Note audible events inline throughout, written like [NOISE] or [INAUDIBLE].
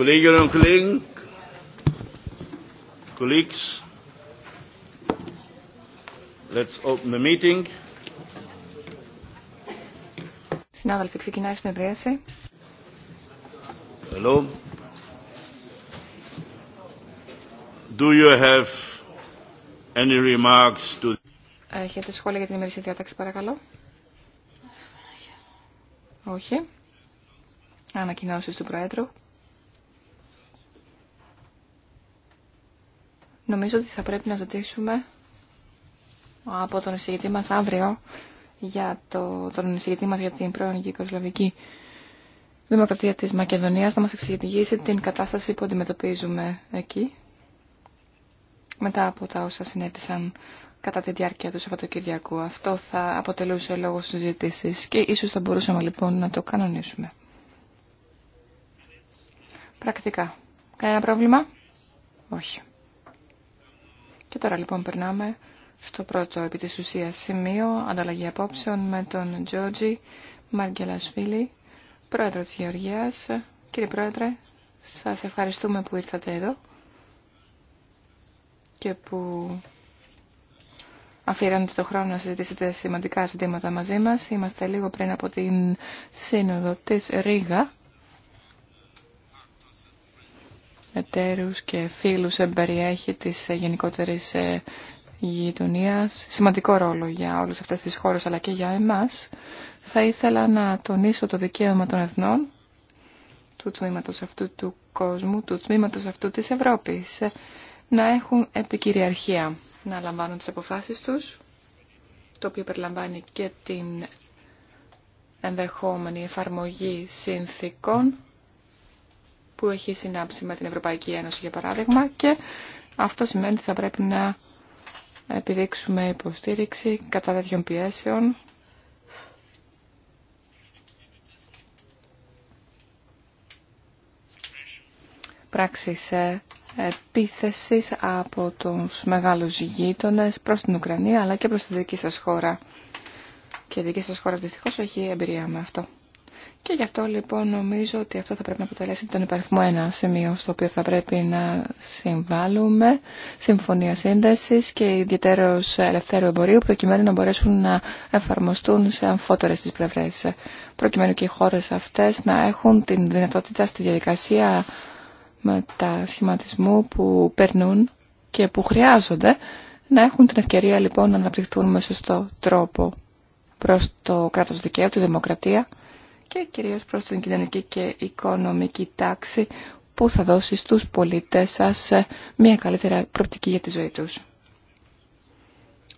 Kolleginnen und Kollegen, colleagues, let's open the meeting. Συνάδελφοι, ξεκινάει η συνεδρίαση. Do you have any remarks to... Έχετε σχόλια για την ημερήσια διάταξη, παρακαλώ. Όχι. Ανακοινώσεις του Προέδρου. Νομίζω ότι θα πρέπει να ζητήσουμε από τον εισηγητή μας αύριο για το, τον εισηγητή μας για την πρώην Γεκοσλαβική Δημοκρατία της Μακεδονίας να μας εξηγήσει την κατάσταση που αντιμετωπίζουμε εκεί μετά από τα όσα συνέβησαν κατά τη διάρκεια του Σαββατοκυριακού. Αυτό θα αποτελούσε λόγο συζήτηση και ίσως θα μπορούσαμε λοιπόν να το κανονίσουμε. Πρακτικά. Κανένα πρόβλημα? Όχι. Και τώρα λοιπόν περνάμε στο πρώτο επί της ουσίας σημείο, ανταλλαγή απόψεων με τον Τζόρτζι Μαργκελασβίλη, πρόεδρο της Γεωργίας. Κύριε Πρόεδρε, σας ευχαριστούμε που ήρθατε εδώ και που αφιερώνετε το χρόνο να συζητήσετε σημαντικά ζητήματα μαζί μας. Είμαστε λίγο πριν από την σύνοδο της Ρήγα εταίρους και φίλους εμπεριέχει της ε, γενικότερης ε, γειτονία, σημαντικό ρόλο για όλες αυτές τις χώρες αλλά και για εμάς, θα ήθελα να τονίσω το δικαίωμα των εθνών του τμήματος αυτού του κόσμου, του τμήματος αυτού της Ευρώπης, ε, να έχουν επικυριαρχία, να λαμβάνουν τις αποφάσεις τους, το οποίο περιλαμβάνει και την ενδεχόμενη εφαρμογή συνθήκων που έχει συνάψει με την Ευρωπαϊκή Ένωση, για παράδειγμα, και αυτό σημαίνει ότι θα πρέπει να επιδείξουμε υποστήριξη κατά τέτοιων πιέσεων. Πράξεις ε, επίθεσης από τους μεγάλους γείτονες προς την Ουκρανία αλλά και προς τη δική σας χώρα. Και η δική σας χώρα δυστυχώς έχει εμπειρία με αυτό. Και γι' αυτό λοιπόν νομίζω ότι αυτό θα πρέπει να αποτελέσει τον υπαριθμό ένα σημείο στο οποίο θα πρέπει να συμβάλλουμε, συμφωνία σύνδεσης και ιδιαίτερο ελευθέρου εμπορίου προκειμένου να μπορέσουν να εφαρμοστούν σε αμφότερες τις πλευρές. Προκειμένου και οι χώρες αυτές να έχουν την δυνατότητα στη διαδικασία μετασχηματισμού που περνούν και που χρειάζονται να έχουν την ευκαιρία λοιπόν να αναπτυχθούν με σωστό τρόπο προς το κράτος δικαίου, τη δημοκρατία και κυρίως προς την κοινωνική και οικονομική τάξη που θα δώσει στους πολίτες σας ε, μια καλύτερη προπτική για τη ζωή τους.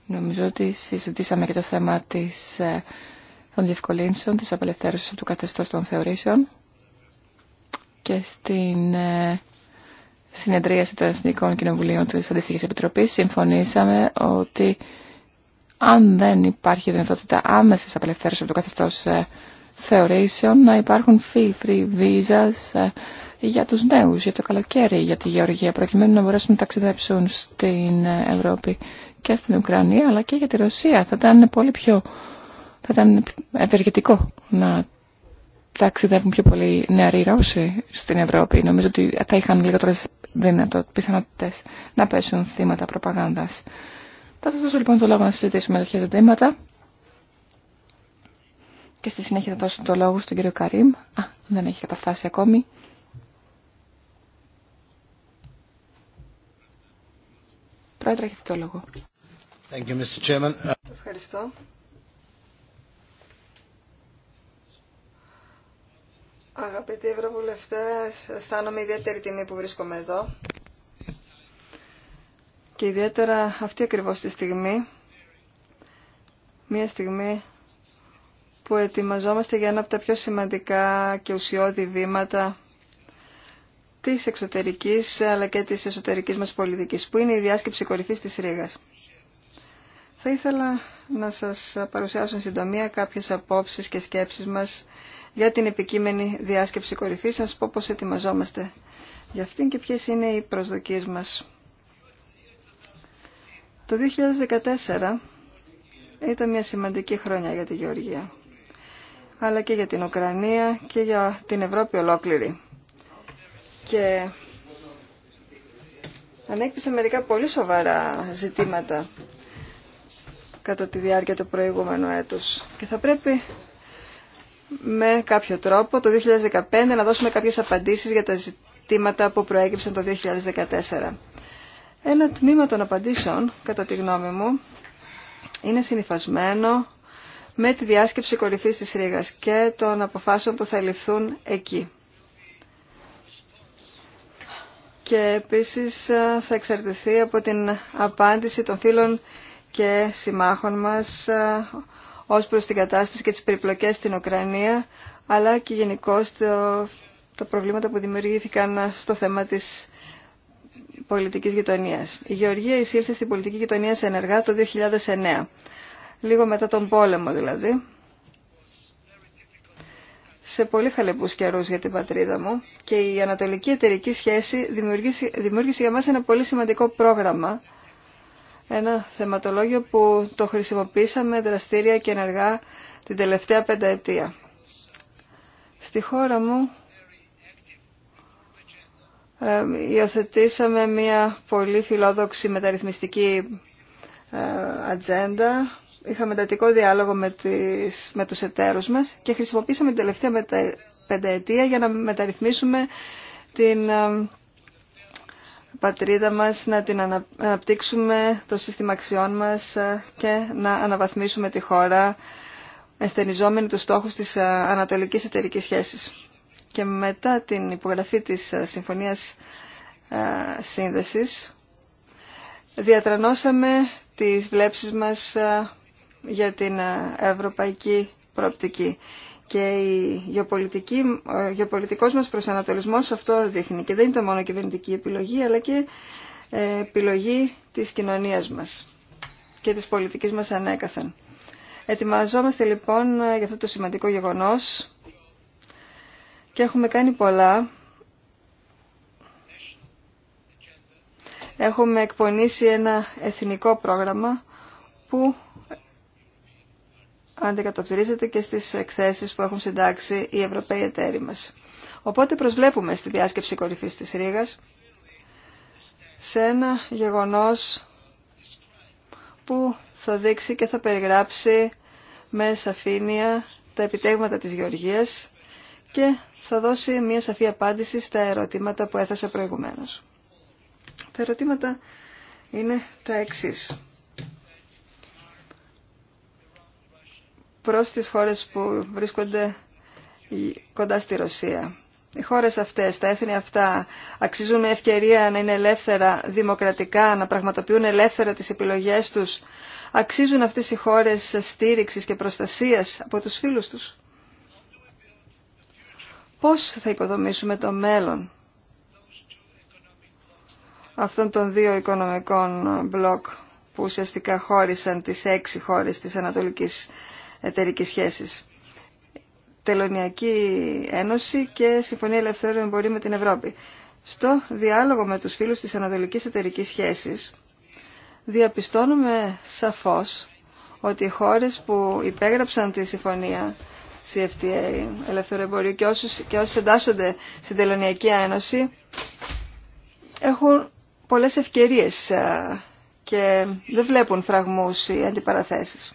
Νομίζω ότι συζητήσαμε και το θέμα της, ε, των διευκολύνσεων, της απελευθέρωσης του καθεστώς των θεωρήσεων και στην ε, συνεδρίαση των Εθνικών Κοινοβουλίων της Αντίστοιχης Επιτροπής συμφωνήσαμε ότι αν δεν υπάρχει δυνατότητα άμεσης απελευθέρωσης του το θεωρήσεων να υπάρχουν free visas ε, για τους νέους, για το καλοκαίρι, για τη Γεωργία, προκειμένου να μπορέσουν να ταξιδέψουν στην ε, Ευρώπη και στην Ουκρανία, αλλά και για τη Ρωσία. Θα ήταν πολύ πιο θα ήταν ευεργετικό να ταξιδεύουν πιο πολλοί νεαροί Ρώσοι στην Ευρώπη. Νομίζω ότι θα είχαν λιγότερε δυνατότητε να πέσουν θύματα προπαγάνδας. Θα σα δώσω λοιπόν το λόγο να συζητήσουμε τέτοια ζητήματα. Και στη συνέχεια θα δώσω το λόγο στον κύριο Καρύμ. Α, δεν έχει καταφτάσει ακόμη. Πρόεδρε, έχετε το λόγο. Ευχαριστώ. Αγαπητοί Ευρωβουλευτές, αισθάνομαι ιδιαίτερη τιμή που βρίσκομαι εδώ. Και ιδιαίτερα αυτή ακριβώς τη στιγμή, μια στιγμή που ετοιμαζόμαστε για ένα από τα πιο σημαντικά και ουσιώδη βήματα της εξωτερικής αλλά και της εσωτερικής μας πολιτικής, που είναι η διάσκεψη κορυφής της Ρήγας. Θα ήθελα να σας παρουσιάσω συντομία κάποιες απόψεις και σκέψεις μας για την επικείμενη διάσκεψη κορυφής, να σας πω πώς ετοιμαζόμαστε για αυτήν και ποιε είναι οι προσδοκίες μας. Το 2014 ήταν μια σημαντική χρόνια για τη Γεωργία αλλά και για την Ουκρανία και για την Ευρώπη ολόκληρη. Και ανέκτησε μερικά πολύ σοβαρά ζητήματα κατά τη διάρκεια του προηγούμενου έτους και θα πρέπει με κάποιο τρόπο το 2015 να δώσουμε κάποιες απαντήσεις για τα ζητήματα που προέκυψαν το 2014. Ένα τμήμα των απαντήσεων, κατά τη γνώμη μου, είναι συνειφασμένο με τη διάσκεψη κορυφής της Ρήγας και των αποφάσεων που θα ληφθούν εκεί. Και επίσης ε, θα εξαρτηθεί από την απάντηση των φίλων και συμμάχων μας ε, ως προς την κατάσταση και τις περιπλοκές στην Ουκρανία, αλλά και γενικώ τα προβλήματα που δημιουργήθηκαν στο θέμα της πολιτικής γειτονίας. Η Γεωργία εισήλθε στην πολιτική γειτονία σε ενεργά το 2009 λίγο μετά τον πόλεμο δηλαδή, σε πολύ χαλεπούς καιρούς για την πατρίδα μου και η ανατολική εταιρική σχέση δημιούργησε, δημιούργησε για μας ένα πολύ σημαντικό πρόγραμμα, ένα θεματολόγιο που το χρησιμοποίησαμε δραστήρια και ενεργά την τελευταία πενταετία. Στη χώρα μου υιοθετήσαμε μια πολύ φιλόδοξη μεταρρυθμιστική ε, ατζέντα είχαμε εντατικό διάλογο με, τις, με τους εταίρους μας και χρησιμοποίησαμε την τελευταία μετα, πενταετία για να μεταρρυθμίσουμε την ε, πατρίδα μας, να την αναπτύξουμε το σύστημα αξιών μας ε, και να αναβαθμίσουμε τη χώρα εσθενιζόμενοι τους στόχους της ε, ανατολικής εταιρικής σχέσης. Και μετά την υπογραφή της Συμφωνίας Σύνδεσης διατρανώσαμε τις βλέψεις μας για την ε, ευρωπαϊκή προοπτική. Και η γεωπολιτική, ο ε, γεωπολιτικός μας προσανατολισμός αυτό δείχνει. Και δεν ήταν μόνο κυβερνητική επιλογή, αλλά και ε, επιλογή της κοινωνίας μας και της πολιτικής μας ανέκαθεν. Ετοιμαζόμαστε λοιπόν για αυτό το σημαντικό γεγονός και έχουμε κάνει πολλά. Έχουμε εκπονήσει ένα εθνικό πρόγραμμα που αντικατοπτρίζεται και στις εκθέσεις που έχουν συντάξει οι Ευρωπαίοι εταίροι μας. Οπότε προσβλέπουμε στη διάσκεψη κορυφής της Ρήγας σε ένα γεγονός που θα δείξει και θα περιγράψει με σαφήνεια τα επιτέγματα της Γεωργίας και θα δώσει μια σαφή απάντηση στα ερωτήματα που έθεσα προηγουμένως. Τα ερωτήματα είναι τα εξής. προς τις χώρες που βρίσκονται κοντά στη Ρωσία. Οι χώρες αυτές, τα έθνη αυτά, αξίζουν μια ευκαιρία να είναι ελεύθερα δημοκρατικά, να πραγματοποιούν ελεύθερα τις επιλογές τους. Αξίζουν αυτές οι χώρες στήριξης και προστασίας από τους φίλους τους. Πώς θα οικοδομήσουμε το μέλλον αυτών των δύο οικονομικών μπλοκ που ουσιαστικά χώρισαν τις έξι χώρες της Ανατολικής εταιρικής σχέσεις, Τελωνιακή Ένωση και Συμφωνία Ελευθέρου Εμπορίου με την Ευρώπη. Στο διάλογο με τους φίλους της Ανατολικής Εταιρικής Σχέσης διαπιστώνουμε σαφώς ότι οι χώρες που υπέγραψαν τη συμφωνία CFTA, Ελεύθερο Εμπορίου και, όσους, και όσοι εντάσσονται στην Τελωνιακή Ένωση έχουν πολλές ευκαιρίες ε, και δεν βλέπουν φραγμούς ή αντιπαραθέσεις.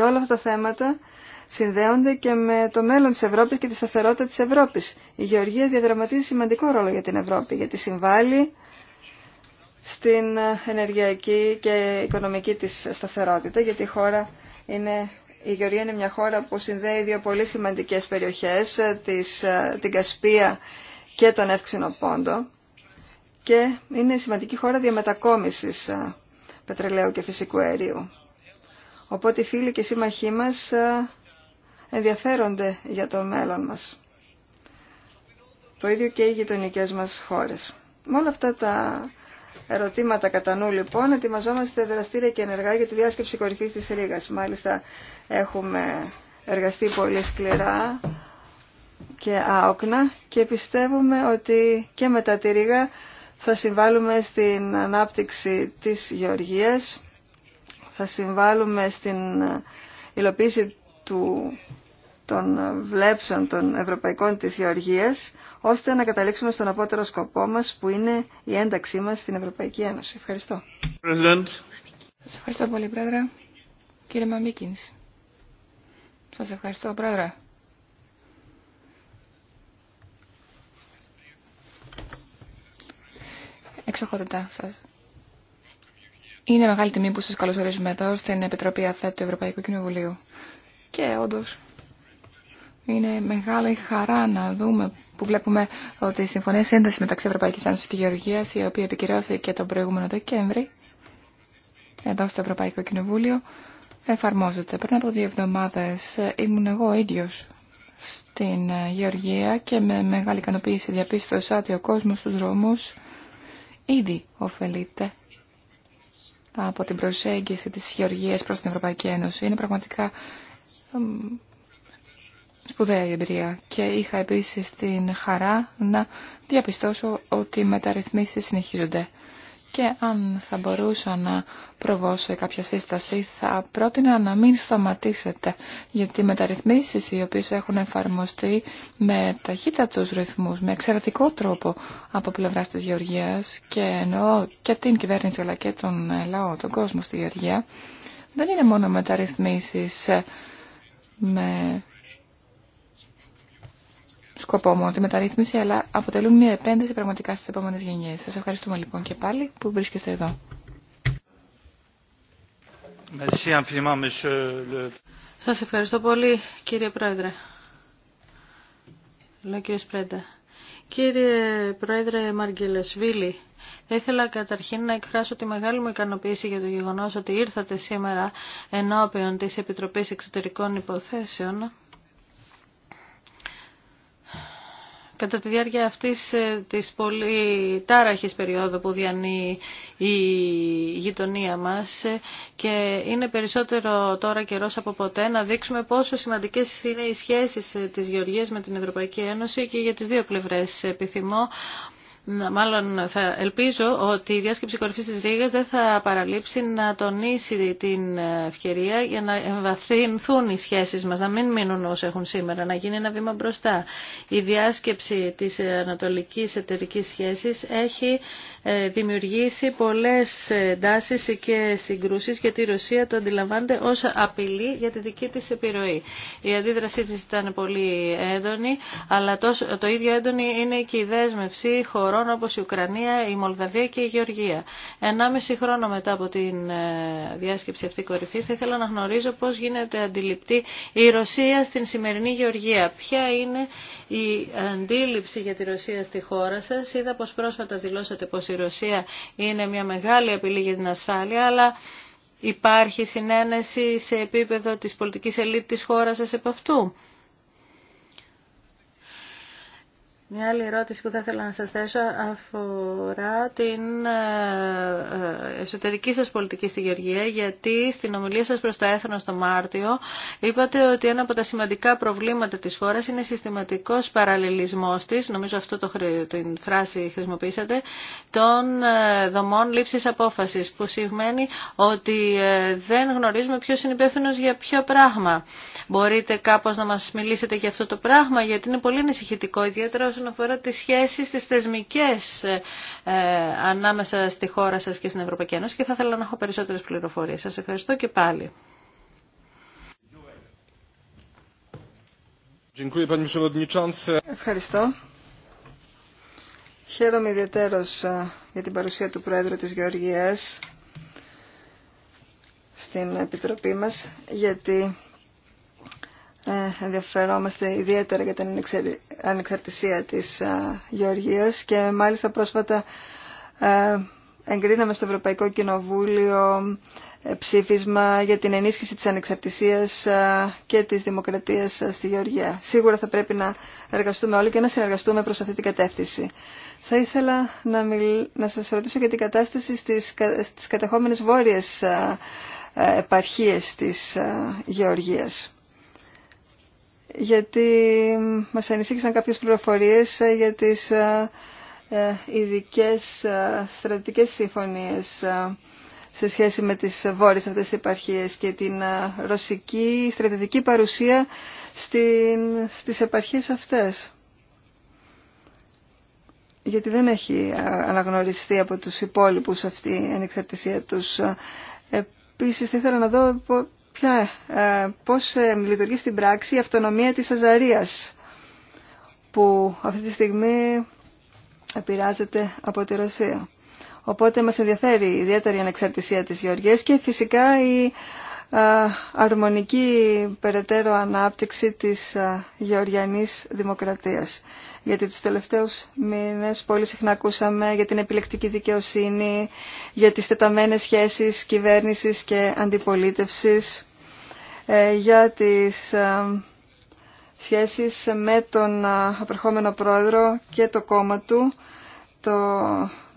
Και όλα αυτά τα θέματα συνδέονται και με το μέλλον της Ευρώπης και τη σταθερότητα της Ευρώπης. Η γεωργία διαδραματίζει σημαντικό ρόλο για την Ευρώπη, γιατί συμβάλλει στην ενεργειακή και οικονομική της σταθερότητα, γιατί η, χώρα είναι, η Γεωργία είναι μια χώρα που συνδέει δύο πολύ σημαντικές περιοχές, της, την Κασπία και τον Εύξηνο Πόντο και είναι σημαντική χώρα διαμετακόμισης ε, πετρελαίου και φυσικού αερίου. Οπότε οι φίλοι και οι σύμμαχοί μας ε, ενδιαφέρονται για το μέλλον μας. Το ίδιο και οι γειτονικέ μας χώρες. Με όλα αυτά τα ερωτήματα κατά νου λοιπόν ετοιμαζόμαστε δραστήρια και ενεργά για τη διάσκεψη κορυφής της Ρήγας. Μάλιστα έχουμε εργαστεί πολύ σκληρά και άοκνα και πιστεύουμε ότι και μετά τη Ρήγα θα συμβάλλουμε στην ανάπτυξη της γεωργίας θα συμβάλλουμε στην ε, υλοποίηση του, των βλέψεων των ευρωπαϊκών της Γεωργίας, ώστε να καταλήξουμε στον απότερο σκοπό μας, που είναι η ένταξή μας στην Ευρωπαϊκή Ένωση. Ευχαριστώ. President. Σας ευχαριστώ πολύ, Πρόεδρε. Κύριε Μαμίκινς. Σας ευχαριστώ, Πρόεδρε. Εξοχότητά σας. Είναι μεγάλη τιμή που σας καλωσορίζουμε εδώ στην Επιτροπή ΑΘΕΠ του Ευρωπαϊκού Κοινοβουλίου. Και όντω. είναι μεγάλη χαρά να δούμε που βλέπουμε ότι η Συμφωνία Σύνδεση μεταξύ Ευρωπαϊκής Ένωση και Γεωργίας, η οποία επικυρώθηκε τον προηγούμενο Δεκέμβρη, εδώ στο Ευρωπαϊκό Κοινοβούλιο, εφαρμόζεται. Πριν από δύο εβδομάδες ήμουν εγώ ίδιο στην Γεωργία και με μεγάλη ικανοποίηση διαπίστωσα ότι ο κόσμο στους δρόμου ήδη ωφελείται από την προσέγγιση της Γεωργίας προς την Ευρωπαϊκή Ένωση. Είναι πραγματικά σπουδαία η εμπειρία και είχα επίσης την χαρά να διαπιστώσω ότι οι μεταρρυθμίσεις συνεχίζονται και αν θα μπορούσα να προβώσω κάποια σύσταση θα πρότεινα να μην σταματήσετε γιατί οι μεταρρυθμίσεις οι οποίες έχουν εφαρμοστεί με ταχύτατους ρυθμούς, με εξαιρετικό τρόπο από πλευράς της Γεωργίας και εννοώ και την κυβέρνηση αλλά και τον λαό, τον κόσμο στη Γεωργία δεν είναι μόνο μεταρρυθμίσεις με σκοπό μόνο τη μεταρρύθμιση, αλλά αποτελούν μια επένδυση πραγματικά στις επόμενες γενιές. Σας ευχαριστούμε λοιπόν και πάλι που βρίσκεστε εδώ. Σας ευχαριστώ πολύ κύριε Πρόεδρε. Λέω Κύριε Πρόεδρε Μαργκελεσβίλη, θα ήθελα καταρχήν να εκφράσω τη μεγάλη μου ικανοποίηση για το γεγονός ότι ήρθατε σήμερα ενώπιον της Επιτροπής Εξωτερικών Υποθέσεων Κατά τη διάρκεια αυτής ε, της πολύ τάραχης περίοδου που διανύει η γειτονία μας ε, και είναι περισσότερο τώρα καιρός από ποτέ να δείξουμε πόσο σημαντικές είναι οι σχέσεις ε, της Γεωργίας με την Ευρωπαϊκή Ένωση και για τις δύο πλευρές επιθυμώ Μάλλον θα ελπίζω ότι η διάσκεψη κορυφής της Ρήγας δεν θα παραλείψει να τονίσει την ευκαιρία για να εμβαθυνθούν οι σχέσεις μας, να μην μείνουν όσοι έχουν σήμερα, να γίνει ένα βήμα μπροστά. Η διάσκεψη της ανατολικής εταιρικής σχέσης έχει ε, δημιουργήσει πολλές εντάσεις και συγκρούσεις γιατί η Ρωσία το αντιλαμβάνεται ως απειλή για τη δική της επιρροή. Η αντίδρασή της ήταν πολύ έντονη, αλλά το ίδιο έντονη είναι και η δέσμευση χωρών χωρών όπως η Ουκρανία, η Μολδαβία και η Γεωργία. Ενάμιση χρόνο μετά από την ε, διάσκεψη αυτή κορυφή θα ήθελα να γνωρίζω πώς γίνεται αντιληπτή η Ρωσία στην σημερινή Γεωργία. Ποια είναι η αντίληψη για τη Ρωσία στη χώρα σας. Είδα πως πρόσφατα δηλώσατε πως η Ρωσία είναι μια μεγάλη απειλή για την ασφάλεια, αλλά υπάρχει συνένεση σε επίπεδο της πολιτικής ελίτ της χώρας σας επ' αυτού. Μια άλλη ερώτηση που θα ήθελα να σας θέσω αφορά την ε, ε, εσωτερική σας πολιτική στη Γεωργία, γιατί στην ομιλία σας προς το έθνος στο Μάρτιο είπατε ότι ένα από τα σημαντικά προβλήματα της χώρας είναι συστηματικός παραλληλισμός της, νομίζω αυτό το, την φράση χρησιμοποίησατε, των ε, δομών λήψης απόφασης, που σημαίνει ότι δεν γνωρίζουμε ποιο είναι υπεύθυνο για ποιο πράγμα. Μπορείτε κάπως να μας μιλήσετε για αυτό το πράγμα, γιατί είναι πολύ ανησυχητικό, ιδιαίτερα όσον αφορά τις σχέσεις, τις θεσμικές ε, ανάμεσα στη χώρα σας και στην Ευρωπαϊκή Ένωση και θα ήθελα να έχω περισσότερες πληροφορίες. Σας ευχαριστώ και πάλι. Ευχαριστώ. Χαίρομαι ιδιαίτερος ε, για την παρουσία του Πρόεδρου της Γεωργίας στην Επιτροπή μας, γιατί ε, ενδιαφερόμαστε ιδιαίτερα για την ανεξαρτησία της ε, Γεωργίας και μάλιστα πρόσφατα ε, εγκρίναμε στο Ευρωπαϊκό Κοινοβούλιο ψήφισμα για την ενίσχυση της ανεξαρτησίας και της δημοκρατίας στη Γεωργία. Σίγουρα θα πρέπει να εργαστούμε όλοι και να συνεργαστούμε προς αυτή την κατεύθυνση. Θα ήθελα να, μιλ... να σας ρωτήσω για την κατάσταση στις, στις κατεχόμενες βόρειες επαρχίες της Γεωργίας γιατί μας ανησύχησαν κάποιες πληροφορίες ε, για τις ε, ε, ειδικέ στρατηγικές συμφωνίες σε σχέση με τις βόρειες αυτές τις επαρχίες και την ρωσική στρατηγική παρουσία στην, στις επαρχίες αυτές. Γιατί δεν έχει αναγνωριστεί από τους υπόλοιπους αυτή η ανεξαρτησία τους. Επίσης, θα ήθελα να δω ε, πώς ε, λειτουργεί στην πράξη η αυτονομία της Αζαρίας που αυτή τη στιγμή επηρεάζεται από τη Ρωσία. Οπότε μας ενδιαφέρει ιδιαίτερη η ανεξαρτησία της Γεωργίας και φυσικά η ε, αρμονική περαιτέρω ανάπτυξη της ε, γεωργιανής δημοκρατίας. Γιατί τους τελευταίους μήνες πολύ συχνά ακούσαμε για την επιλεκτική δικαιοσύνη, για τις τεταμένες σχέσεις κυβέρνησης και αντιπολίτευσης ε, για τις ε, σχέσεις με τον ε, απερχόμενο πρόεδρο και το κόμμα του, το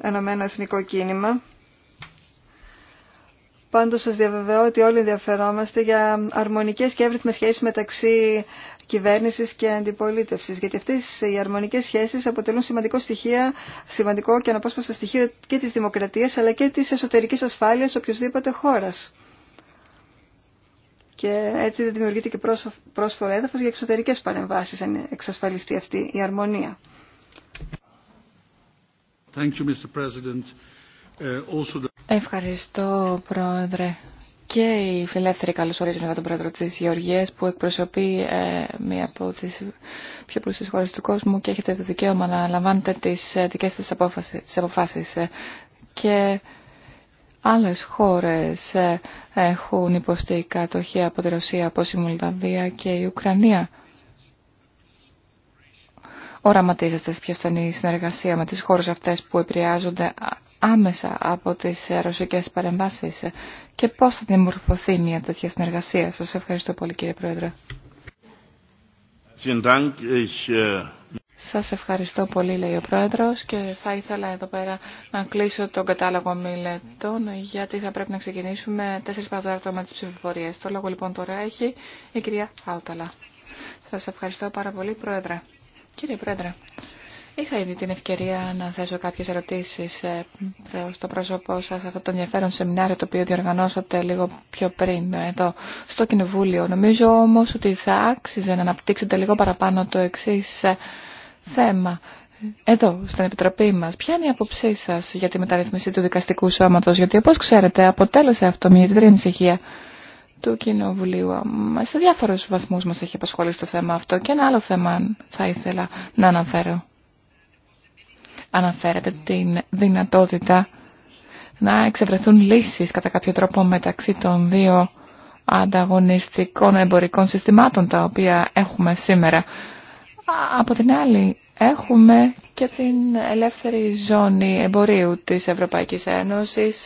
Ενωμένο Εθνικό Κίνημα. Πάντως σας διαβεβαιώ ότι όλοι ενδιαφερόμαστε για αρμονικές και εύρυθμες σχέσεις μεταξύ κυβέρνησης και αντιπολίτευσης. Γιατί αυτές οι αρμονικές σχέσεις αποτελούν σημαντικό, στοιχείο, σημαντικό και αναπόσπαστο στοιχείο και της δημοκρατίας αλλά και της εσωτερικής ασφάλειας οποιοδήποτε χώρας και έτσι δεν δημιουργείται και πρόσφορο έδαφος για εξωτερικές παρεμβάσεις αν εξασφαλιστεί αυτή η αρμονία. Thank you, Mr. President. Ε, Ευχαριστώ, Πρόεδρε. Και οι φιλελεύθεροι καλωσορίζουν για τον Πρόεδρο της Γεωργίας που εκπροσωπεί ε, μία από τις πιο πλούσιες χώρες του κόσμου και έχετε το δικαίωμα να λαμβάνετε τις ε, δικές σας αποφάσεις. Ε. Και Άλλες χώρες ε, έχουν υποστεί κατοχή από τη Ρωσία, όπως η Μολδαβία και η Ουκρανία. Οραματίζεστε σε πιο στενή συνεργασία με τις χώρες αυτές που επηρεάζονται άμεσα από τις ε, ρωσικές παρεμβάσεις και πώς θα δημορφωθεί μια τέτοια συνεργασία. Σας ευχαριστώ πολύ κύριε Πρόεδρε. Σας ευχαριστώ πολύ, λέει ο Πρόεδρος, και θα ήθελα εδώ πέρα να κλείσω τον κατάλογο μιλετών, γιατί θα πρέπει να ξεκινήσουμε 4 παραδάρτο με τις ψηφοφορίες. Το λόγο λοιπόν τώρα έχει η κυρία Άουταλα. Σας ευχαριστώ πάρα πολύ, Πρόεδρε. Κύριε Πρόεδρε, είχα ήδη την ευκαιρία να θέσω κάποιες ερωτήσεις στο ε, πρόσωπό σας αυτό το ενδιαφέρον σεμινάριο το οποίο διοργανώσατε λίγο πιο πριν ε, εδώ στο Κοινοβούλιο. Νομίζω όμως ότι θα άξιζε να αναπτύξετε λίγο παραπάνω το εξής ε, θέμα εδώ στην Επιτροπή μας. Ποια είναι η αποψή σας για τη μεταρρύθμιση του δικαστικού σώματος, γιατί όπως ξέρετε αποτέλεσε αυτό μια ιδιαίτερη ανησυχία του Κοινοβουλίου. Σε διάφορους βαθμούς μας έχει απασχολήσει το θέμα αυτό και ένα άλλο θέμα θα ήθελα να αναφέρω. Αναφέρετε την δυνατότητα να εξευρεθούν λύσεις κατά κάποιο τρόπο μεταξύ των δύο ανταγωνιστικών εμπορικών συστημάτων τα οποία έχουμε σήμερα από την άλλη, έχουμε και την ελεύθερη ζώνη εμπορίου της Ευρωπαϊκής Ένωσης,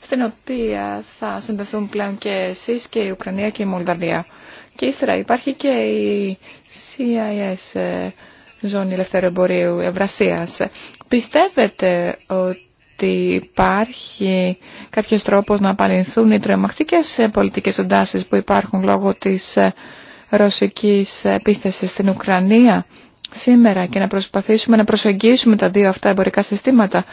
στην οποία θα συνδεθούν πλέον και εσείς και η Ουκρανία και η Μολδαβία. Και ύστερα υπάρχει και η CIS, ε, ζώνη ελεύθερου εμπορίου Ευρασίας. Πιστεύετε ότι υπάρχει κάποιος τρόπος να απαλληλθούν οι τρομακτικές ε, πολιτικές εντάσεις που υπάρχουν λόγω της ε, ρωσικής επίθεσης στην Ουκρανία σήμερα και να προσπαθήσουμε να προσεγγίσουμε τα δύο αυτά εμπορικά συστήματα.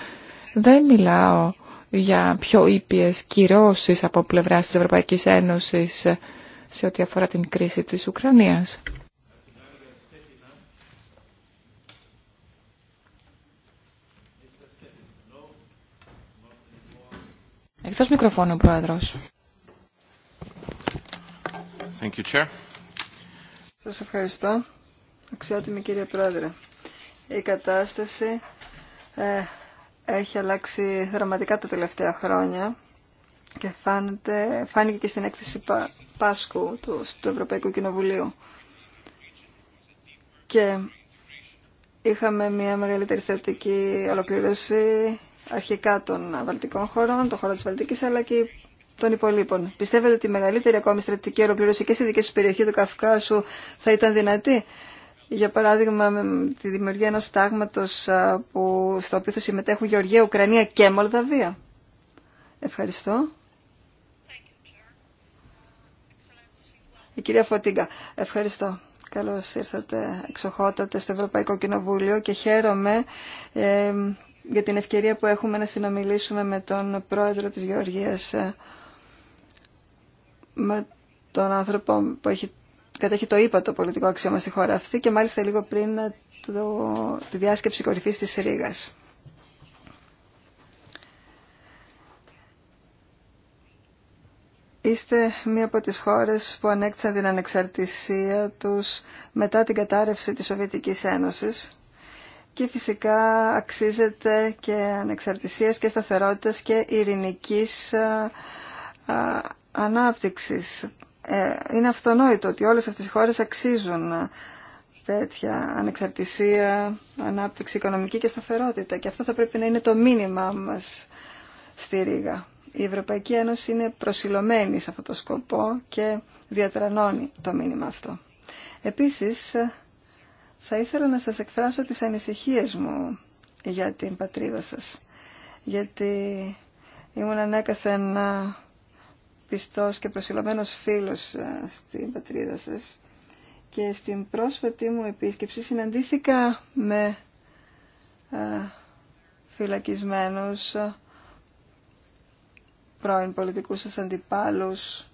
Δεν μιλάω για πιο ήπιες κυρώσεις από πλευράς της Ευρωπαϊκής Ένωσης σε ό,τι αφορά την κρίση της Ουκρανίας. Εκτός μικροφώνου, Πρόεδρος. Thank you, Chair. Σας ευχαριστώ, αξιότιμη κύριε Πρόεδρε. Η κατάσταση ε, έχει αλλάξει δραματικά τα τελευταία χρόνια και φάνηκε και στην έκθεση Πάσκου του, του Ευρωπαϊκού Κοινοβουλίου. Και είχαμε μια μεγαλύτερη θετική ολοκλήρωση αρχικά των βαλτικών χωρών, των χωρών της Βαλτικής, αλλά και των υπολείπων. Πιστεύετε ότι η μεγαλύτερη ακόμη στρατηγική ολοκλήρωση και στη δική σου περιοχή του Καυκάσου θα ήταν δυνατή. Για παράδειγμα, με τη δημιουργία ενό τάγματο που, στο οποίο θα συμμετέχουν Γεωργία, Ουκρανία και Μολδαβία. Ευχαριστώ. Η κυρία Φωτίγκα, ευχαριστώ. Καλώς ήρθατε εξοχότατε στο Ευρωπαϊκό Κοινοβούλιο και χαίρομαι ε, για την ευκαιρία που έχουμε να συνομιλήσουμε με τον πρόεδρο της Γεωργίας ε, με τον άνθρωπο που έχει, κατέχει το ύπατο πολιτικό αξίωμα στη χώρα αυτή και μάλιστα λίγο πριν το, τη διάσκεψη κορυφής της Ρήγας. Είστε μία από τις χώρες που ανέκτησαν την ανεξαρτησία τους μετά την κατάρρευση της Σοβιετικής Ένωσης και φυσικά αξίζεται και ανεξαρτησίας και σταθερότητας και ειρηνικής ανάπτυξης. Ε, είναι αυτονόητο ότι όλες αυτές οι χώρες αξίζουν τέτοια ανεξαρτησία, ανάπτυξη οικονομική και σταθερότητα. Και αυτό θα πρέπει να είναι το μήνυμά μας στη Ρήγα. Η Ευρωπαϊκή Ένωση είναι προσιλωμένη σε αυτό το σκοπό και διατρανώνει το μήνυμα αυτό. Επίσης, θα ήθελα να σας εκφράσω τις ανησυχίες μου για την πατρίδα σας. Γιατί ήμουν ανέκαθεν πιστός και προσιλωμένος φίλος ε, στην πατρίδα σας και στην πρόσφατη μου επίσκεψη συναντήθηκα με ε, φυλακισμένους ε, πρώην πολιτικούς σας αντιπάλους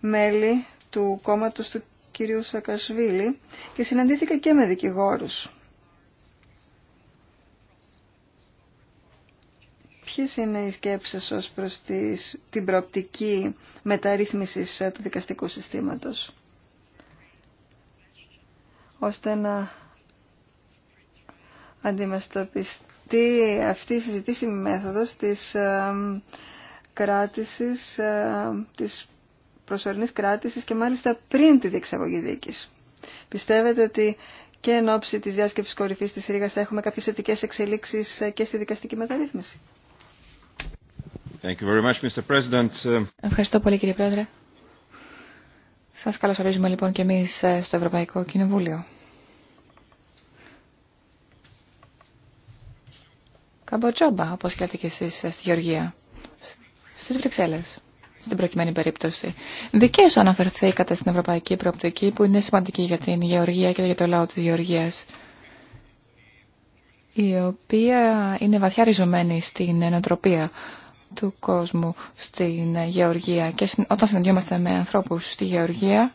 μέλη του κόμματος του κυρίου Σακασβίλη και συναντήθηκα και με δικηγόρους. Ποιες είναι οι σκέψεις ως προς την προοπτική μεταρρύθμισης του δικαστικού συστήματος, ώστε να αντιμετωπιστεί αυτή η συζητήσιμη μέθοδος της ε, κράτησης, ε, της προσωρινής κράτησης και μάλιστα πριν τη διεξαγωγή δίκης. Πιστεύετε ότι και εν ώψη της διάσκεψης κορυφής της Ρήγας θα έχουμε κάποιες θετικές εξελίξεις ε, και στη δικαστική μεταρρύθμιση. Ευχαριστώ πολύ κύριε Πρόεδρε. Σας καλωσορίζουμε λοιπόν και εμείς ε, στο Ευρωπαϊκό Κοινοβούλιο. Καμποτζόμπα, όπως λέτε και εσείς ε, στη Γεωργία, στις Βρυξέλλες, στην προκειμένη περίπτωση. σου αναφερθήκατε στην ευρωπαϊκή προοπτική που είναι σημαντική για την Γεωργία και για το λαό της Γεωργίας η οποία είναι βαθιά ριζωμένη στην ενοτροπία του κόσμου στην γεωργία και όταν συναντιόμαστε με ανθρώπους στη γεωργία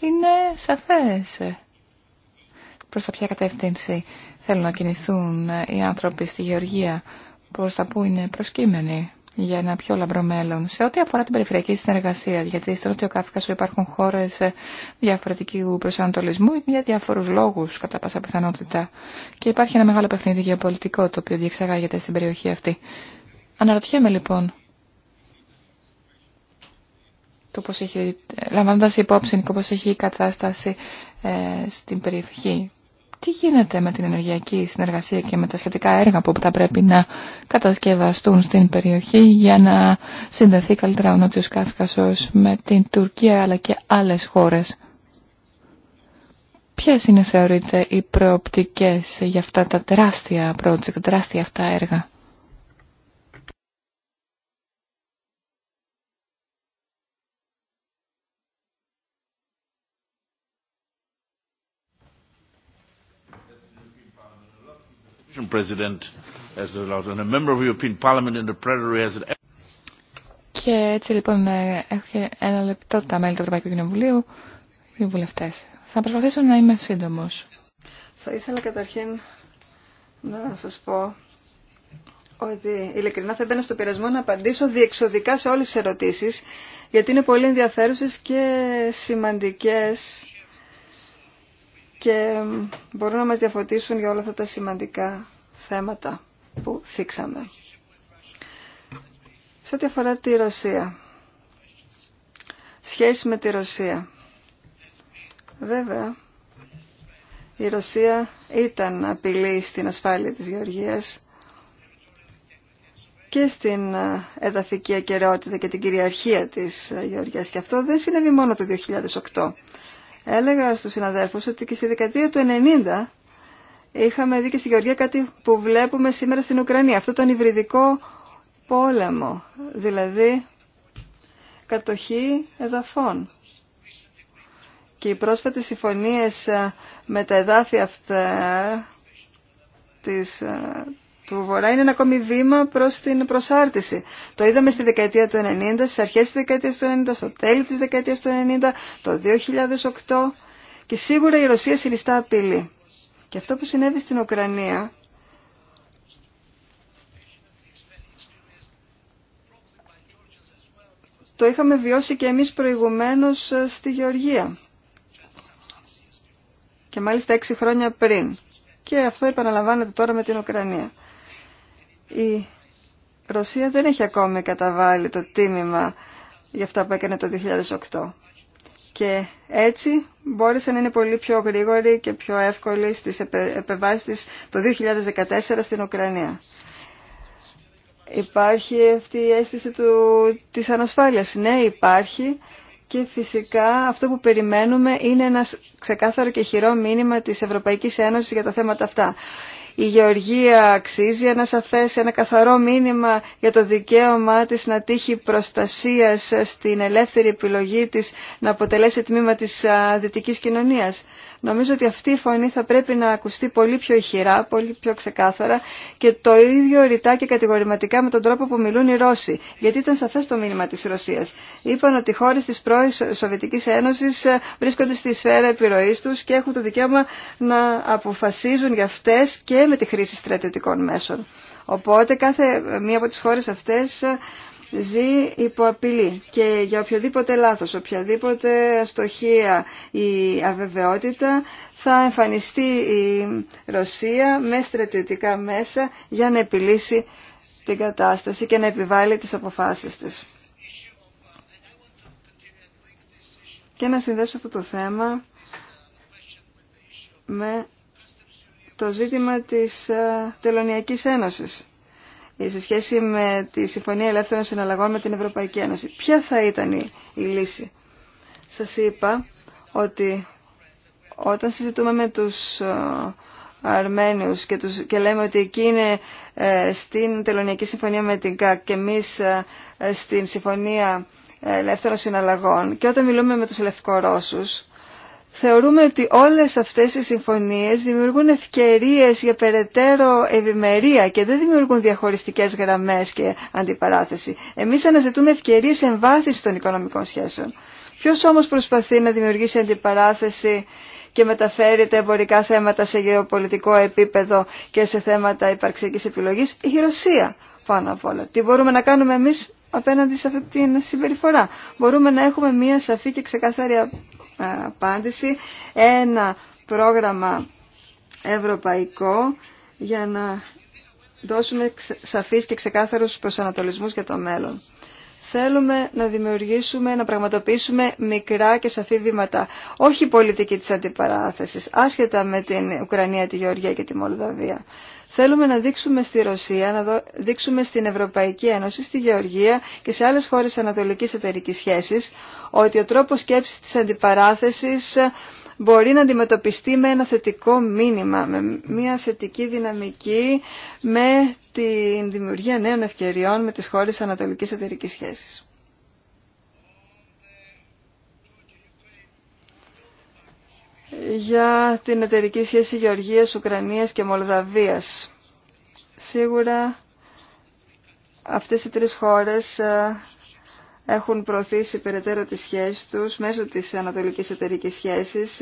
είναι σαφές προς τα ποια κατεύθυνση θέλουν να κινηθούν οι άνθρωποι στη γεωργία προς τα που είναι προσκύμενοι για ένα πιο λαμπρό μέλλον. Σε ό,τι αφορά την περιφερειακή συνεργασία, γιατί στο Νότιο Κάφκασο υπάρχουν χώρε διαφορετικού προσανατολισμού για διάφορου λόγου, κατά πάσα πιθανότητα. Και υπάρχει ένα μεγάλο παιχνίδι γεωπολιτικό το οποίο διεξαγάγεται στην περιοχή αυτή. Αναρωτιέμαι λοιπόν το πώς έχει, λαμβάνοντας υπόψη και πώς έχει η κατάσταση ε, στην περιοχή. Τι γίνεται με την ενεργειακή συνεργασία και με τα σχετικά έργα που θα πρέπει να κατασκευαστούν στην περιοχή για να συνδεθεί καλύτερα ο Νότιος Κάφκασος με την Τουρκία αλλά και άλλες χώρες. Ποιες είναι θεωρείτε οι προοπτικές για αυτά τα τεράστια project, τεράστια αυτά έργα. E- και έτσι λοιπόν ε, έχει ένα λεπτό τα μέλη του Ευρωπαϊκού Κοινοβουλίου οι βουλευτέ. Θα προσπαθήσω να είμαι σύντομο. Θα ήθελα καταρχήν να σα πω ότι ειλικρινά θα μπαίνω στο πειρασμό να απαντήσω διεξοδικά σε όλε τι ερωτήσει γιατί είναι πολύ ενδιαφέρουσε και σημαντικέ και μπορούν να μας διαφωτίσουν για όλα αυτά τα σημαντικά θέματα που θίξαμε. Σε ό,τι αφορά τη Ρωσία. Σχέση με τη Ρωσία. Βέβαια, η Ρωσία ήταν απειλή στην ασφάλεια της Γεωργίας και στην εδαφική ακεραιότητα και την κυριαρχία της Γεωργίας. Και αυτό δεν συνέβη μόνο το 2008. Έλεγα στους συναδέλφους ότι και στη δεκαετία του 90 είχαμε δει και στη Γεωργία κάτι που βλέπουμε σήμερα στην Ουκρανία, αυτό τον υβριδικό πόλεμο, δηλαδή κατοχή εδαφών. Και οι πρόσφατες συμφωνίες ε, με τα εδάφη αυτά της, ε, του Βορρά είναι ένα ακόμη βήμα προς την προσάρτηση. Το είδαμε στη δεκαετία του 90, στις αρχές της δεκαετίας του 90, στο τέλη της δεκαετίας του 90, το 2008 και σίγουρα η Ρωσία συνιστά απειλή. Και αυτό που συνέβη στην Ουκρανία το είχαμε βιώσει και εμείς προηγουμένως ε, στη Γεωργία. Και μάλιστα έξι χρόνια πριν. Και αυτό επαναλαμβάνεται τώρα με την Ουκρανία η Ρωσία δεν έχει ακόμη καταβάλει το τίμημα για αυτά που έκανε το 2008. Και έτσι μπόρεσε να είναι πολύ πιο γρήγορη και πιο εύκολη στις επεμβάσεις της το 2014 στην Ουκρανία. Υπάρχει αυτή η αίσθηση του, της ανασφάλειας. Ναι, υπάρχει και φυσικά αυτό που περιμένουμε είναι ένα ξεκάθαρο και χειρό μήνυμα της Ευρωπαϊκής Ένωσης για τα θέματα αυτά. Η γεωργία αξίζει ένα σαφές, ένα καθαρό μήνυμα για το δικαίωμά της να τύχει προστασίας στην ελεύθερη επιλογή της να αποτελέσει τμήμα της δυτικής κοινωνίας. Νομίζω ότι αυτή η φωνή θα πρέπει να ακουστεί πολύ πιο ηχηρά, πολύ πιο ξεκάθαρα και το ίδιο ρητά και κατηγορηματικά με τον τρόπο που μιλούν οι Ρώσοι. Γιατί ήταν σαφέ το μήνυμα τη Ρωσία. Είπαν ότι οι χώρε τη πρώη Σοβιετική Ένωση ε, βρίσκονται στη σφαίρα επιρροή του και έχουν το δικαίωμα να αποφασίζουν για αυτέ και με τη χρήση στρατιωτικών μέσων. Οπότε κάθε ε, μία από τι χώρε αυτέ. Ε, ζει υπό απειλή και για οποιοδήποτε λάθος, οποιαδήποτε αστοχία ή αβεβαιότητα θα εμφανιστεί η Ρωσία με στρατιωτικά μέσα για να επιλύσει την κατάσταση και να επιβάλλει τις αποφάσεις της. Και να συνδέσω αυτό το θέμα με το ζήτημα της ε, Τελωνιακής Ένωσης. Ε, σε σχέση με τη Συμφωνία Ελεύθερων Συναλλαγών με την Ευρωπαϊκή Ένωση. Ποια θα ήταν η, λύση. Σας είπα ότι όταν συζητούμε με τους ε, Αρμένιους και, τους, και λέμε ότι εκεί είναι ε, στην Τελωνιακή Συμφωνία με την ΚΑΚ και εμείς στην Συμφωνία Ελεύθερων Συναλλαγών και όταν μιλούμε με τους Λευκορώσους Θεωρούμε ότι όλες αυτές οι συμφωνίες δημιουργούν ευκαιρίες για περαιτέρω ευημερία και δεν δημιουργούν διαχωριστικές γραμμές και αντιπαράθεση. Εμείς αναζητούμε ευκαιρίες εμβάθυνση των οικονομικών σχέσεων. Ποιος όμως προσπαθεί να δημιουργήσει αντιπαράθεση και μεταφέρει τα εμπορικά θέματα σε γεωπολιτικό επίπεδο και σε θέματα υπαρξιακής επιλογής, η Ρωσία πάνω απ' όλα. Τι μπορούμε να κάνουμε εμείς απέναντι σε αυτή την συμπεριφορά. Μπορούμε να έχουμε μια σαφή και ξεκαθαρή απάντηση, ένα πρόγραμμα ευρωπαϊκό για να δώσουμε σαφείς και ξεκάθαρους προσανατολισμούς για το μέλλον. Θέλουμε να δημιουργήσουμε, να πραγματοποιήσουμε μικρά και σαφή βήματα. Όχι πολιτική της αντιπαράθεσης, άσχετα με την Ουκρανία, τη Γεωργία και τη Μολδαβία. Θέλουμε να δείξουμε στη Ρωσία, να δείξουμε στην Ευρωπαϊκή Ένωση, στη Γεωργία και σε άλλες χώρες ανατολικής εταιρικής σχέσης ότι ο τρόπος σκέψης της αντιπαράθεσης μπορεί να αντιμετωπιστεί με ένα θετικό μήνυμα, με μια θετική δυναμική, με τη δημιουργία νέων ευκαιριών με τις χώρες ανατολικής εταιρικής σχέσης. για την εταιρική σχέση Γεωργίας, Ουκρανίας και Μολδαβίας. Σίγουρα αυτές οι τρεις χώρες ε, έχουν προωθήσει περαιτέρω τις σχέσεις τους μέσω της ανατολικής εταιρικής σχέσης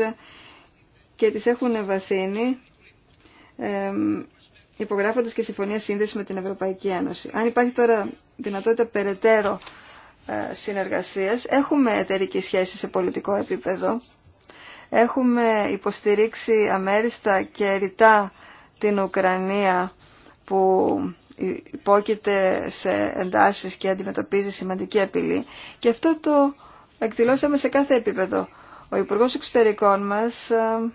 και τις έχουν ευαθύνει υπογράφοντας και συμφωνία σύνδεση με την Ευρωπαϊκή Ένωση. Αν υπάρχει τώρα δυνατότητα περαιτέρω ε, συνεργασίας, έχουμε εταιρική σχέση σε πολιτικό επίπεδο Έχουμε υποστηρίξει αμέριστα και ρητά την Ουκρανία που υπόκειται σε εντάσεις και αντιμετωπίζει σημαντική απειλή. Και αυτό το εκδηλώσαμε σε κάθε επίπεδο. Ο Υπουργός Εξωτερικών μας ε,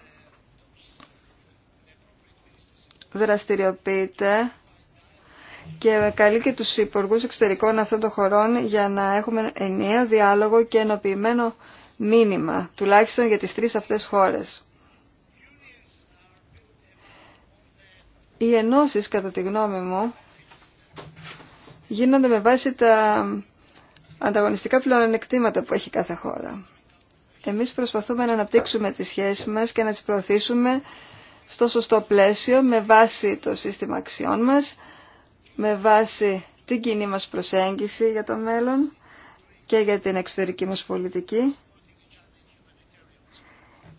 δραστηριοποιείται και καλεί και τους Υπουργούς Εξωτερικών αυτών των χωρών για να έχουμε ενιαίο διάλογο και ενοποιημένο μήνυμα, τουλάχιστον για τις τρεις αυτές χώρες. Οι ενώσεις, κατά τη γνώμη μου, γίνονται με βάση τα ανταγωνιστικά πλεονεκτήματα που έχει κάθε χώρα. Εμείς προσπαθούμε να αναπτύξουμε τις σχέσεις μας και να τις προωθήσουμε στο σωστό πλαίσιο με βάση το σύστημα αξιών μας, με βάση την κοινή μας προσέγγιση για το μέλλον και για την εξωτερική μας πολιτική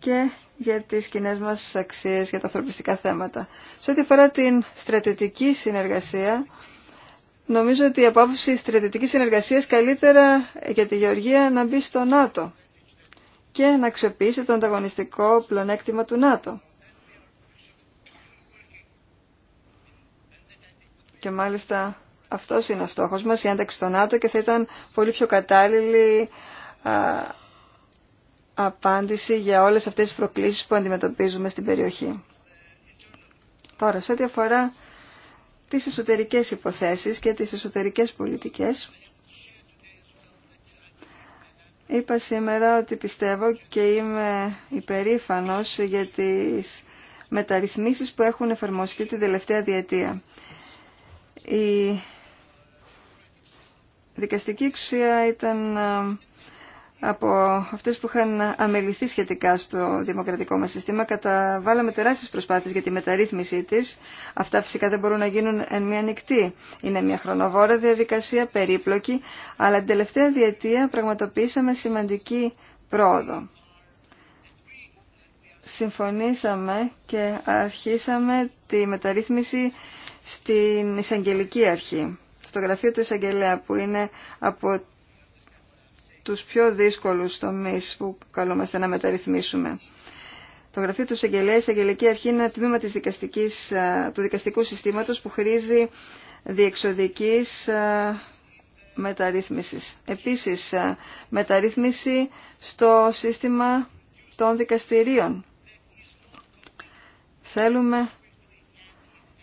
και για τις κοινέ μας αξίες, για τα ανθρωπιστικά θέματα. Σε ό,τι αφορά την στρατιωτική συνεργασία, νομίζω ότι η απόψη στρατιωτικής συνεργασίας καλύτερα για τη Γεωργία να μπει στο ΝΑΤΟ και να αξιοποιήσει το ανταγωνιστικό πλονέκτημα του ΝΑΤΟ. Και μάλιστα αυτός είναι ο στόχος μας, η ένταξη στο ΝΑΤΟ και θα ήταν πολύ πιο κατάλληλη απάντηση για όλες αυτές τις προκλήσεις που αντιμετωπίζουμε στην περιοχή. Τώρα, σε ό,τι αφορά τις εσωτερικές υποθέσεις και τις εσωτερικές πολιτικές, είπα σήμερα ότι πιστεύω και είμαι υπερήφανος για τις μεταρρυθμίσεις που έχουν εφαρμοστεί την τελευταία διετία. Η δικαστική εξουσία ήταν από αυτές που είχαν αμεληθεί σχετικά στο δημοκρατικό μας σύστημα. Καταβάλαμε τεράστιες προσπάθειες για τη μεταρρύθμιση της. Αυτά φυσικά δεν μπορούν να γίνουν εν μία νυχτή. Είναι μια χρονοβόρα διαδικασία, περίπλοκη, αλλά την τελευταία διετία πραγματοποιήσαμε σημαντική πρόοδο. Συμφωνήσαμε και αρχίσαμε τη μεταρρύθμιση στην εισαγγελική αρχή, στο γραφείο του εισαγγελέα που είναι από τους πιο δύσκολους τομείς που καλούμαστε να μεταρρυθμίσουμε. Το γραφείο του Εισαγγελέα, η Εισαγγελική Αρχή είναι ένα τμήμα της δικαστικής, του δικαστικού συστήματος που χρήζει διεξοδικής μεταρρύθμισης. Επίσης, μεταρρύθμιση στο σύστημα των δικαστηρίων. Θέλουμε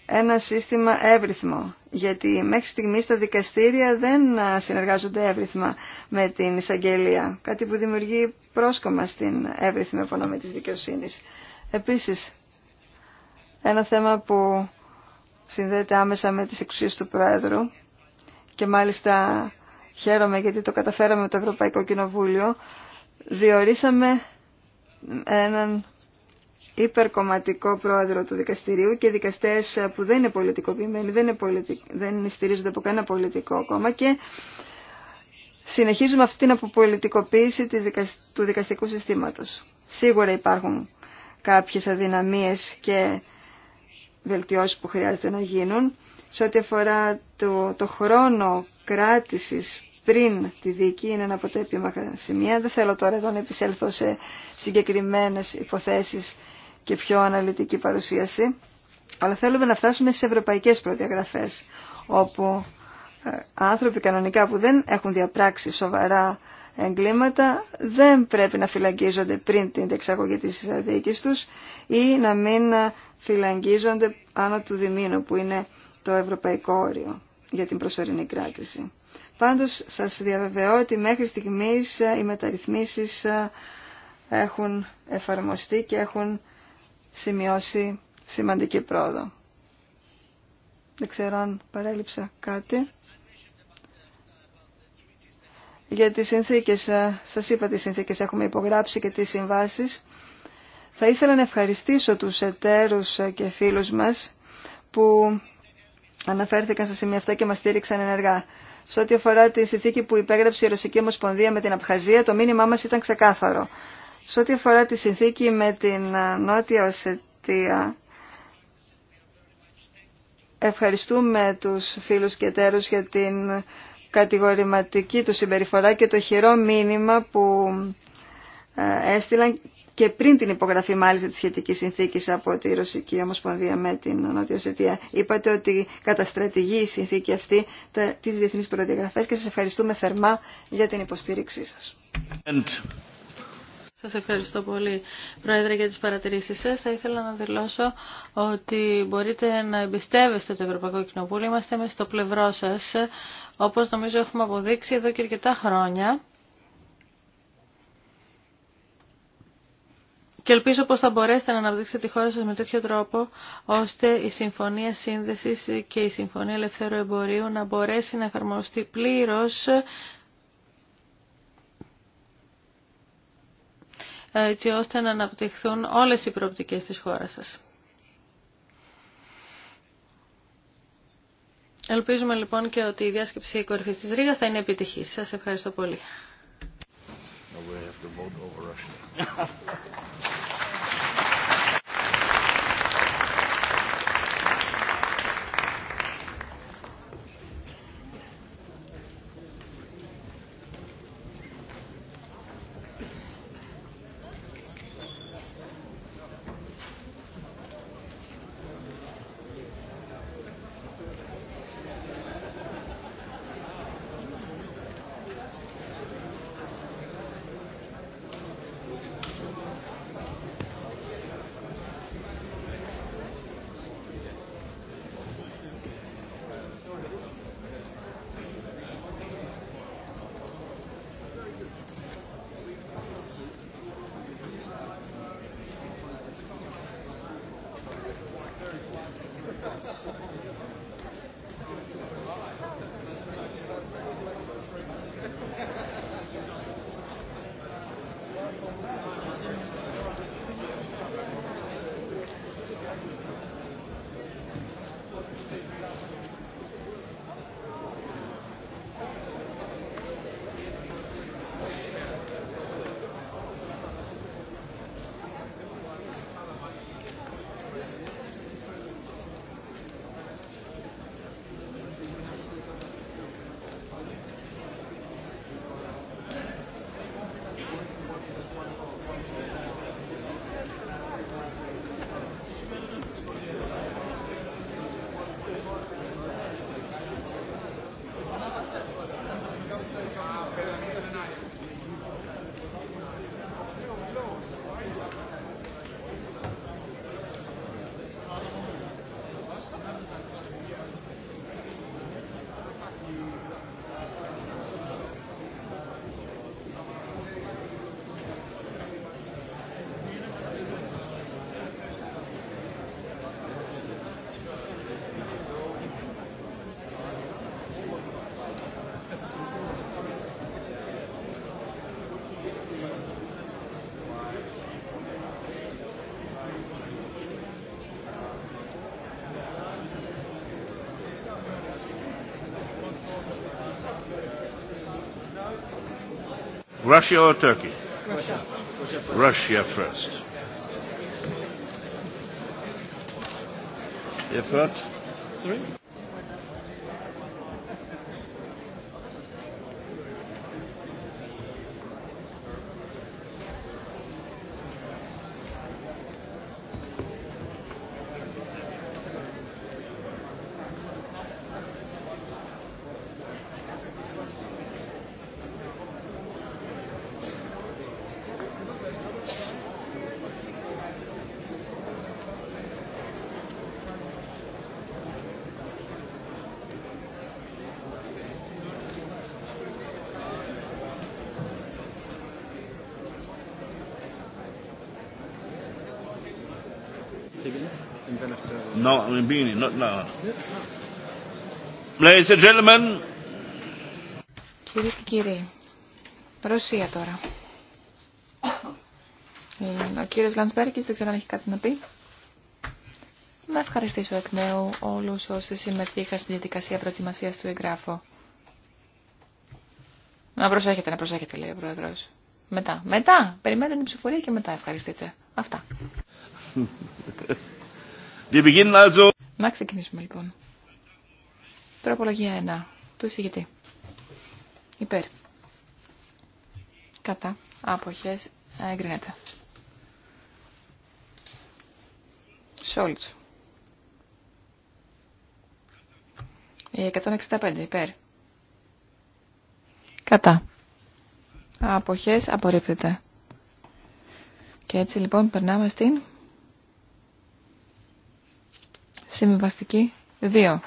ένα σύστημα εύρυθμο, γιατί μέχρι στιγμής τα δικαστήρια δεν συνεργάζονται εύρυθμα με την εισαγγελία, κάτι που δημιουργεί πρόσκομα στην εύρυθμη απονομή της δικαιοσύνης. Επίσης, ένα θέμα που συνδέεται άμεσα με τις εξουσίες του Πρόεδρου και μάλιστα χαίρομαι γιατί το καταφέραμε με το Ευρωπαϊκό Κοινοβούλιο, διορίσαμε έναν υπερκομματικό πρόεδρο του δικαστηρίου και δικαστές που δεν είναι πολιτικοποιημένοι, δεν, είναι πολιτικ... δεν στηρίζονται από κανένα πολιτικό κόμμα και συνεχίζουμε αυτή την αποπολιτικοποίηση του δικαστικού συστήματος. Σίγουρα υπάρχουν κάποιες αδυναμίες και βελτιώσεις που χρειάζεται να γίνουν. Σε ό,τι αφορά το, το χρόνο κράτησης πριν τη δίκη, είναι ένα από τα επίμαχα σημεία. Δεν θέλω τώρα εδώ να επισέλθω σε συγκεκριμένες υποθέσεις και πιο αναλυτική παρουσίαση, αλλά θέλουμε να φτάσουμε στις ευρωπαϊκές προδιαγραφές, όπου ε, άνθρωποι κανονικά που δεν έχουν διαπράξει σοβαρά εγκλήματα δεν πρέπει να φυλαγγίζονται πριν την εξαγωγή της τους ή να μην φυλαγγίζονται άνω του διμήνου που είναι το ευρωπαϊκό όριο για την προσωρινή κράτηση. Πάντως σας διαβεβαιώ ότι μέχρι στιγμής ε, οι μεταρρυθμίσεις ε, έχουν εφαρμοστεί και έχουν σημειώσει σημαντική πρόοδο. Δεν ξέρω αν παρέλειψα κάτι. Για τις συνθήκες, ε, σας είπα τις συνθήκες, έχουμε υπογράψει και τις συμβάσεις. Θα ήθελα να ευχαριστήσω τους εταίρους ε, και φίλους μας που αναφέρθηκαν στα σημεία αυτά και μας στήριξαν ενεργά. Σε ό,τι αφορά τη συνθήκη που υπέγραψε η Ρωσική Ομοσπονδία με την Απχαζία, το μήνυμά μας ήταν ξεκάθαρο. Σε ό,τι αφορά τη συνθήκη με την ε, Νότια Οσετία, ευχαριστούμε τους φίλους και τέρους για την κατηγορηματική του συμπεριφορά και το χειρό μήνυμα που ε, έστειλαν και πριν την υπογραφή μάλιστα της σχετικής συνθήκης από τη Ρωσική Ομοσπονδία με την Νότια Οσετία. Είπατε ότι καταστρατηγεί η συνθήκη αυτή τις διεθνείς προδιαγραφές και σας ευχαριστούμε θερμά για την υποστήριξή σας. Σας ευχαριστώ πολύ, Πρόεδρε, για τις παρατηρήσεις σας. Θα ήθελα να δηλώσω ότι μπορείτε να εμπιστεύεστε το Ευρωπαϊκό Κοινοβούλιο. Είμαστε με στο πλευρό σας, όπως νομίζω έχουμε αποδείξει εδώ και αρκετά χρόνια. και ελπίζω πως θα μπορέσετε να αναπτύξετε τη χώρα σας με τέτοιο τρόπο, ώστε η Συμφωνία Σύνδεσης και η Συμφωνία Ελευθέρου Εμπορίου να μπορέσει να εφαρμοστεί πλήρως έτσι ώστε να αναπτυχθούν όλες οι προοπτικές της χώρας σας. Ελπίζουμε λοιπόν και ότι η διάσκεψη κορυφή της Ρήγα θα είναι επιτυχής. Σας ευχαριστώ πολύ. Russia or Turkey? Russia. Russia first. Effort? Sorry? Κυρίε not now. Ladies and gentlemen. Κυρίες και κύριοι, Ρωσία τώρα. Ο κύριος Λανσπέρκης δεν ξέρω αν έχει κάτι να πει. Να ευχαριστήσω εκ νέου όλους όσοι συμμετείχαν στη διαδικασία προετοιμασίας του εγγράφου. Να προσέχετε, να προσέχετε, λέει ο Πρόεδρος. Μετά, μετά, περιμένετε την ψηφορία και μετά ευχαριστείτε. Αυτά. [LAUGHS] Wir beginnen να ξεκινήσουμε λοιπόν. Τροπολογία 1. Του εισηγητή. Υπέρ. Κατά. Αποχές. Εγκρίνεται. Σόλτς. Η ε, 165. Υπέρ. Κατά. Αποχές. Απορρίπτεται. Και έτσι λοιπόν περνάμε στην Συμβιβαστική 2.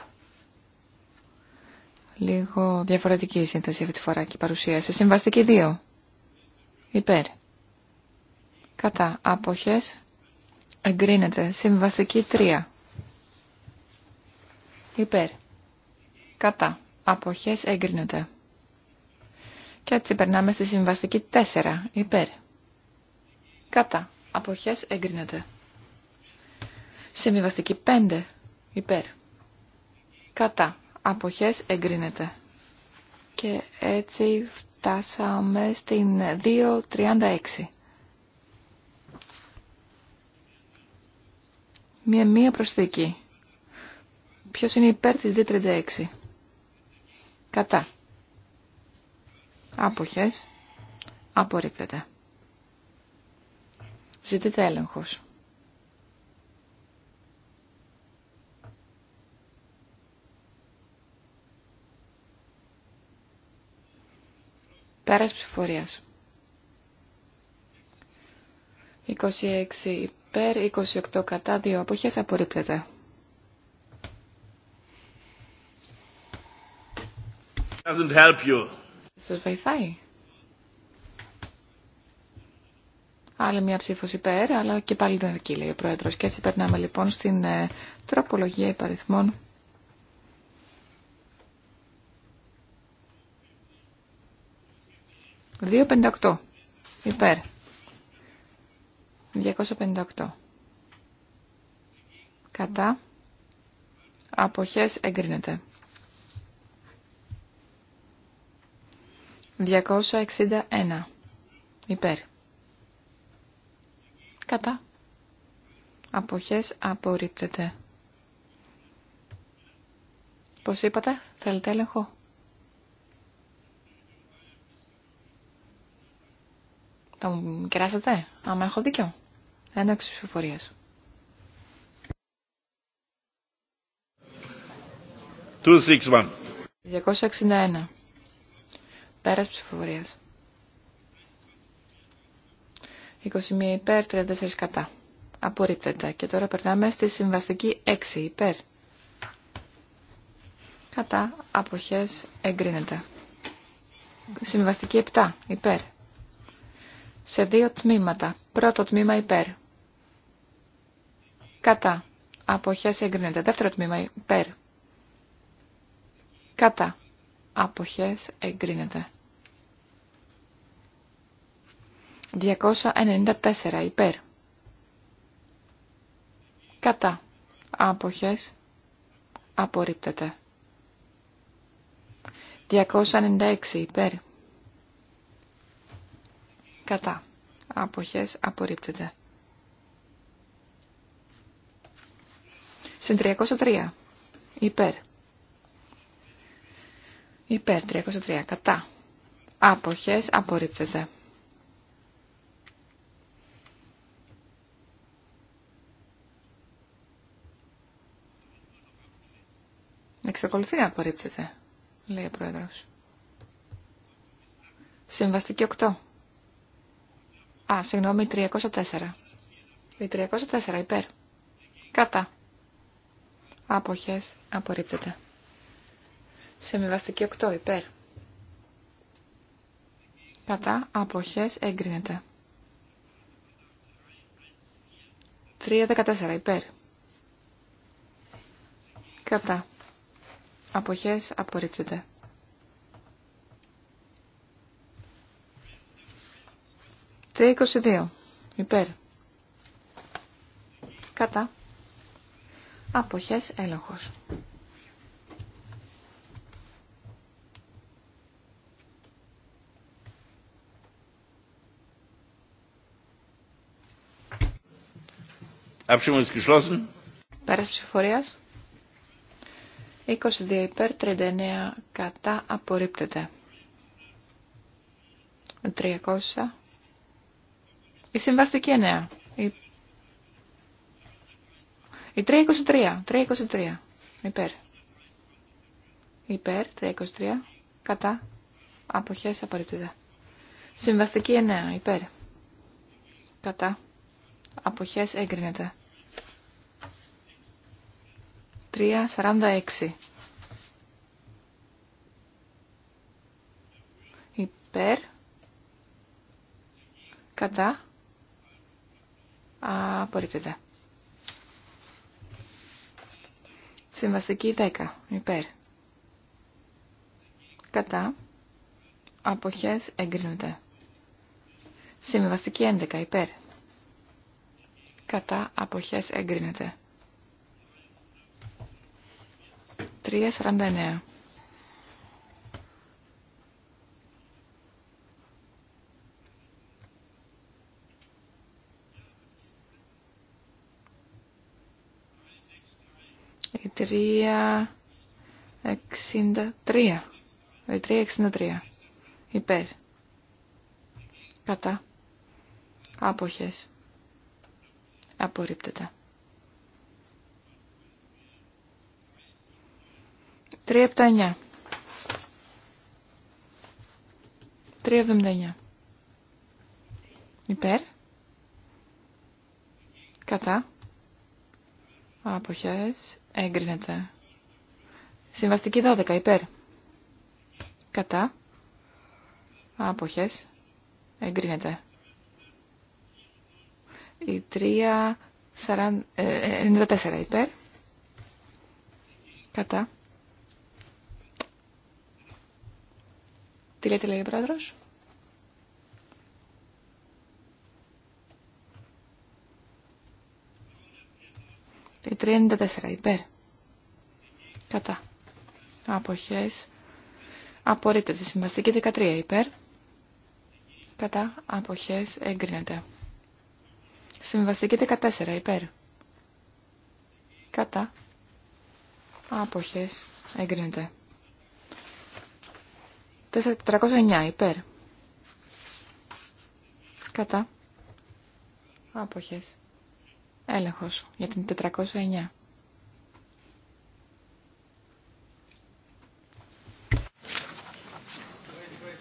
Λίγο διαφορετική η σύνθεση αυτή τη φορά και η παρουσίαση. Συμβαστική 2. Υπέρ. Κατά. Αποχές. Εγκρίνεται. Συμβαστική 3. Υπέρ. Κατά. Αποχές εγκρίνεται. Και έτσι περνάμε στη συμβαστική 4. Υπέρ. Κατά. Αποχές εγκρίνεται. Συμβιβαστική 5. Υπέρ. Κατά. Αποχές εγκρίνεται. Και έτσι φτάσαμε στην 2.36. Μία μία προσθήκη. Ποιος είναι υπέρ της 2.36. Κατά. Άποχες. Απορρίπτεται. Ζητείτε έλεγχος. Πέρας ψηφορίας. 26 υπέρ, 28 κατά, 2 αποχές απορρίπτεται. Doesn't help Σας βοηθάει. Άλλη μια ψήφο υπέρ, αλλά και πάλι δεν αρκεί, λέει ο Πρόεδρος. Και έτσι περνάμε λοιπόν στην ε, τροπολογία υπαριθμών 258. Υπέρ. 258. Κατά. Αποχές εγκρίνεται. 261. Υπέρ. Κατά. Αποχές απορρίπτεται. Πώς είπατε, θέλετε έλεγχο. Θα μου κεράσετε, άμα έχω δίκιο. Ένταξη ψηφοφορία. 261. Πέρας ψηφοφορίας. 21 υπέρ, 34 κατά. Απορρίπτεται. Και τώρα περνάμε στη συμβαστική 6 υπέρ. Κατά αποχές εγκρίνεται. Συμβαστική 7 υπέρ σε δύο τμήματα. Πρώτο τμήμα υπέρ. Κατά. Αποχές εγκρίνεται. Δεύτερο τμήμα υπέρ. Κατά. Αποχές εγκρίνεται. 294 υπέρ. Κατά. Άποχες. Απορρίπτεται. 296 υπέρ. Κατά. Αποχές απορρίπτεται. Στην 303. Υπέρ. Υπέρ 303. Κατά. Άποχες απορρίπτεται. Εξακολουθεί να απορρίπτεται, λέει ο πρόεδρος. Συμβαστική 8. Α, συγγνώμη, 304. Η 304 υπέρ. Κατά. Άποχες απορρίπτεται. Σεμιβαστική 8 υπέρ. Κατά άποχες εγκρίνεται. 314 υπέρ. Κατά. Αποχές απορρίπτεται. 22 Υπέρ. Κατά. Αποχές έλεγχος. Abstimmung ist geschlossen. Πέρας 22 υπέρ, 39 κατά, απορρίπτεται. 300. Η συμβαστική 9. Η, η 323. 323. Υπέρ. Υπέρ. 323. Κατά. Αποχές απορρίπτεται. Συμβαστική 9. Υπέρ. Κατά. Αποχές έγκρινεται. 3.46. Υπέρ. Κατά. Απορρίπτεται. Συμβαστική 10. Υπέρ. Κατά. Αποχές εγκρίνονται. Συμβαστική 11. Υπέρ. Κατά. Αποχές εγκρίνεται. 3.49. Η 363. Η 363. Υπέρ. Κατά. Άποχες. Απορρίπτεται. 379. 379. Υπέρ. Κατά. Αποχές. Εγκρίνεται. Συμβαστική 12 υπέρ. Κατά. Άποχες. Εγκρίνεται. Η 3, 94 ε, ε, υπέρ. Κατά. Τι λέτε λέει ο πρόεδρος. Η 34 υπέρ. Κατά. Αποχές. Απορρίπτεται. Συμβαστική 13 υπέρ. Κατά. Αποχές. Εγκρίνεται. Συμβαστική 14 υπέρ. Κατά. Αποχές. Εγκρίνεται. 409 υπέρ. Κατά. Αποχές. Έλεγχος για την 409.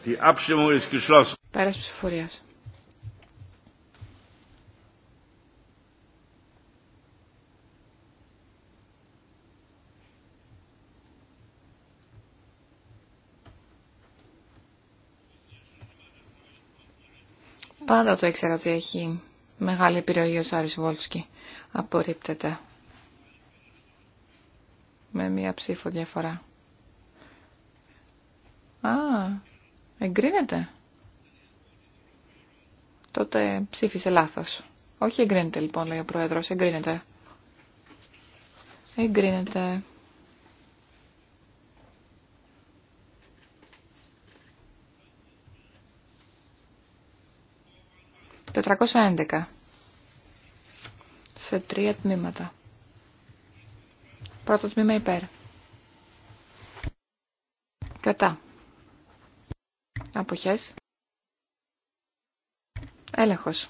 Die Abstimmung ist geschlossen. Πέρας ψηφορίας. Πάντα το ήξερα ότι έχει Μεγάλη επιρροή ο Σάρις Βόλσκι Απορρίπτεται. Με μία ψήφο διαφορά. Α, εγκρίνεται. Τότε ψήφισε λάθος. Όχι εγκρίνεται λοιπόν, λέει ο Πρόεδρος. Εγκρίνεται. Εγκρίνεται. 411 Σε τρία τμήματα. Πρώτο τμήμα υπέρ. Κατά. Αποχές. Έλεγχος.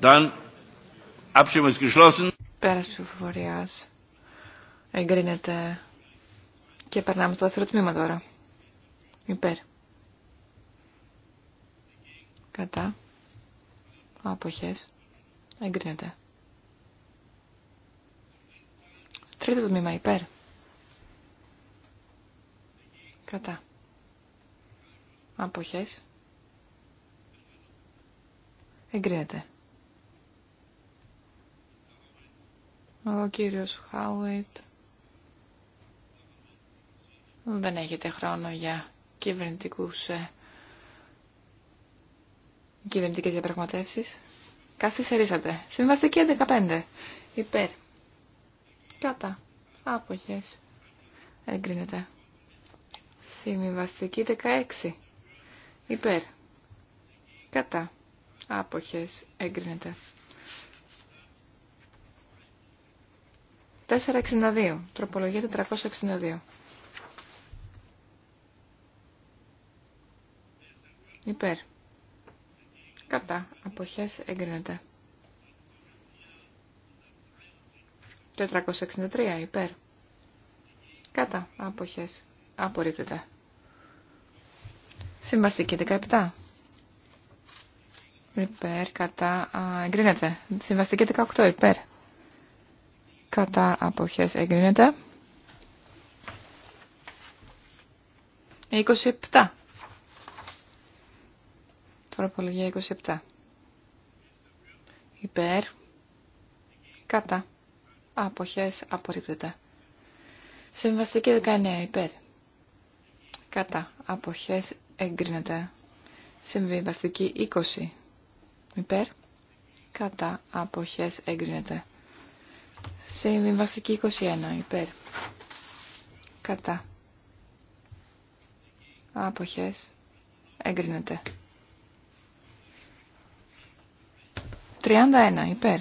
Dann Abstimmung ist geschlossen. Εγκρίνεται. Και περνάμε στο δεύτερο τμήμα τώρα. Υπέρ. Κατά. Αποχές. Εγκρίνεται. Τρίτο τμήμα υπέρ. Κατά. Αποχές. Εγκρίνεται. Ο κύριος Χάουιτ δεν έχετε χρόνο για κυβερνητικούς ε, κυβερνητικές διαπραγματεύσεις. Καθυστερήσατε. Συμβαστική 15. Υπέρ. Κατά. Άποχες. Εγκρίνεται. Συμβαστική 16. Υπέρ. Κατά. Άποχες. Εγκρίνεται. 462. Τροπολογία 462. Υπέρ. Κατά. Αποχές εγκρίνεται. 463. Υπέρ. Κατά. Αποχές. Απορρίπτεται. Συμβαστική 17. Υπέρ. Κατά. Α, εγκρίνεται. Συμβαστική 18. Υπέρ κατά αποχές εγκρίνεται. 27. Τροπολογία 27. Υπέρ. Κατά. Αποχές απορρίπτεται. Συμβαστική 19. Υπέρ. Κατά. Αποχές εγκρίνεται. Συμβιβαστική 20. Υπέρ. Κατά. Αποχές εγκρίνεται. Συμβιβαστική 21 υπέρ. Κατά. Άποχες. Εγκρίνεται. 31 υπέρ.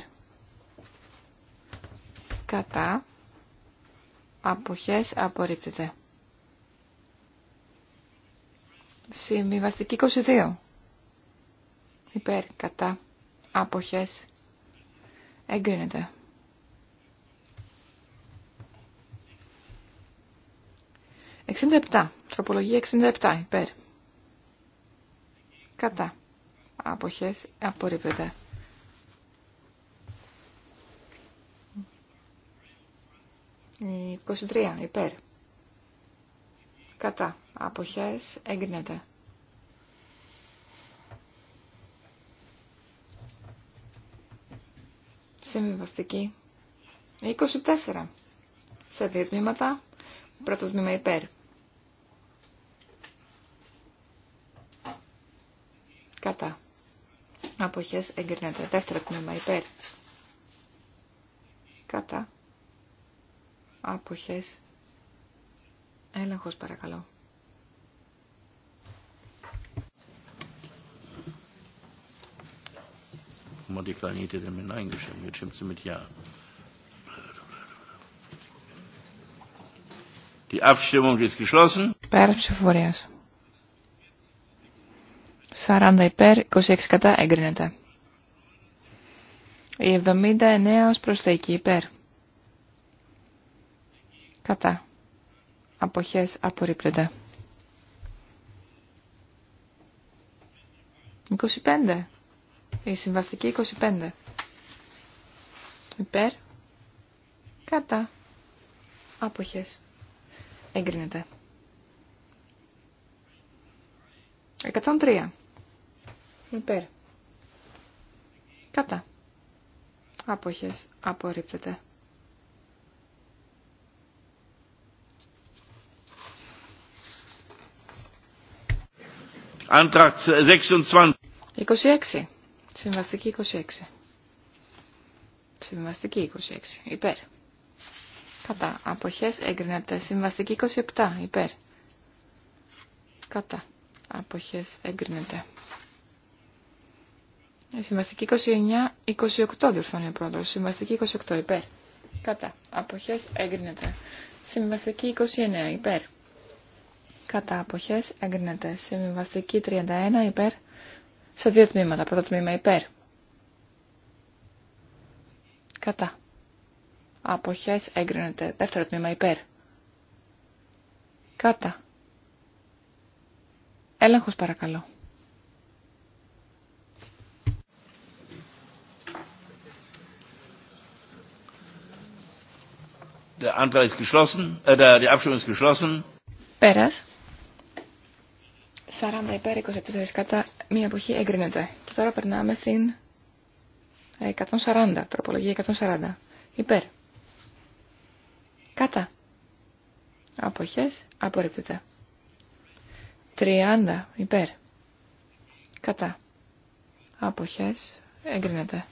Κατά. Αποχές απορρίπτεται. Συμβιβαστική 22. Υπέρ, κατά, αποχές, εγκρίνεται. 67. Τροπολογία 67. Υπέρ. Κατά. Αποχές απορρίπτεται. 23. Υπέρ. Κατά. Αποχές έγκρινεται. Συμβιβαστική. 24. Σε δύο τμήματα. Πρώτο τμήμα υπέρ. Κατά. Αποχές εγκρίνεται. Δεύτερο τμήμα υπέρ. Κατά. Αποχές. Έλεγχος παρακαλώ. Mal τη stimmt Abstimmung ist geschlossen. 40 υπέρ, 26 κατά έγκρινεται. Η 79 ως προσθήκη υπέρ. Κατά. Αποχές απορρίπτεται. 25. Η συμβαστική 25. Υπέρ. Κατά. Άποχες. Έγκρινεται. 103. Υπέρ. Κατά. Άποχες. Απορρίπτεται. 26. 26. Συμβαστική 26. Συμβαστική 26. Υπέρ. Κατά. Αποχές εγκρίνεται. Συμβαστική 27. Υπέρ. Κατά. Αποχές εγκρίνεται. Συμβαστική 29, 28 διορθώνει ο πρόεδρο. Συμβαστική 28 υπέρ. Κατά. Αποχέ έγκρινεται. Συμβαστική 29 υπέρ. Κατά. Αποχέ έγκρινεται. Συμβαστική 31 υπέρ. Σε δύο τμήματα. Πρώτο τμήμα υπέρ. Κατά. Αποχέ έγκρινεται. Δεύτερο τμήμα υπέρ. Κατά. Έλεγχο παρακαλώ. Der Antrag ist geschlossen. Äh, der, die Abstimmung ist geschlossen. 40 υπέρ 24 κατά μία εποχή εγκρίνεται. Και τώρα περνάμε στην 140, τροπολογία 140. Υπέρ. Κατά. Αποχές απορρίπτεται. 30 υπέρ. Κατά. Αποχές εγκρίνεται.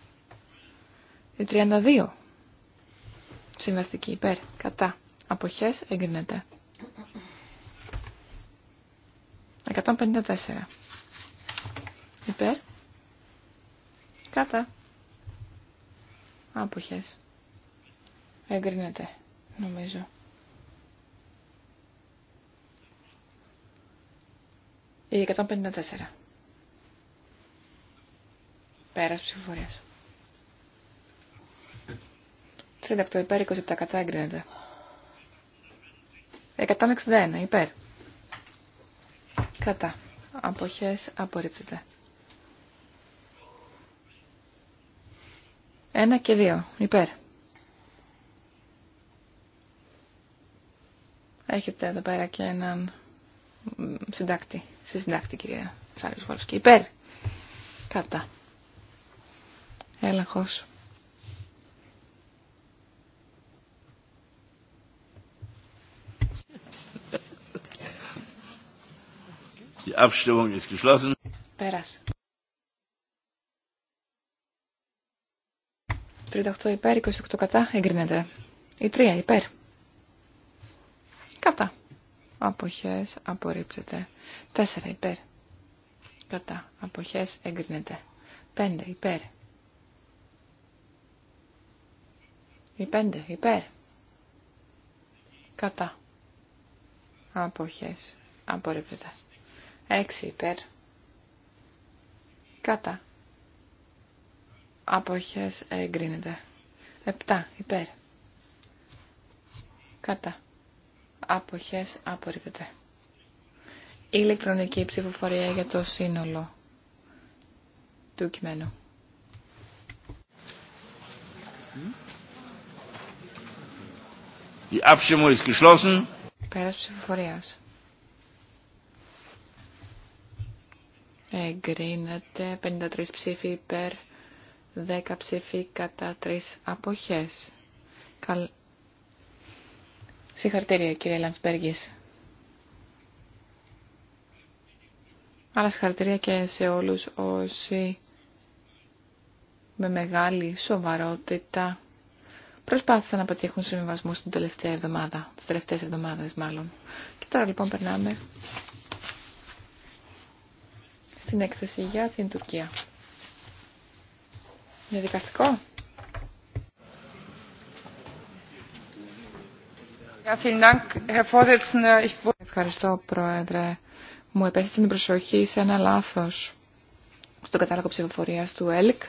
32 Συμβαστική υπέρ. Κατά. Αποχές εγκρίνεται. 154. Υπέρ. Κατά. Άποχες. Εγκρίνεται, νομίζω. Η 154. Πέρας ψηφοφορίας. 38 υπέρ, 27 κατά εγκρίνεται. 161 υπέρ. Κατά. Αποχές απορρίπτεται. 1 και 2 υπέρ. Έχετε εδώ πέρα και έναν συντάκτη. Σε συντάκτη κυρία Σάριος Βόλσκη. Υπέρ. Κατά. Έλεγχος. Die Abstimmung ist geschlossen. Πέρασε. 38 υπέρ, 28 κατά, εγκρίνεται. Η 3 υπέρ. Κατά. Αποχές, απορρίπτεται. 4 υπέρ. Κατά. Αποχές, εγκρίνεται. 5 υπέρ. Η 5 υπέρ. Κατά. Αποχές, απορρίπτεται. 6 υπέρ. Κατά. Αποχές εγκρίνεται. 7 υπέρ. Κατά. Αποχές απορρίπτεται. Ηλεκτρονική ψηφοφορία για το σύνολο του κειμένου. Die Abstimmung ist geschlossen. Εγκρίνεται 53 ψήφοι υπέρ, 10 ψήφοι κατά 3 αποχές. Καλ... Συγχαρητήρια κύριε Λαντσπέργης. Αλλά συγχαρητήρια και σε όλους όσοι με μεγάλη σοβαρότητα προσπάθησαν να πετύχουν συμβιβασμού την τελευταία εβδομάδα, τις τελευταίες εβδομάδες μάλλον. Και τώρα λοιπόν περνάμε στην έκθεση για την Τουρκία. δικαστικό? Ευχαριστώ, Πρόεδρε. Μου επέστησε την προσοχή σε ένα λάθος στον κατάλογο ψηφοφορίας του ΕΛΚ.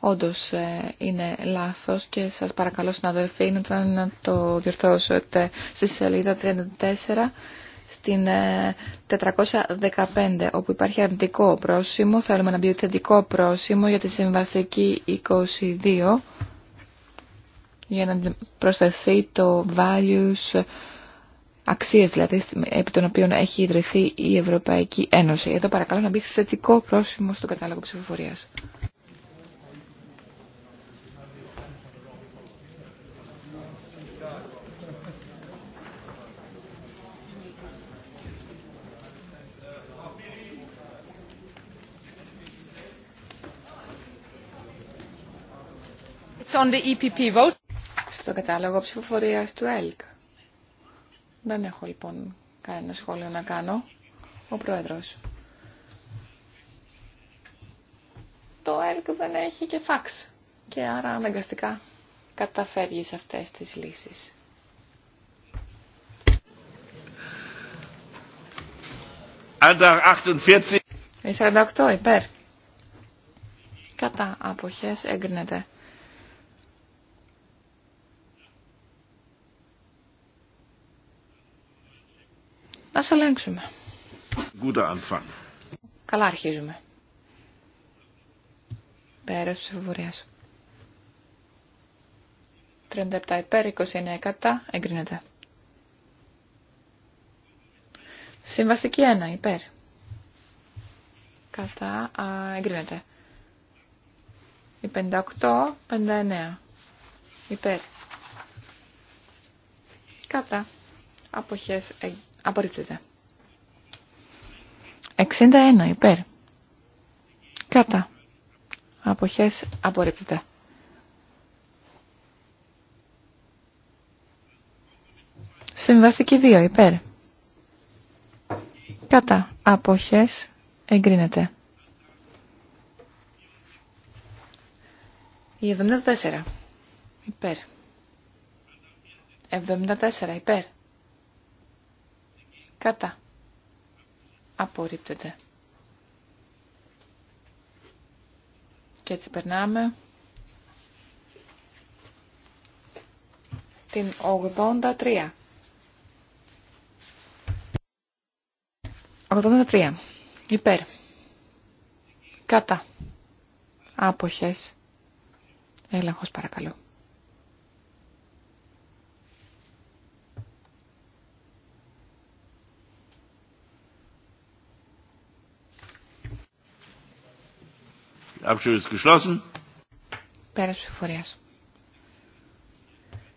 Όντως ε, είναι λάθος και σας παρακαλώ συναδελφοί να το διορθώσετε στη σελίδα 34 στην 415 ε, όπου υπάρχει αρνητικό πρόσημο, θέλουμε να μπει θετικό πρόσημο για τη συμβαστική 22 για να προσθεθεί το values αξίες δηλαδή επί των οποίων έχει ιδρυθεί η Ευρωπαϊκή Ένωση. Εδώ παρακαλώ να μπει θετικό πρόσημο στο κατάλογο ψηφοφορίας. E Στο κατάλογο ψηφοφορία του ΕΛΚ. Δεν έχω λοιπόν κανένα σχόλιο να κάνω. Ο Πρόεδρος. Το ΕΛΚ δεν έχει και φαξ. Και άρα αναγκαστικά καταφεύγει σε αυτές τις λύσεις. Η 48. 48 υπέρ. Κατά αποχές έγκρινεται. Ας ελέγξουμε. Καλά αρχίζουμε. Πέρας ψηφοφορίας. 37 υπέρ, 29 κατά, εγκρίνεται. Συμβαστική 1 υπέρ. Κατά, α, εγκρίνεται. Η 58, 59 υπέρ. Κατά. Αποχές εγκρίνεται Απορρίπτεται. 61 υπέρ. Κατά. Αποχές απορρίπτεται. Συμβαστική 2 υπέρ. Κατά. Αποχές εγκρίνεται. 74 υπέρ. 74 υπέρ. Κατά. Απορρίπτεται. Και έτσι περνάμε. Την 83. 83. Υπέρ. Κατά. Άποχες. Έλεγχος παρακαλώ. Abstimmung ist geschlossen. Πέρας ψηφοφορίας.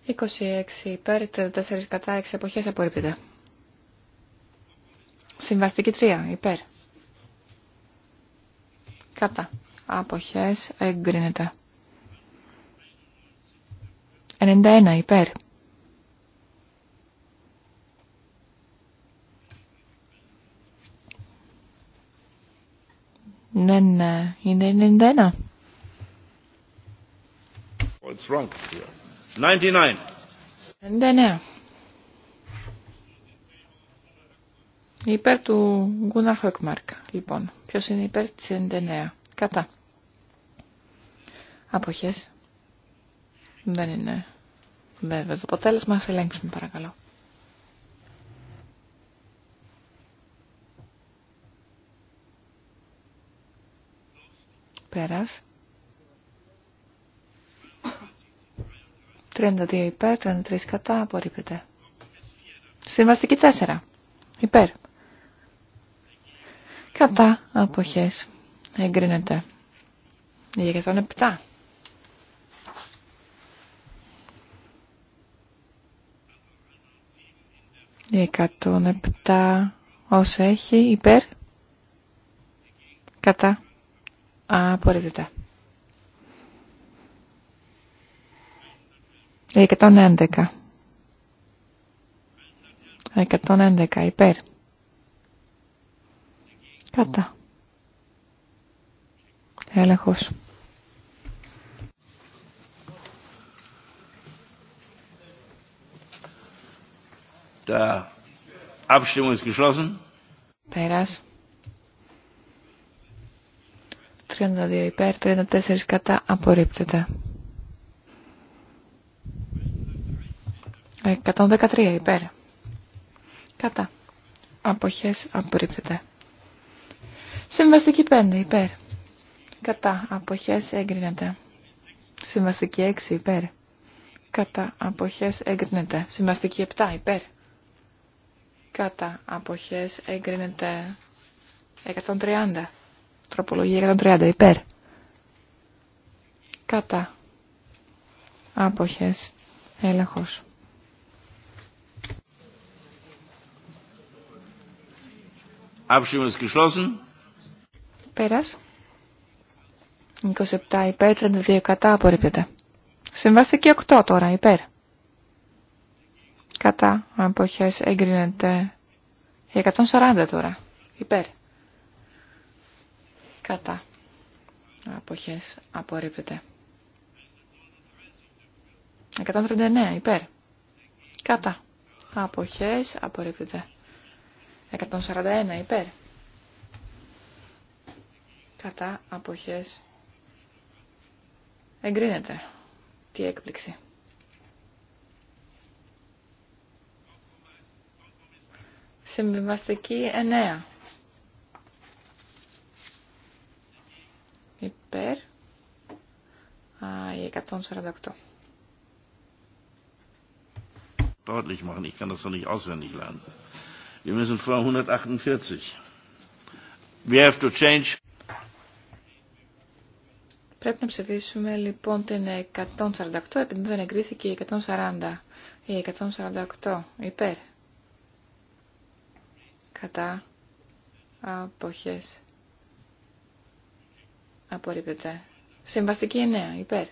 26 υπέρ, 34 κατά, 6 εποχές απορρίπτεται. Συμβαστική 3 υπέρ. Κατά. Αποχές εγκρίνεται. 91 υπέρ. Ναι, είναι 91. 99. 99. Υπέρ του Γκούναρ Χοκμάρκ. Λοιπόν, ποιο είναι υπέρ τη 99. Κατά. Αποχές. Δεν είναι βέβαιο το αποτέλεσμα. Ας ελέγξουμε παρακαλώ. 32 υπέρ, 33 κατά, απορρίπτεται. Συμβαστική 4. Υπέρ. Κατά αποχές. Εγκρίνεται. 107. Για 107 όσο έχει υπέρ. Κατά. Απορρίδετα. Εκατόν έντεκα. Εκατόν έντεκα, υπέρ. Κατά. Έλεγχος. Τα άψιμο είναι κλεισμένο. Περάσει. 32 υπέρ, 34 κατά απορρίπτεται. 113 ε, υπέρ. Κατά. Αποχές απορρίπτεται. Συμβαστική 5 υπέρ. Κατά. Αποχές έγκρινεται. Συμβαστική 6 υπέρ. Κατά. Αποχές έγκρινεται. Συμβαστική 7 υπέρ. Κατά. Αποχές έγκρινεται. 130 Τροπολογία 130 υπέρ. Κατά. Άποχες. Έλεγχος. Abstimmung Πέρας. 27 υπέρ, 32 κατά απορρίπτεται. Συμβάσει και 8 τώρα υπέρ. Κατά αποχές εγκρίνεται. 140 τώρα υπέρ. Κατά. Αποχές απορρίπτεται. 139 υπέρ. Κατά. Αποχές απορρίπτεται. 141 υπέρ. Κατά αποχές εγκρίνεται. Τι έκπληξη. Συμβιβαστική 9 υπέρ α, 148. Deutlich machen, ich kann das doch nicht auswendig lernen. Wir müssen vor 148. We have to change. Πρέπει να ψηφίσουμε λοιπόν την 148 επειδή δεν εγκρίθηκε η 140 ή 148 υπέρ. Κατά αποχές απορρίπτεται. Συμβαστική εννέα, υπέρ.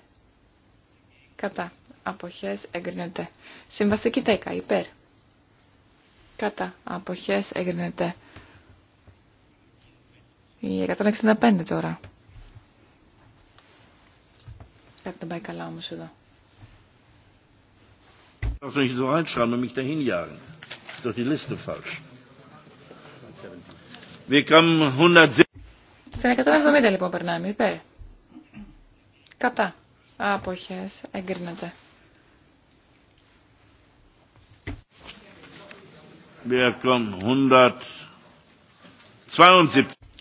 Κατά. Αποχές εγκρίνεται. Συμβαστική δέκα, υπέρ. Κατά. Αποχές εγκρίνεται. Η 165 τώρα. Κάτι δεν πάει καλά όμως εδώ. Darf ich so reinschauen und mich dahin jagen? Ist doch die Liste falsch. Wir kommen 170. Στην 170 λοιπόν περνάμε. Υπέρ. Κατά. Άποχες. Εγκρίνεται. Wir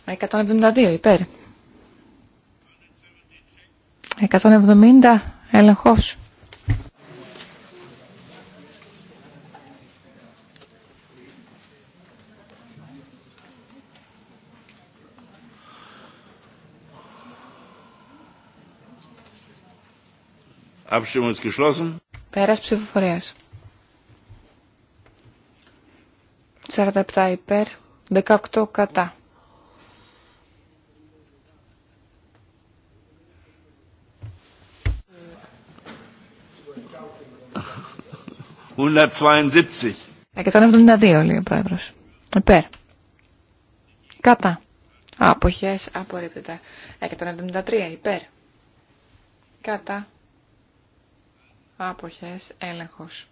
172 υπέρ. 170 έλεγχος. Abstimmung ist geschlossen. ψηφοφορίας. 47 υπέρ, 18 κατά. Εκατόν εβδομήντα λέει ο πρόεδρος. Υπέρ. Κατά. Αποχές απορρίπτεται. 173 υπέρ. Κατά αποχές έλεγχος.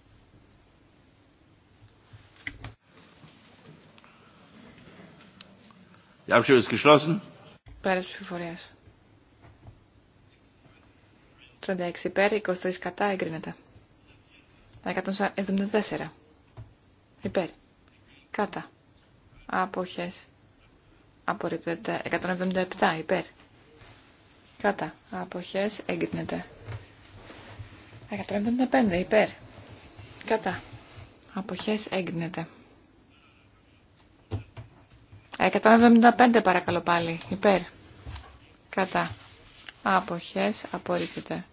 Η Abstimmung geschlossen. Πέρας ψηφοφορίας. 36 υπέρ, 23 κατά εγκρίνεται. 174 υπέρ, κατά, αποχές, απορρίπτεται. 177 υπέρ, κατά, αποχές, εγκρίνεται. 175 υπέρ. Κατά. Αποχές έγκρινεται. 175 παρακαλώ πάλι. Υπέρ. Κατά. Αποχές απορρίπτεται.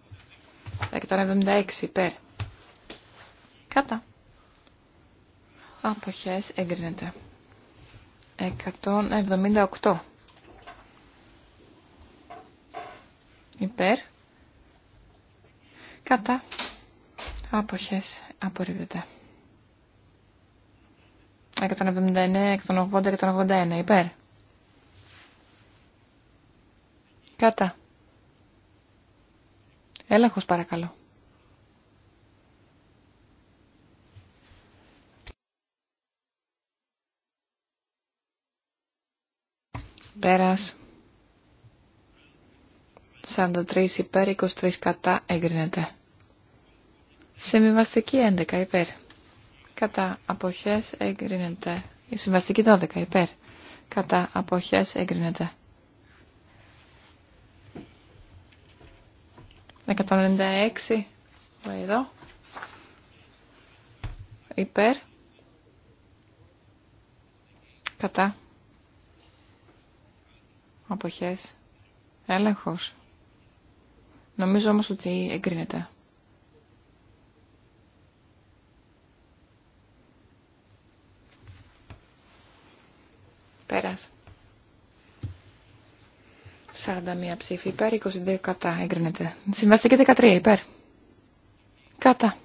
176 υπέρ. Κατά. Αποχές έγκρινεται. 178. Υπέρ. Κατά. Άποχες. Απορρίπτεται. 179, 180, 181. Υπέρ. Κατά. Έλεγχος παρακαλώ. Πέρας. 43 υπέρ, 23 κατά εγκρίνεται. Συμβιβαστική 11 υπέρ. Κατά αποχές εγκρίνεται. Η συμβαστική 12 υπέρ. Κατά αποχές εγκρίνεται. 196 εδώ. Υπέρ. Κατά. Αποχές. Έλεγχος. Νομίζω όμως ότι εγκρίνεται. Πέρας. 41 ψήφοι υπέρ, 22 κατά εγκρίνεται. Συμβαστική 13 υπέρ. Κατά.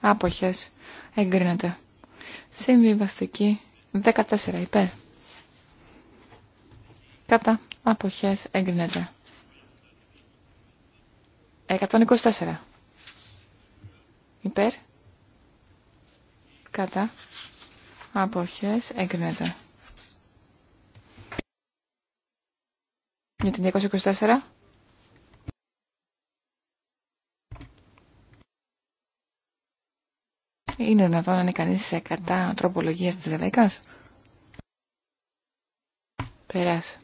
Άποχες. Εγκρίνεται. Συμβιβαστική 14 υπέρ. Κατά. Αποχές εγκρίνεται. 124. Υπέρ. Κατά. Αποχές. Έγκρινεται. Για την 224. Είναι δυνατόν να είναι κανείς σε κατά τροπολογία της Ρεβέκας. Περάσε.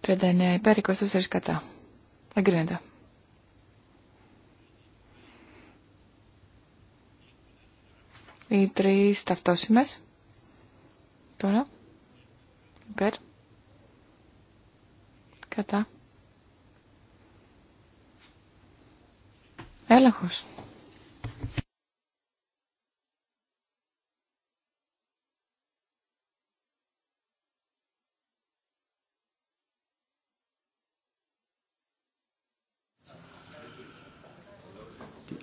39 υπέρ, 24 κατά. Εγκρίνεται. Οι τρεις ταυτόσημες. Τώρα. Υπέρ. Κατά. Έλεγχος.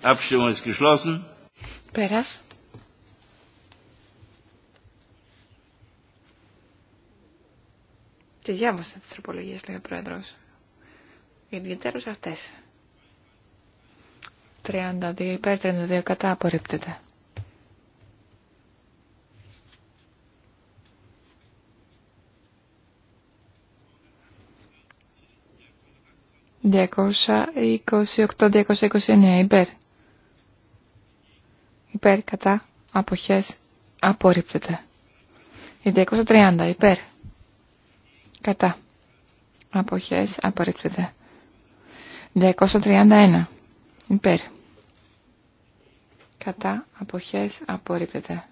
Abstimmung ist geschlossen. Πέρας. Και διάβασα τι τροπολογίε, λέει ο Πρόεδρο. Ιδιαίτερω αυτέ. 32 υπέρ, 32 κατά διακόσια είκοσι 28-229 υπέρ υπέρ, κατά, αποχές, απορρίπτεται. Η 230 υπέρ, κατά, αποχές, απορρίπτεται. 231 υπέρ, κατά, αποχές, απορρίπτεται.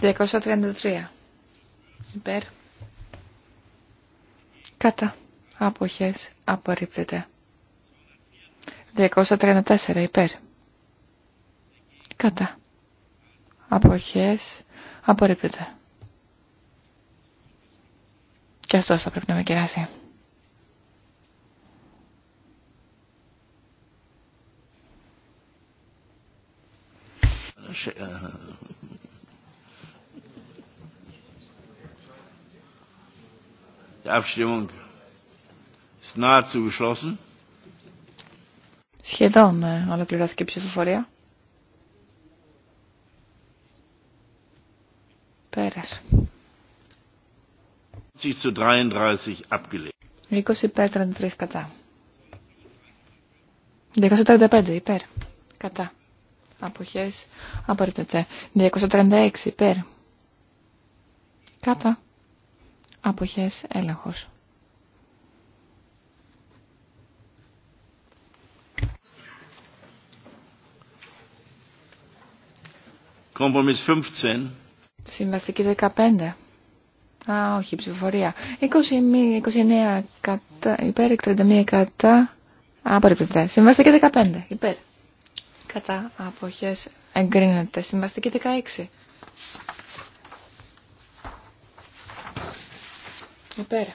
233 υπέρ, κατά, αποχές, απορρίπτεται. 234 υπέρ. Κατά. Αποχές. Απορρίπτεται. Και αυτό θα πρέπει να με κεράσει. Die Abstimmung ist nahezu geschlossen. Σχεδόν ε, ολοκληρώθηκε η ψηφοφορία. Πέρας. 20 υπέρ, 33 κατά. 235 υπέρ. Κατά. Αποχές. Απορρίπτεται. 236 υπέρ. Κατά. Αποχές. Έλεγχος. Kompromiss 15. Συμβαστική 15. Α, όχι, ψηφοφορία. 29 κατά, υπέρ, 31 κατά. Απορρίπτεται. Συμβαστική 15. Υπέρ. Κατά αποχές εγκρίνεται. Συμβαστική 16. Υπέρ.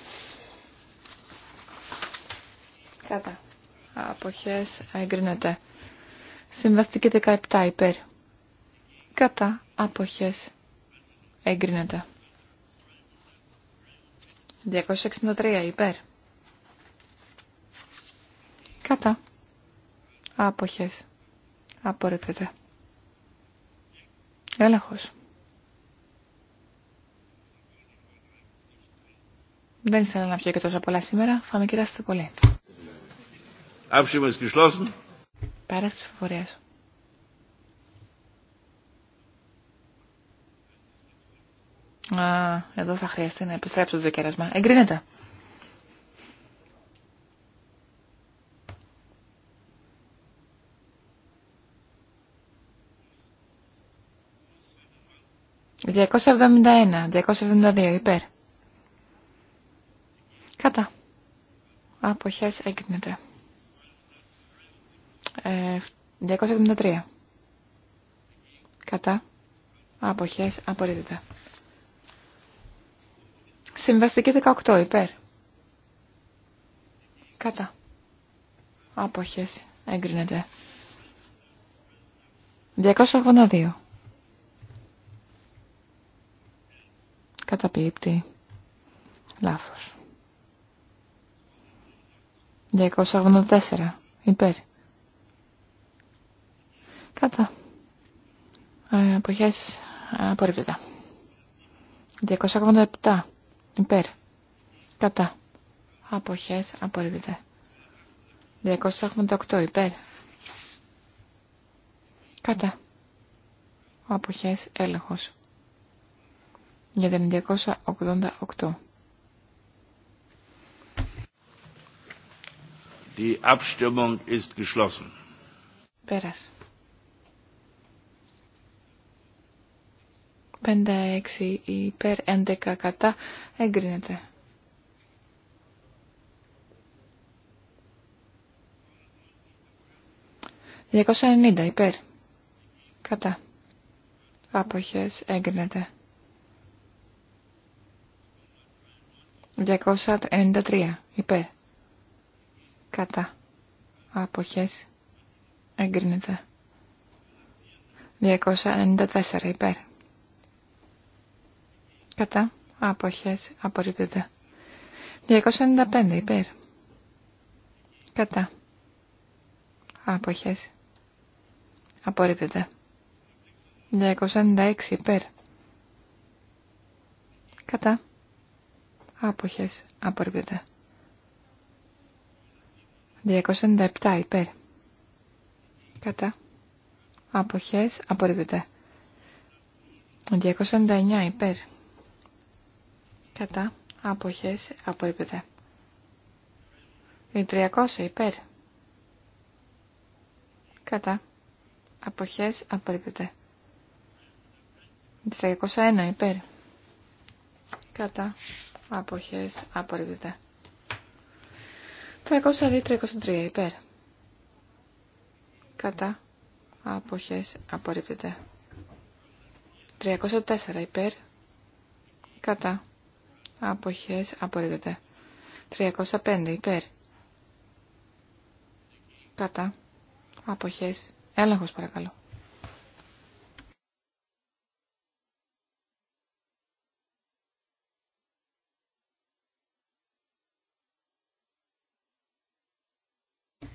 Κατά. Αποχές εγκρίνεται. Συμβαστική 17. Υπέρ. Κατά αποχές Εγκρίνεται. 263 υπέρ. Κατά. Άποχες. Απορρίπτεται. Έλαχος. Δεν ήθελα να πιω και τόσο πολλά σήμερα. Θα με κεράσετε πολύ. Άψιμος Πέρα τις Α, εδώ θα χρειαστεί να επιστρέψω το κέρασμα. Εγκρίνεται. «271, 272, υπέρ». Κατά. Αποχές έγκρινεται. 273. Ε, Κατά. Αποχές απορρίπτεται. Συμβαστική 18 υπέρ. Κατά. Άποχες. Έγκρινεται. 282. Καταπίπτει. Λάθος. 284. Υπέρ. Κατά. Ε, αποχές. Απορρίπτεται. 287. Υπέρ. Κατά. Αποχές Απορρίβεται. 288 υπέρ. Κατά. Αποχές έλεγχος. Για την 288. Die Abstimmung ist geschlossen. 56 υπέρ 11 κατά εγκρίνεται. 290 υπέρ. Κατά. Άποχες έγκρινεται. 293 υπέρ. Κατά. Άποχες έγκρινεται. 294 υπέρ. Κατά. Αποχές. Απορρίπτεται. 295 υπέρ. Κατά. Αποχές. Απορρίπτεται. 296 υπέρ. Κατά. Άποχες. Απορρίπτεται. 297 υπέρ. Κατά. Άποχες. Απορρίπτεται. 299 υπέρ κατά αποχές απορρίπτεται. Η 300 υπέρ κατά αποχές απορρίπτεται. Η 301 υπέρ κατά αποχές απορρίπτεται. 302-303 υπέρ κατά αποχές απορρίπτεται. 304 υπέρ κατά αποχές απορρίπτεται. 305 υπέρ. Κατά. Αποχές. Έλεγχος παρακαλώ.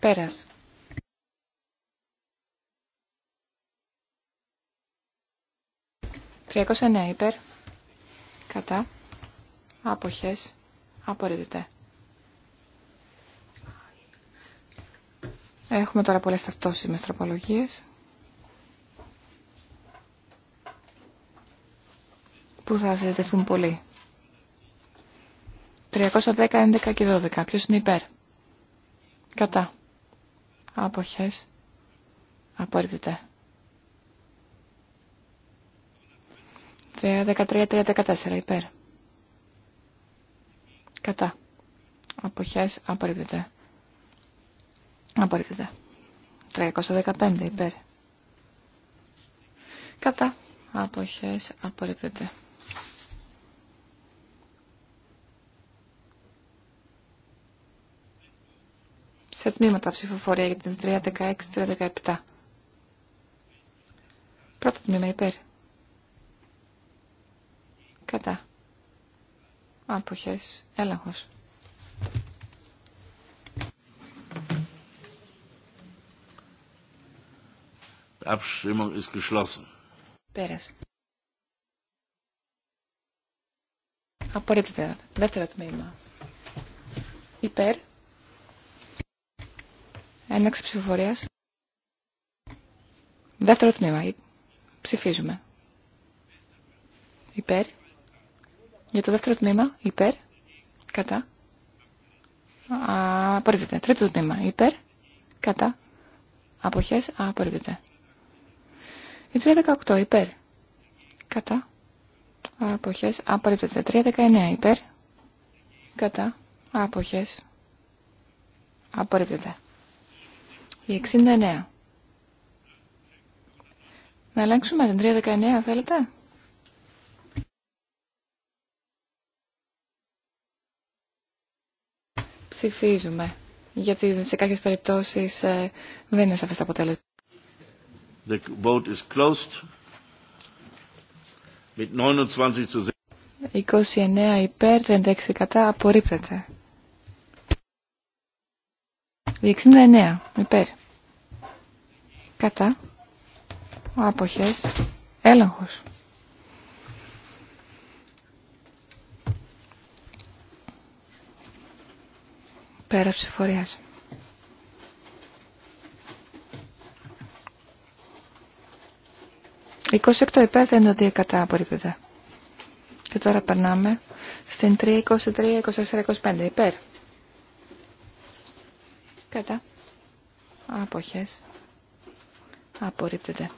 Πέρας. Τριακόσια υπέρ. Κατά αποχές Απορρίβεται. Έχουμε τώρα πολλές με τροπολογίες που θα συζητηθούν πολύ. 310, 11 και 12. Ποιος είναι υπέρ. Κατά. Αποχές. 13, 313, 314 υπέρ. Κατά. Αποχές απορρίπτεται. Απορρίπτεται. 315 υπέρ. Κατά. Αποχές απορρίπτεται. Σε τμήματα ψηφοφορία για την 316-317. Πρώτο τμήμα υπέρ. Κατά. Αποχές. Έλεγχος. Abstimmung ist geschlossen. Πέρασε. Απορρίπτεται. Δεύτερο τμήμα. Υπέρ. Έναξη ψηφοφορίας. Δεύτερο τμήμα. Ψηφίζουμε. Υπέρ. Για το δεύτερο τμήμα, υπέρ, κατά. Απορρίπτεται. Τρίτο τμήμα, υπέρ, κατά. Αποχές, απορρίπτεται. Η 318, υπέρ, κατά. Αποχές, απορρίπτεται. 319, υπέρ, κατά. Αποχές, απορρίπτεται. Η 69. Να ελέγξουμε την 319, θέλετε. Ψηφίζουμε. Γιατί σε κάποιες περιπτώσεις ε, δεν είναι σαφές αποτέλεσμα. The vote is closed. 29 to 29 υπέρ, 36 κατά, απορρίπτεται. 69 υπέρ. Κατά. Άποχες. Έλεγχος. Πέρα ψηφορίας. «28 υπέρ δεν είναι κατά απορρίπτεται. Και τώρα περνάμε στην 3, 23, 24, 25 υπέρ. Κατά. Αποχές. Απορρίπτεται.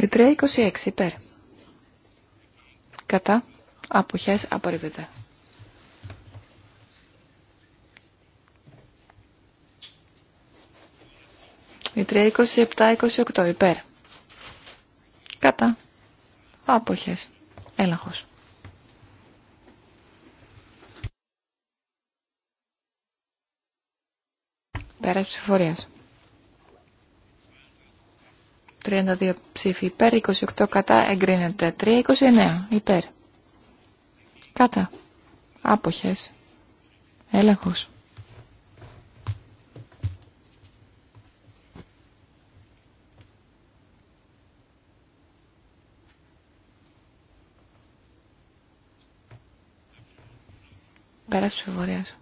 Η 3, 26 υπέρ κατά αποχές απορρίπτεται. Η 327-28 υπέρ. Κατά. Άποχες. Έλαχος. Πέρα εφορίας. 32 ψήφοι υπέρ, 28 κατά, εγκρίνεται. 3, 29 υπέρ. Κατά. Άποχες. Έλεγχος. Πέρας Βορειάς.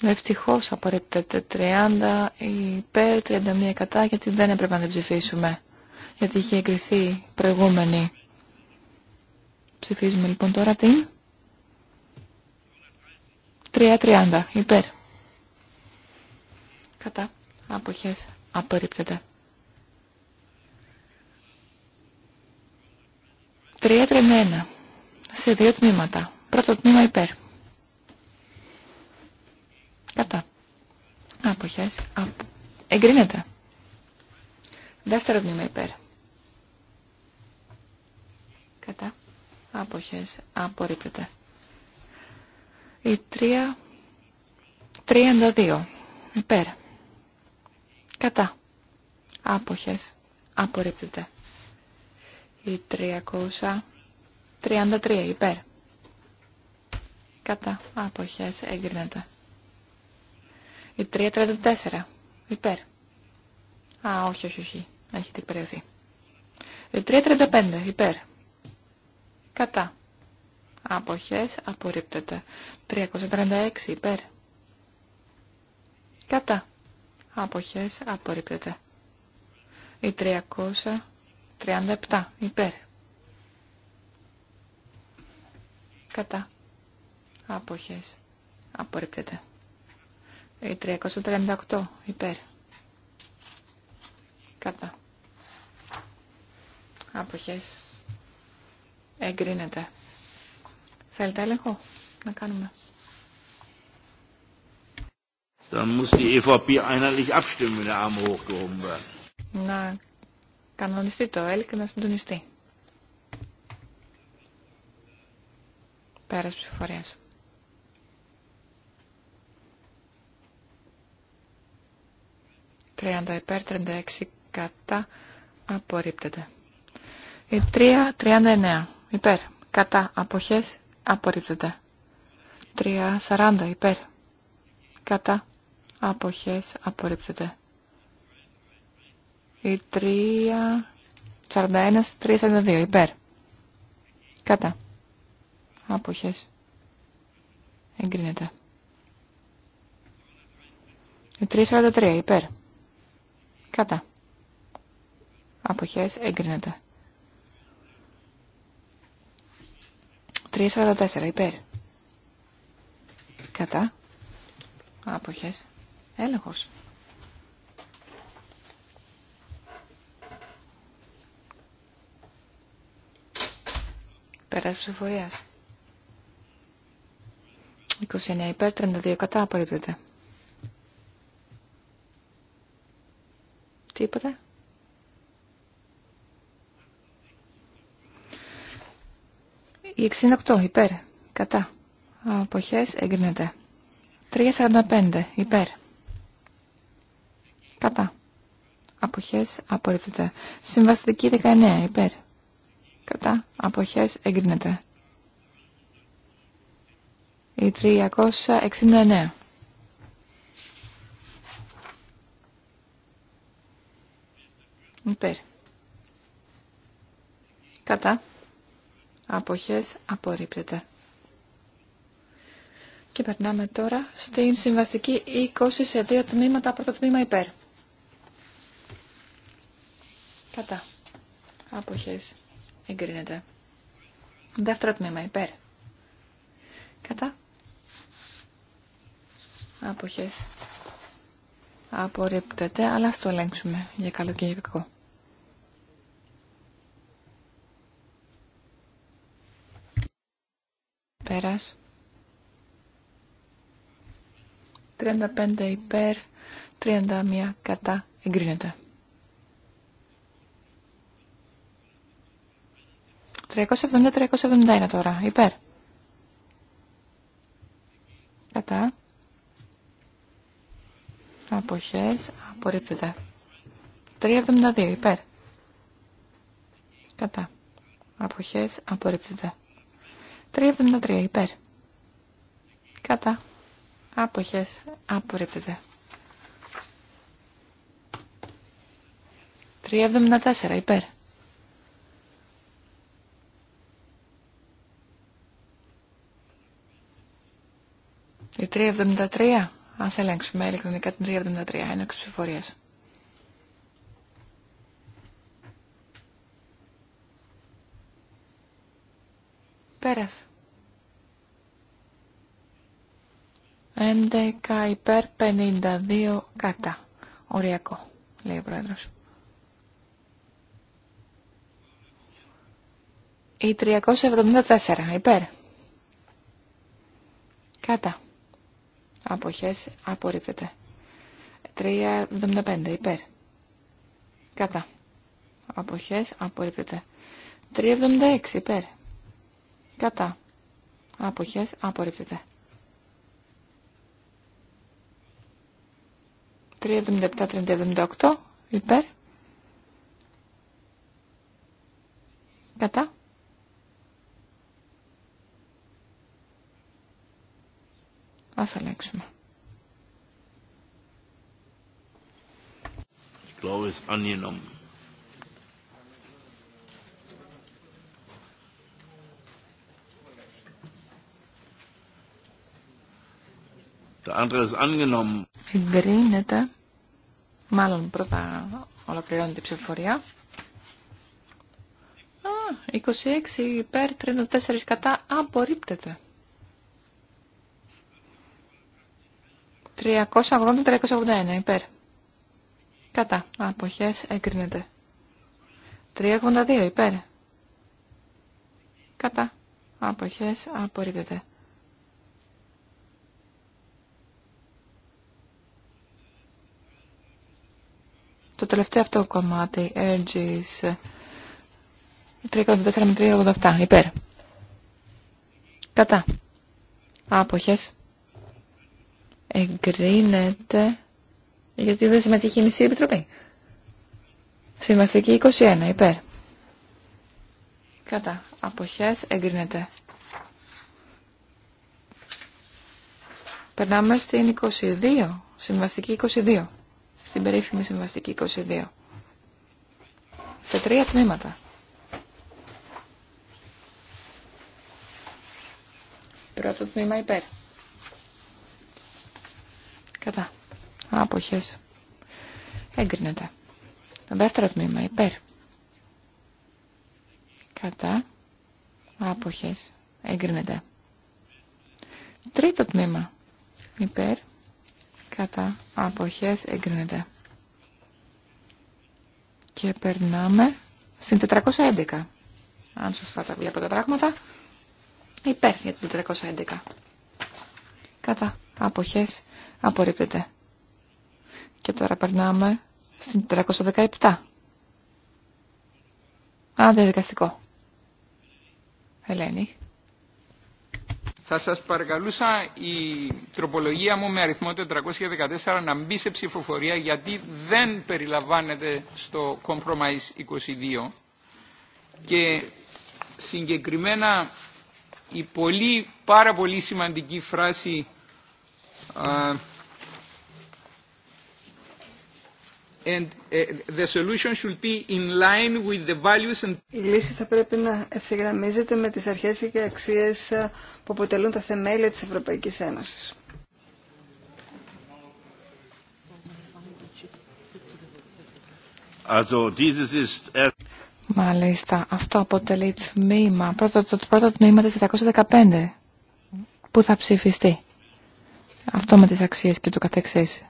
Ναι, Ευτυχώ απορρίπτεται 30 υπέρ, 31 κατά, γιατί δεν έπρεπε να την ψηφίσουμε. Γιατί είχε εγκριθεί προηγούμενη. Ψηφίζουμε λοιπόν τώρα την 3.30 υπέρ. Κατά. αποχε απορρίπτεται. 3.31 σε δύο τμήματα. Πρώτο τμήμα υπέρ. Κατά. Αποχές. Από. Εγκρίνεται. Δεύτερο τμήμα υπέρ. Κατά. Αποχές. Απορρίπτεται. Η 3... δύο. Υπέρ. Κατά. Άποχες. Απορρίπτεται. Η 333. Υπέρ. Κατά. Άποχες. Εγκρίνεται. Η 334. Υπέρ. Α, όχι, όχι, όχι. Έχετε εκπαιδευτεί. Η 335. Υπέρ. Κατά. Αποχές. Απορρίπτεται. 336. Υπέρ. Κατά. Αποχές. Απορρίπτεται. Η 337. Υπέρ. Κατά. Αποχές. Απορρίπτεται. Η ε, 338 υπέρ. Κατά. Αποχές. Εγκρίνεται. Θέλετε έλεγχο να κάνουμε. Να κανονιστεί το έλεγχο και να συντονιστεί. Πέρας ψηφορίας. 30 υπέρ, 36 κατά, απορρίπτεται. Η 3, 39 υπέρ, κατά, αποχές, απορρίπτεται. 3, 40 υπέρ, κατά, αποχές, απορρίπτεται. Η 3, 41, 3, υπέρ, κατά, αποχές, εγκρίνεται. Η 343 υπέρ. Κατά. Αποχές εγκρίνεται. 3.44 υπέρ. Κατά. Άποχες. Έλεγχος. Πέρας ψηφορίας. 29 υπέρ, 32 κατά απορρίπτεται. Τίποτα. Η 68 υπέρ. Κατά. Αποχές εγκρίνεται. 3.45 υπέρ. Κατά. Αποχές απορρίπτεται. Συμβαστική 19 υπέρ. Κατά. Αποχές εγκρίνεται. Η 369 Υπέρ. Κατά. Αποχές απορρίπτεται. Και περνάμε τώρα στην συμβαστική 20 σε δύο τμήματα. Πρώτο τμήμα υπέρ. Κατά. Αποχές. Εγκρίνεται. Δεύτερο τμήμα υπέρ. Κατά. Αποχές απορρίπτεται, αλλά ας το ελέγξουμε για καλό και για κακό. Πέρας. 35 υπέρ, 31 κατά, εγκρίνεται. 370-371 τώρα, υπέρ. Κατά. Αποχές. Απορρίπτεται. 372 υπέρ. Κατά. Αποχές. Απορρίπτεται. 373 υπέρ. Κατά. Αποχές. Απορρίπτεται. 374 υπέρ. Η 373 Ας ελέγξουμε ηλεκτρονικά την 373, ένα ψηφορίας. πέρασε. 11 υπέρ 52 κατά. Οριακό, λέει ο πρόεδρος. Η 374 υπέρ. Κατά αποχές απορρίπτεται. 3.75 υπέρ. Κατά. Αποχές απορρίπτεται. 3.76 υπέρ. Κατά. Αποχές απορρίπτεται. 3.77-3.78 υπέρ. Κατά. Ας αλλάξουμε. Εγκρίνεται. Μάλλον πρώτα ολοκληρώνεται η ψηφοφορία. Α, 26 υπέρ, 34 κατά. Απορρίπτεται. 380-381 υπέρ. Κατά. Αποχές εγκρίνεται. 382 υπέρ. Κατά. Αποχές απορρίπτεται. Το τελευταίο αυτό κομμάτι, Εργης. 384 με 387, υπέρ. Κατά. Άποχες εγκρίνεται γιατί δεν συμμετείχε η μισή επιτροπή. Συμβαστική 21 υπέρ. Κατά. Αποχές εγκρίνεται. Περνάμε στην 22. Συμβαστική 22. Στην περίφημη συμβαστική 22. Σε τρία τμήματα. Πρώτο τμήμα υπέρ. Κατά. Άποχες. Έγκρινεται. Το δεύτερο τμήμα υπέρ. Κατά. Άποχες. Έγκρινεται. Τρίτο τμήμα υπέρ. Κατά. Άποχες. Έγκρινεται. Και περνάμε στην 411. Αν σωστά τα βλέπω τα πράγματα. Υπέρ για την 411. Κατά αποχές απορρίπτεται. Και τώρα περνάμε στην 417. Α, διαδικαστικό. Ελένη. Θα σας παρακαλούσα η τροπολογία μου με αριθμό 414 να μπει σε ψηφοφορία γιατί δεν περιλαμβάνεται στο Compromise 22 και συγκεκριμένα η πολύ, πάρα πολύ σημαντική φράση η λύση θα πρέπει να ευθυγραμμίζεται με τις αρχές και αξίες ε, που αποτελούν τα θεμέλια της Ευρωπαϊκής Ένωσης. Also, dieses ist... Er- Μάλιστα, αυτό αποτελεί τμήμα, πρώτο, το πρώτο τμήμα της 715 που θα ψηφιστεί. Αυτό με τις αξίες και το καθεξής.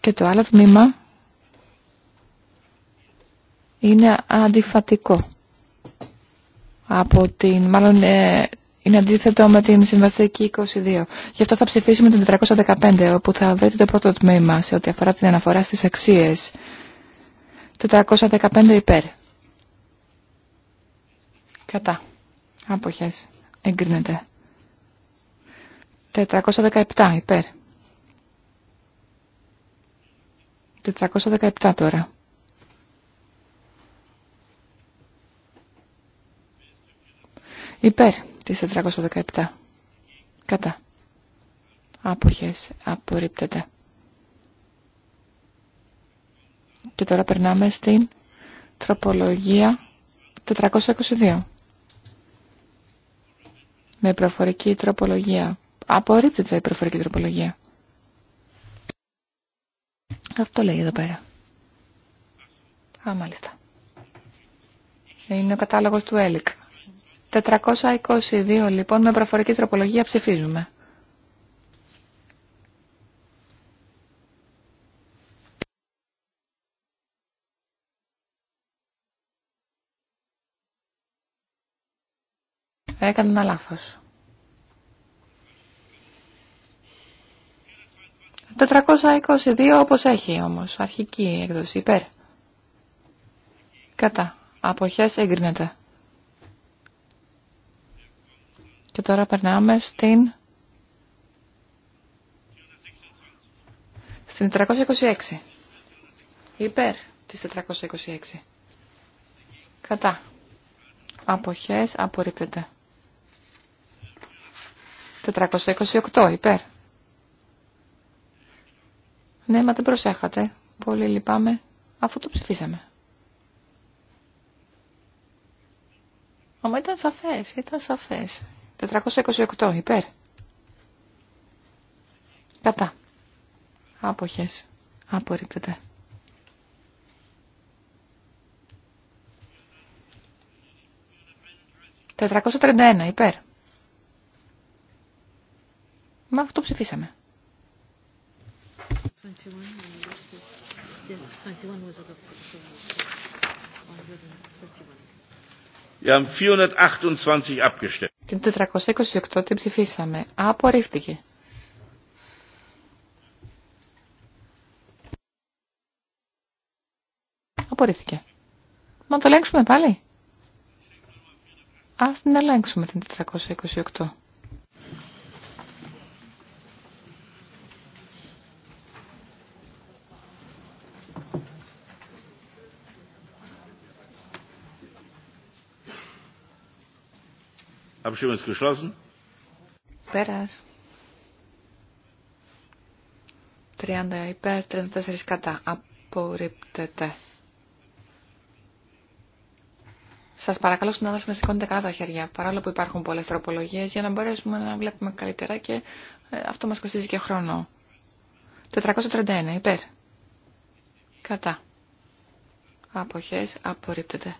Και το άλλο τμήμα είναι αντιφατικό. Από την, μάλλον ε, είναι αντίθετο με την συμβαστική 22. Γι' αυτό θα ψηφίσουμε την 415, όπου θα βρείτε το πρώτο τμήμα σε ό,τι αφορά την αναφορά στις αξίες. 415 υπέρ. Κατά. Άποχες. Εγκρίνεται. 417 υπέρ. 417 τώρα. Υπέρ της 417. Κατά. Άποχες απορρίπτεται. Και τώρα περνάμε στην τροπολογία 422. Με προφορική τροπολογία Απορρίπτεται η προφορική τροπολογία. Αυτό λέει εδώ πέρα. Α, μάλιστα. Είναι ο κατάλογος του ΕΛΙΚ. 422 λοιπόν με προφορική τροπολογία ψηφίζουμε. Έκανα ένα λάθος. 422 όπως έχει όμως, αρχική έκδοση, υπέρ. Κατά. Αποχές εγκρίνεται. Και τώρα περνάμε στην... Στην 426. Υπέρ της 426. Κατά. Αποχές απορρίπτεται. 428 υπέρ. Ναι, μα δεν προσέχατε. Πολύ λυπάμαι, αφού το ψηφίσαμε. Μα ήταν σαφές, ήταν σαφές. 428, υπέρ. Κατά. Άποχες. Απορρίπτεται. 431. υπέρ. Μα αυτό ψηφίσαμε. Την 428 την ψηφίσαμε. Απορρίφθηκε. Απορρίφθηκε. Μα το ελέγξουμε πάλι. Ας την ελέγξουμε την 428. Abstimmung ist geschlossen. 30 υπέρ, 34 κατά. Απορρίπτεται. Σα παρακαλώ συνάδελφοι να σηκώνετε καλά τα χέρια, παρόλο που υπάρχουν πολλέ τροπολογίε, για να μπορέσουμε να βλέπουμε καλύτερα και ε, αυτό μα κοστίζει και χρόνο. 431 υπέρ. Κατά. Αποχές απορρίπτεται.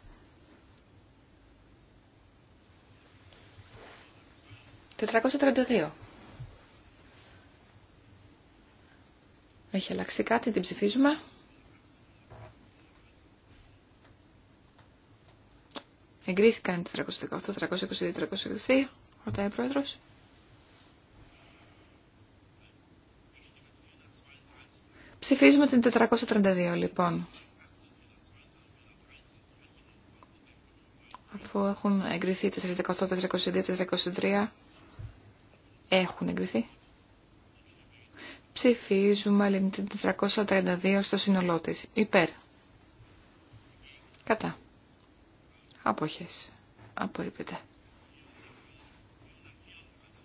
432. Έχει αλλάξει κάτι, την ψηφίζουμε. Εγκρίθηκαν 418, 322, 323, ρωτάει ο πρόεδρος. Ψηφίζουμε την 432, λοιπόν. Αφού έχουν εγκριθεί 418, 422, 423, έχουν εγκριθεί. Ψηφίζουμε 432 στο σύνολό της. Υπέρ. Κατά. Απόχες. Απορρίπτεται.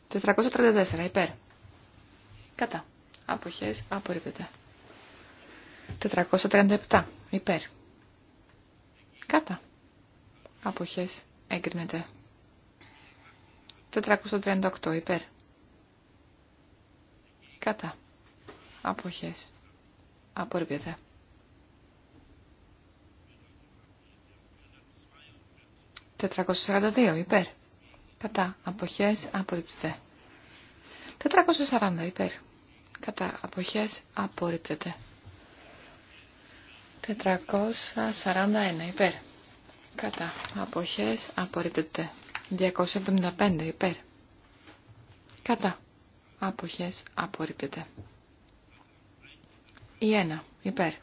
434. Υπέρ. Κατά. Αποχές. Απορρίπτεται. 437. Υπέρ. Κατά. Αποχές. Έγκρινεται. 438. Υπέρ. Κατά. Αποχές. Απορρίπτεται. 442 υπέρ. Κατά. Αποχές. Απορρίπτεται. 440 υπέρ. Κατά. Αποχές. Απορρίπτεται. 441 υπέρ. Κατά. Αποχές. Απορρίπτεται. 275 υπέρ. Κατά. Αποχές απορρίπτεται. Η ένα, Υπέρ.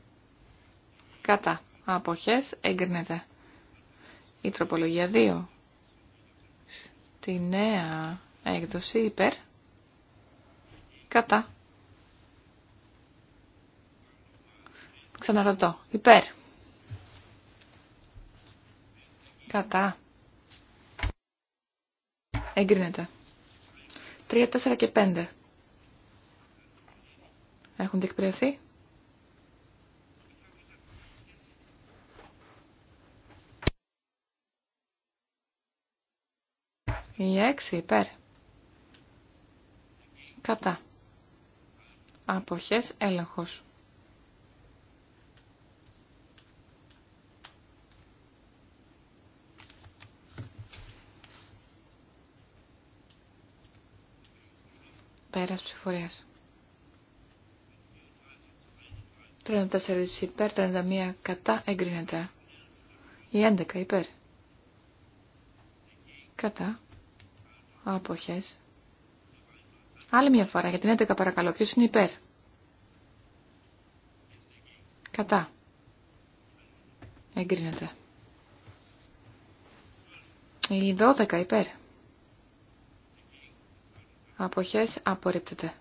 Κατά. Αποχές έγκρινεται. Η τροπολογία 2. Τη νέα έκδοση υπέρ. Κατά. Ξαναρωτώ. Υπέρ. Κατά. Έγκρινεται. Τρία, τέσσερα και πέντε Έχουν διεκπαιρεωθεί. Η έξι υπέρ. Κατά. Αποχές έλεγχος. Πέρας ψηφορίας. 34 υπέρ, 31 κατά, εγκρίνεται. Η 11 υπέρ. Κατά. απόχε. Άλλη μια φορά για την 11 παρακαλώ. Ποιος είναι υπέρ. Κατά. Εγκρίνεται. Η 12 υπέρ. Αποχές απορρίπτεται.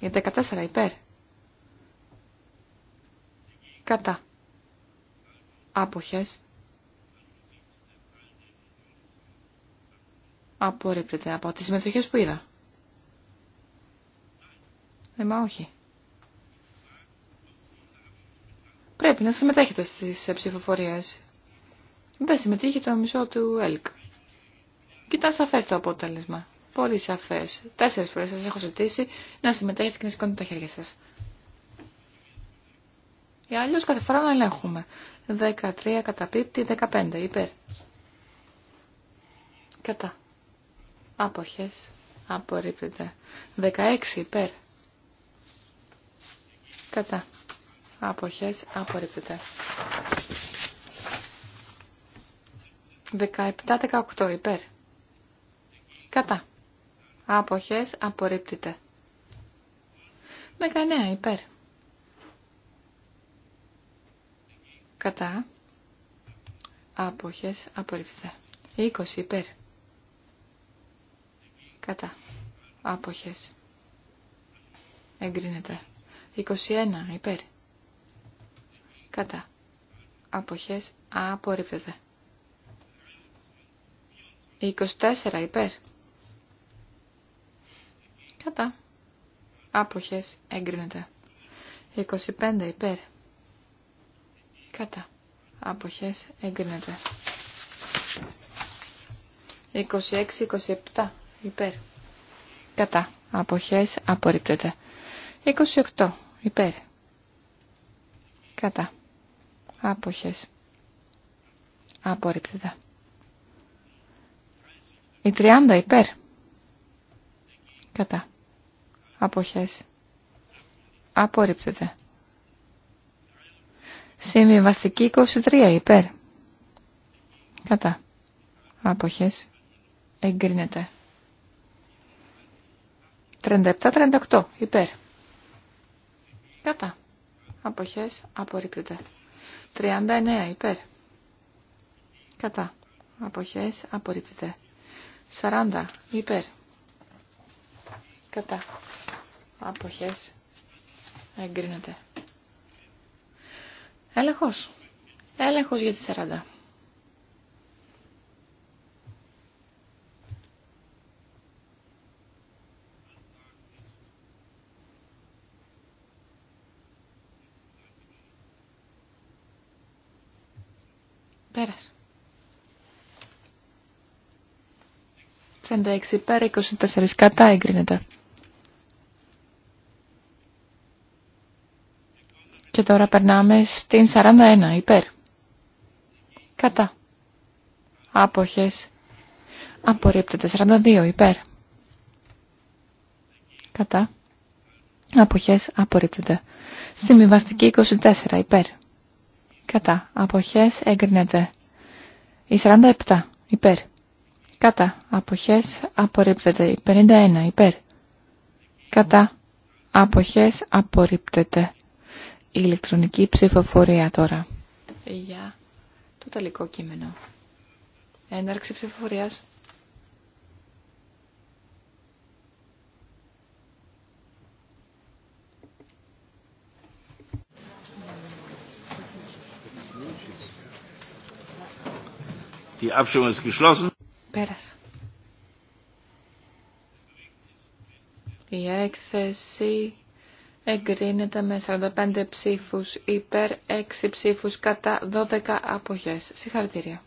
Για 14 υπέρ. Κατά. Αποχές. Απορρίπτεται από τις συμμετοχές που είδα. Ε, μα όχι. Πρέπει να συμμετέχετε στις ε, ψηφοφορίες. Δεν συμμετείχε το μισό του ΕΛΚ. Κοιτά σαφές το αποτέλεσμα. Πολύ σαφέ. Τέσσερι φορέ σα έχω ζητήσει να συμμετέχετε και να σηκώνετε τα χέρια σα. Ή αλλιώ κάθε φορά να ελέγχουμε. 13 καταπίπτει, 15 υπέρ. Κατά. Άποχε. Απορρίπτεται. 16 υπέρ. Κατά. Άποχε. Απορρίπτεται. 17-18 υπέρ. Κατά. Αποχές απορρίπτεται. 19 υπέρ. Κατά. Αποχές απορρίπτεται. 20 υπέρ. Κατά. Αποχές. Εγκρίνεται. 21 υπέρ. Κατά. Αποχές απορρίπτεται. 24 υπέρ. Κατά. Άποχες εγκρίνεται. 25 υπέρ. Κατά. Άποχες εγκρίνεται. 26-27 υπέρ. Κατά. Αποχές απορρίπτεται. 28 υπέρ. Κατά. Άποχες. Απορρίπτεται. Η 30 υπέρ. Κατά. Αποχές. Απορρίπτεται. Συμβιβαστική 23 υπέρ. Κατά. Αποχές. Εγκρίνεται. 37-38 υπέρ. Κατά. Αποχές. Απορρίπτεται. 39 υπέρ. Κατά. Αποχές. Απορρίπτεται. 40 υπέρ κατά αποχές εγκρίνεται. Έλεγχος. Έλεγχος για τη 40. Πέρασε. 36 πέρα, 24 κατά εγκρίνεται. Και τώρα περνάμε στην 41 υπέρ. Κατά. Άποχες. Απορρίπτεται. 42 υπέρ. Κατά. Αποχές απορρίπτεται. Συμβιβαστική 24 υπέρ. Κατά. Αποχές έγκρινεται. Η 47 υπέρ. Κατά. Αποχές απορρίπτεται. 51. Υπέρ. Κατά. Αποχές απορρίπτεται. Η ηλεκτρονική ψηφοφορία τώρα. Για το τελικό κείμενο. Έναρξη ψηφοφορίας. Die Abstimmung ist geschlossen. Η έκθεση εγκρίνεται με 45 ψήφους υπέρ, 6 ψήφους κατά 12 αποχές. Συγχαρητήρια.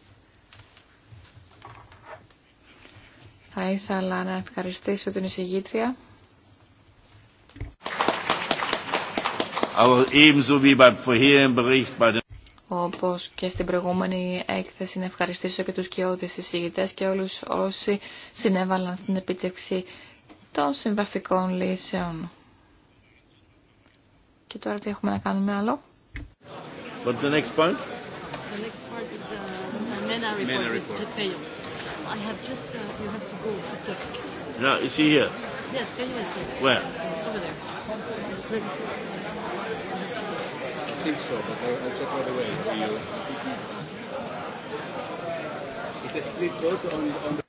Θα ήθελα να ευχαριστήσω την εισηγήτρια. Aber όπως και στην προηγούμενη έκθεση, να ευχαριστήσω και τους κοιότητες εισηγητές και όλους όσοι συνέβαλαν στην επίτευξη των συμβαστικών λύσεων. Και τώρα τι έχουμε να κάνουμε άλλο. What's the next part? The next part is the, the MENA report. MENA report. Is I have just, uh, you have to go to Turkey. No, is he here? Yes, Peyo is here. Where? Over there think so, but I'll, I'll check right away for you. It's a split vote on, on the...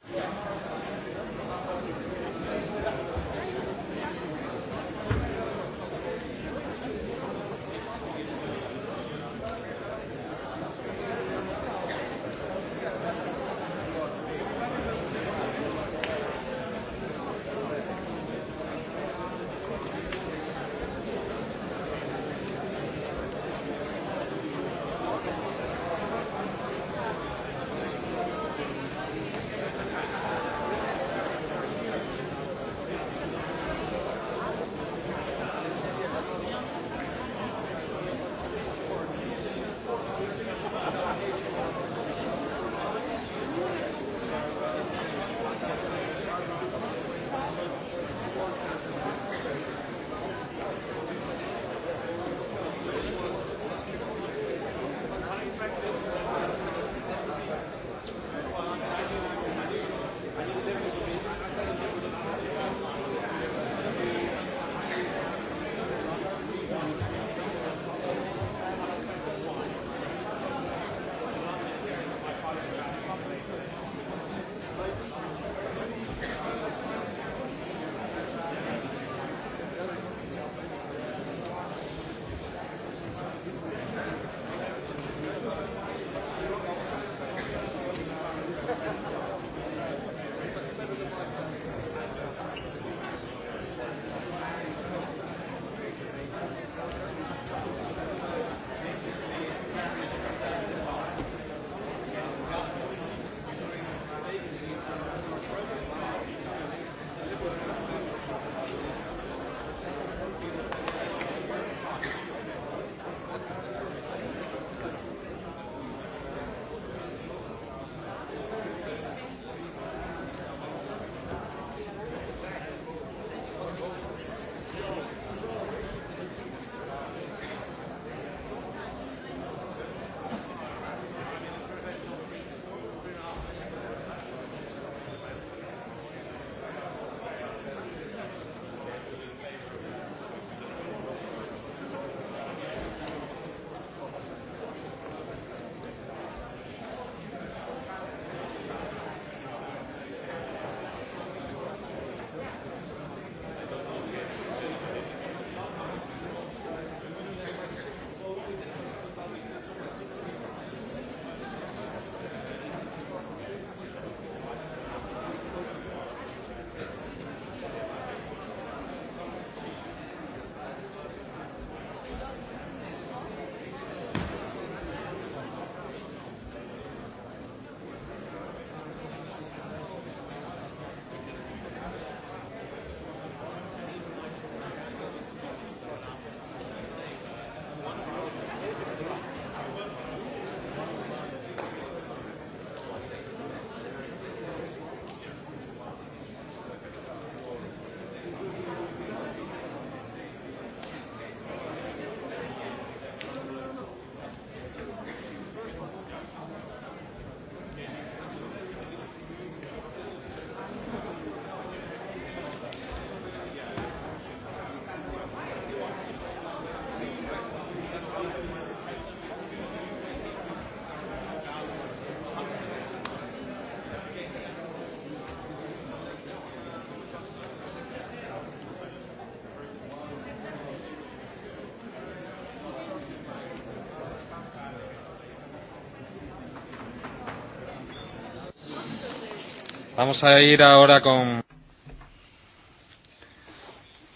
Vamos a ir ahora con...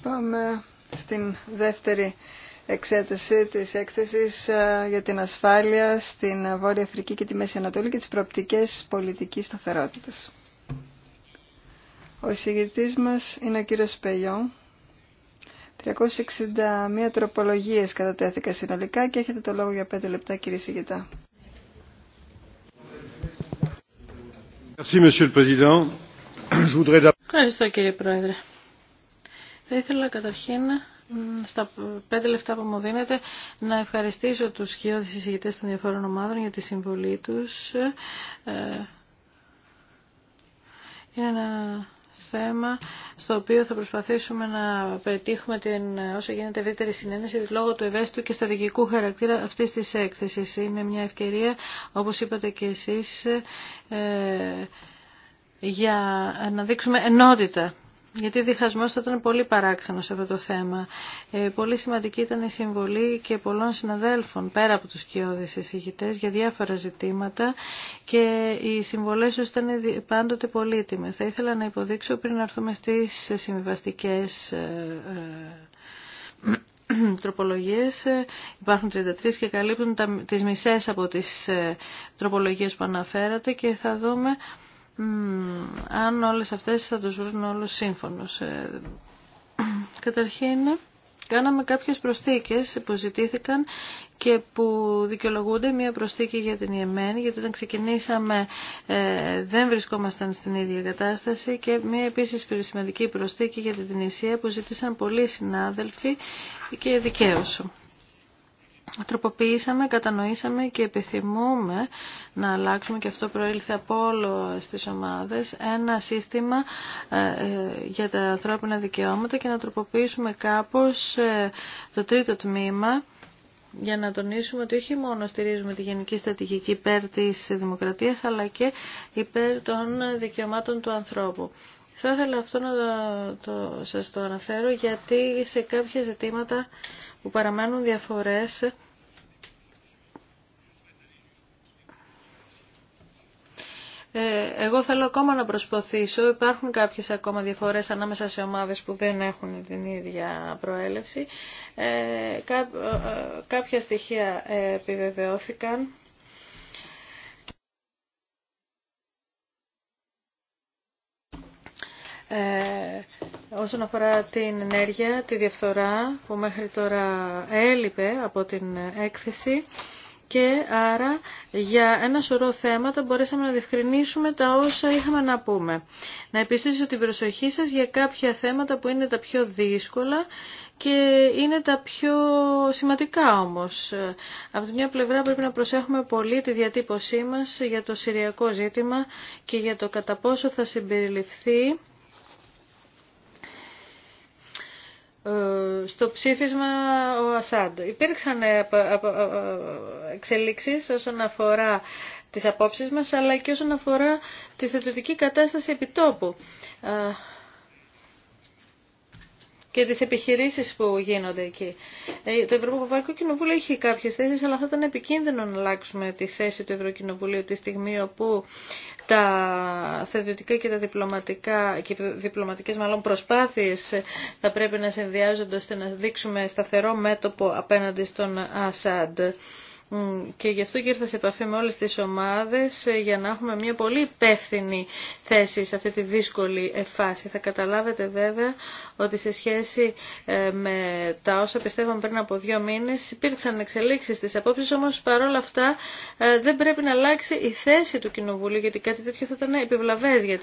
Πάμε στην δεύτερη εξέταση της έκθεσης ε, για την ασφάλεια στην Βόρεια Αφρική και τη Μέση Ανατολή και τις προοπτικές πολιτικής σταθερότητας. Ο εισηγητής μας είναι ο κύριο Πελιό. 361 τροπολογίες κατατέθηκα συνολικά και έχετε το λόγο για 5 λεπτά κύριε εισηγητά. Ευχαριστώ κύριε Πρόεδρε. Θα ήθελα καταρχήν στα πέντε λεπτά που μου δίνετε να ευχαριστήσω τους χειώδεις συζητητές των διαφόρων ομάδων για τη συμβολή τους. Είναι ένα θέμα στο οποίο θα προσπαθήσουμε να πετύχουμε την όσο γίνεται ευρύτερη συνένεση λόγω του ευαίσθητου και στρατηγικού χαρακτήρα αυτής της έκθεσης. Είναι μια ευκαιρία, όπως είπατε και εσείς, ε, για να δείξουμε ενότητα γιατί διχασμός θα ήταν πολύ παράξενο σε αυτό το θέμα. Ε, πολύ σημαντική ήταν η συμβολή και πολλών συναδέλφων πέρα από τους κοιόδης εισηγητέ για διάφορα ζητήματα και οι συμβολές τους ήταν πάντοτε πολύτιμες. Θα ήθελα να υποδείξω πριν να έρθουμε στις συμβιβαστικές ε, ε, [CLEARS THROAT] τροπολογίες υπάρχουν 33 και καλύπτουν τα, τις μισές από τις ε, τροπολογίες που αναφέρατε και θα δούμε αν όλες αυτές θα τους βρουν όλους σύμφωνος. Ε, καταρχήν, κάναμε κάποιες προσθήκες που ζητήθηκαν και που δικαιολογούνται μία προσθήκη για την Ιεμένη, γιατί όταν ξεκινήσαμε ε, δεν βρισκόμασταν στην ίδια κατάσταση και μία επίσης σημαντική προσθήκη για την ΙΣΙΑ που ζήτησαν πολλοί συνάδελφοι και δικαίωσο τροποποιήσαμε, κατανοήσαμε και επιθυμούμε να αλλάξουμε και αυτό προήλθε από όλο στις ομάδες ένα σύστημα ε, ε, για τα ανθρώπινα δικαιώματα και να τροποποιήσουμε κάπως ε, το τρίτο τμήμα για να τονίσουμε ότι όχι μόνο στηρίζουμε τη γενική στρατηγική υπέρ της δημοκρατίας αλλά και υπέρ των δικαιωμάτων του ανθρώπου. Θα ήθελα αυτό να το, το, σας το αναφέρω γιατί σε κάποια ζητήματα που παραμένουν διαφορές Ε, εγώ θέλω ακόμα να προσπαθήσω. Υπάρχουν κάποιες ακόμα διαφορές ανάμεσα σε ομάδες που δεν έχουν την ίδια προέλευση. Ε, ε, κάποια στοιχεία επιβεβαιώθηκαν. Ε, όσον αφορά την ενέργεια, τη διαφθορά που μέχρι τώρα έλειπε από την έκθεση, και άρα για ένα σωρό θέματα μπορέσαμε να διευκρινίσουμε τα όσα είχαμε να πούμε. Να επιστήσω την προσοχή σας για κάποια θέματα που είναι τα πιο δύσκολα και είναι τα πιο σημαντικά όμως. Από τη μια πλευρά πρέπει να προσέχουμε πολύ τη διατύπωσή μας για το συριακό ζήτημα και για το κατά πόσο θα συμπεριληφθεί Ε, στο ψήφισμα ο Ασάντ. Υπήρξαν ε, ε, εξελίξεις όσον αφορά τις απόψεις μας, αλλά και όσον αφορά τη στρατιωτική κατάσταση επιτόπου και τις επιχειρήσεις που γίνονται εκεί. Ε, το Ευρωπαϊκό Κοινοβούλιο έχει κάποιες θέσεις, αλλά θα ήταν επικίνδυνο να αλλάξουμε τη θέση του Ευρωκοινοβουλίου τη στιγμή όπου τα στρατιωτικά και τα διπλωματικά και διπλωματικές μάλλον προσπάθειες θα πρέπει να συνδυάζονται ώστε να δείξουμε σταθερό μέτωπο απέναντι στον Ασάντ. Και γι' αυτό και ήρθα σε επαφή με όλες τις ομάδες ε, για να έχουμε μια πολύ υπεύθυνη θέση σε αυτή τη δύσκολη ε, φάση. Θα καταλάβετε βέβαια ότι σε σχέση ε, με τα όσα πιστεύαμε πριν από δύο μήνες υπήρξαν εξελίξεις στις απόψεις, όμως παρόλα αυτά δεν πρέπει να αλλάξει η θέση του Κοινοβουλίου γιατί κάτι τέτοιο θα ήταν επιβλαβές για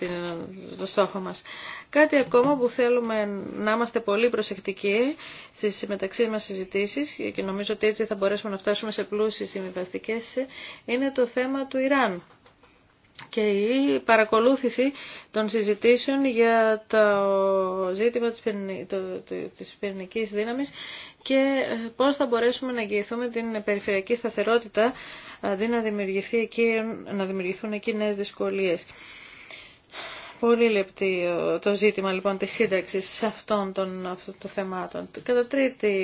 το στόχο μας. Κάτι ακόμα που θέλουμε να είμαστε πολύ προσεκτικοί στις μεταξύ μας συζητήσεις και νομίζω ότι έτσι θα μπορέσουμε να φτάσουμε σε πλούσια οι συμβιβαστικέ είναι το θέμα του Ιράν και η παρακολούθηση των συζητήσεων για το ζήτημα της, πυρηνική της πυρηνικής δύναμης και ε, πώς θα μπορέσουμε να εγγυηθούμε την περιφερειακή σταθερότητα αντί να, δημιουργηθεί εκεί, να δημιουργηθούν εκεί νέες δυσκολίες. Πολύ λεπτή ε, το ζήτημα λοιπόν της σύνταξης αυτών των, το των θεμάτων. Κατά τρίτη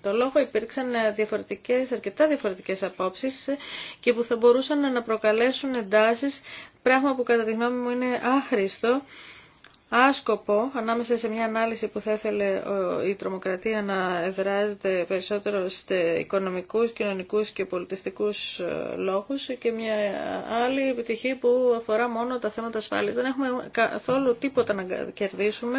το λόγο υπήρξαν ε, διαφορετικές, αρκετά διαφορετικές απόψεις ε, και που θα μπορούσαν να προκαλέσουν εντάσεις, πράγμα που κατά τη γνώμη μου είναι άχρηστο άσκοπο ανάμεσα σε μια ανάλυση που θα ήθελε η τρομοκρατία να εδράζεται περισσότερο σε οικονομικούς, κοινωνικούς και πολιτιστικούς ε, λόγους και μια άλλη επιτυχή που αφορά μόνο τα θέματα ασφάλειας. Δεν έχουμε καθόλου τίποτα να κερδίσουμε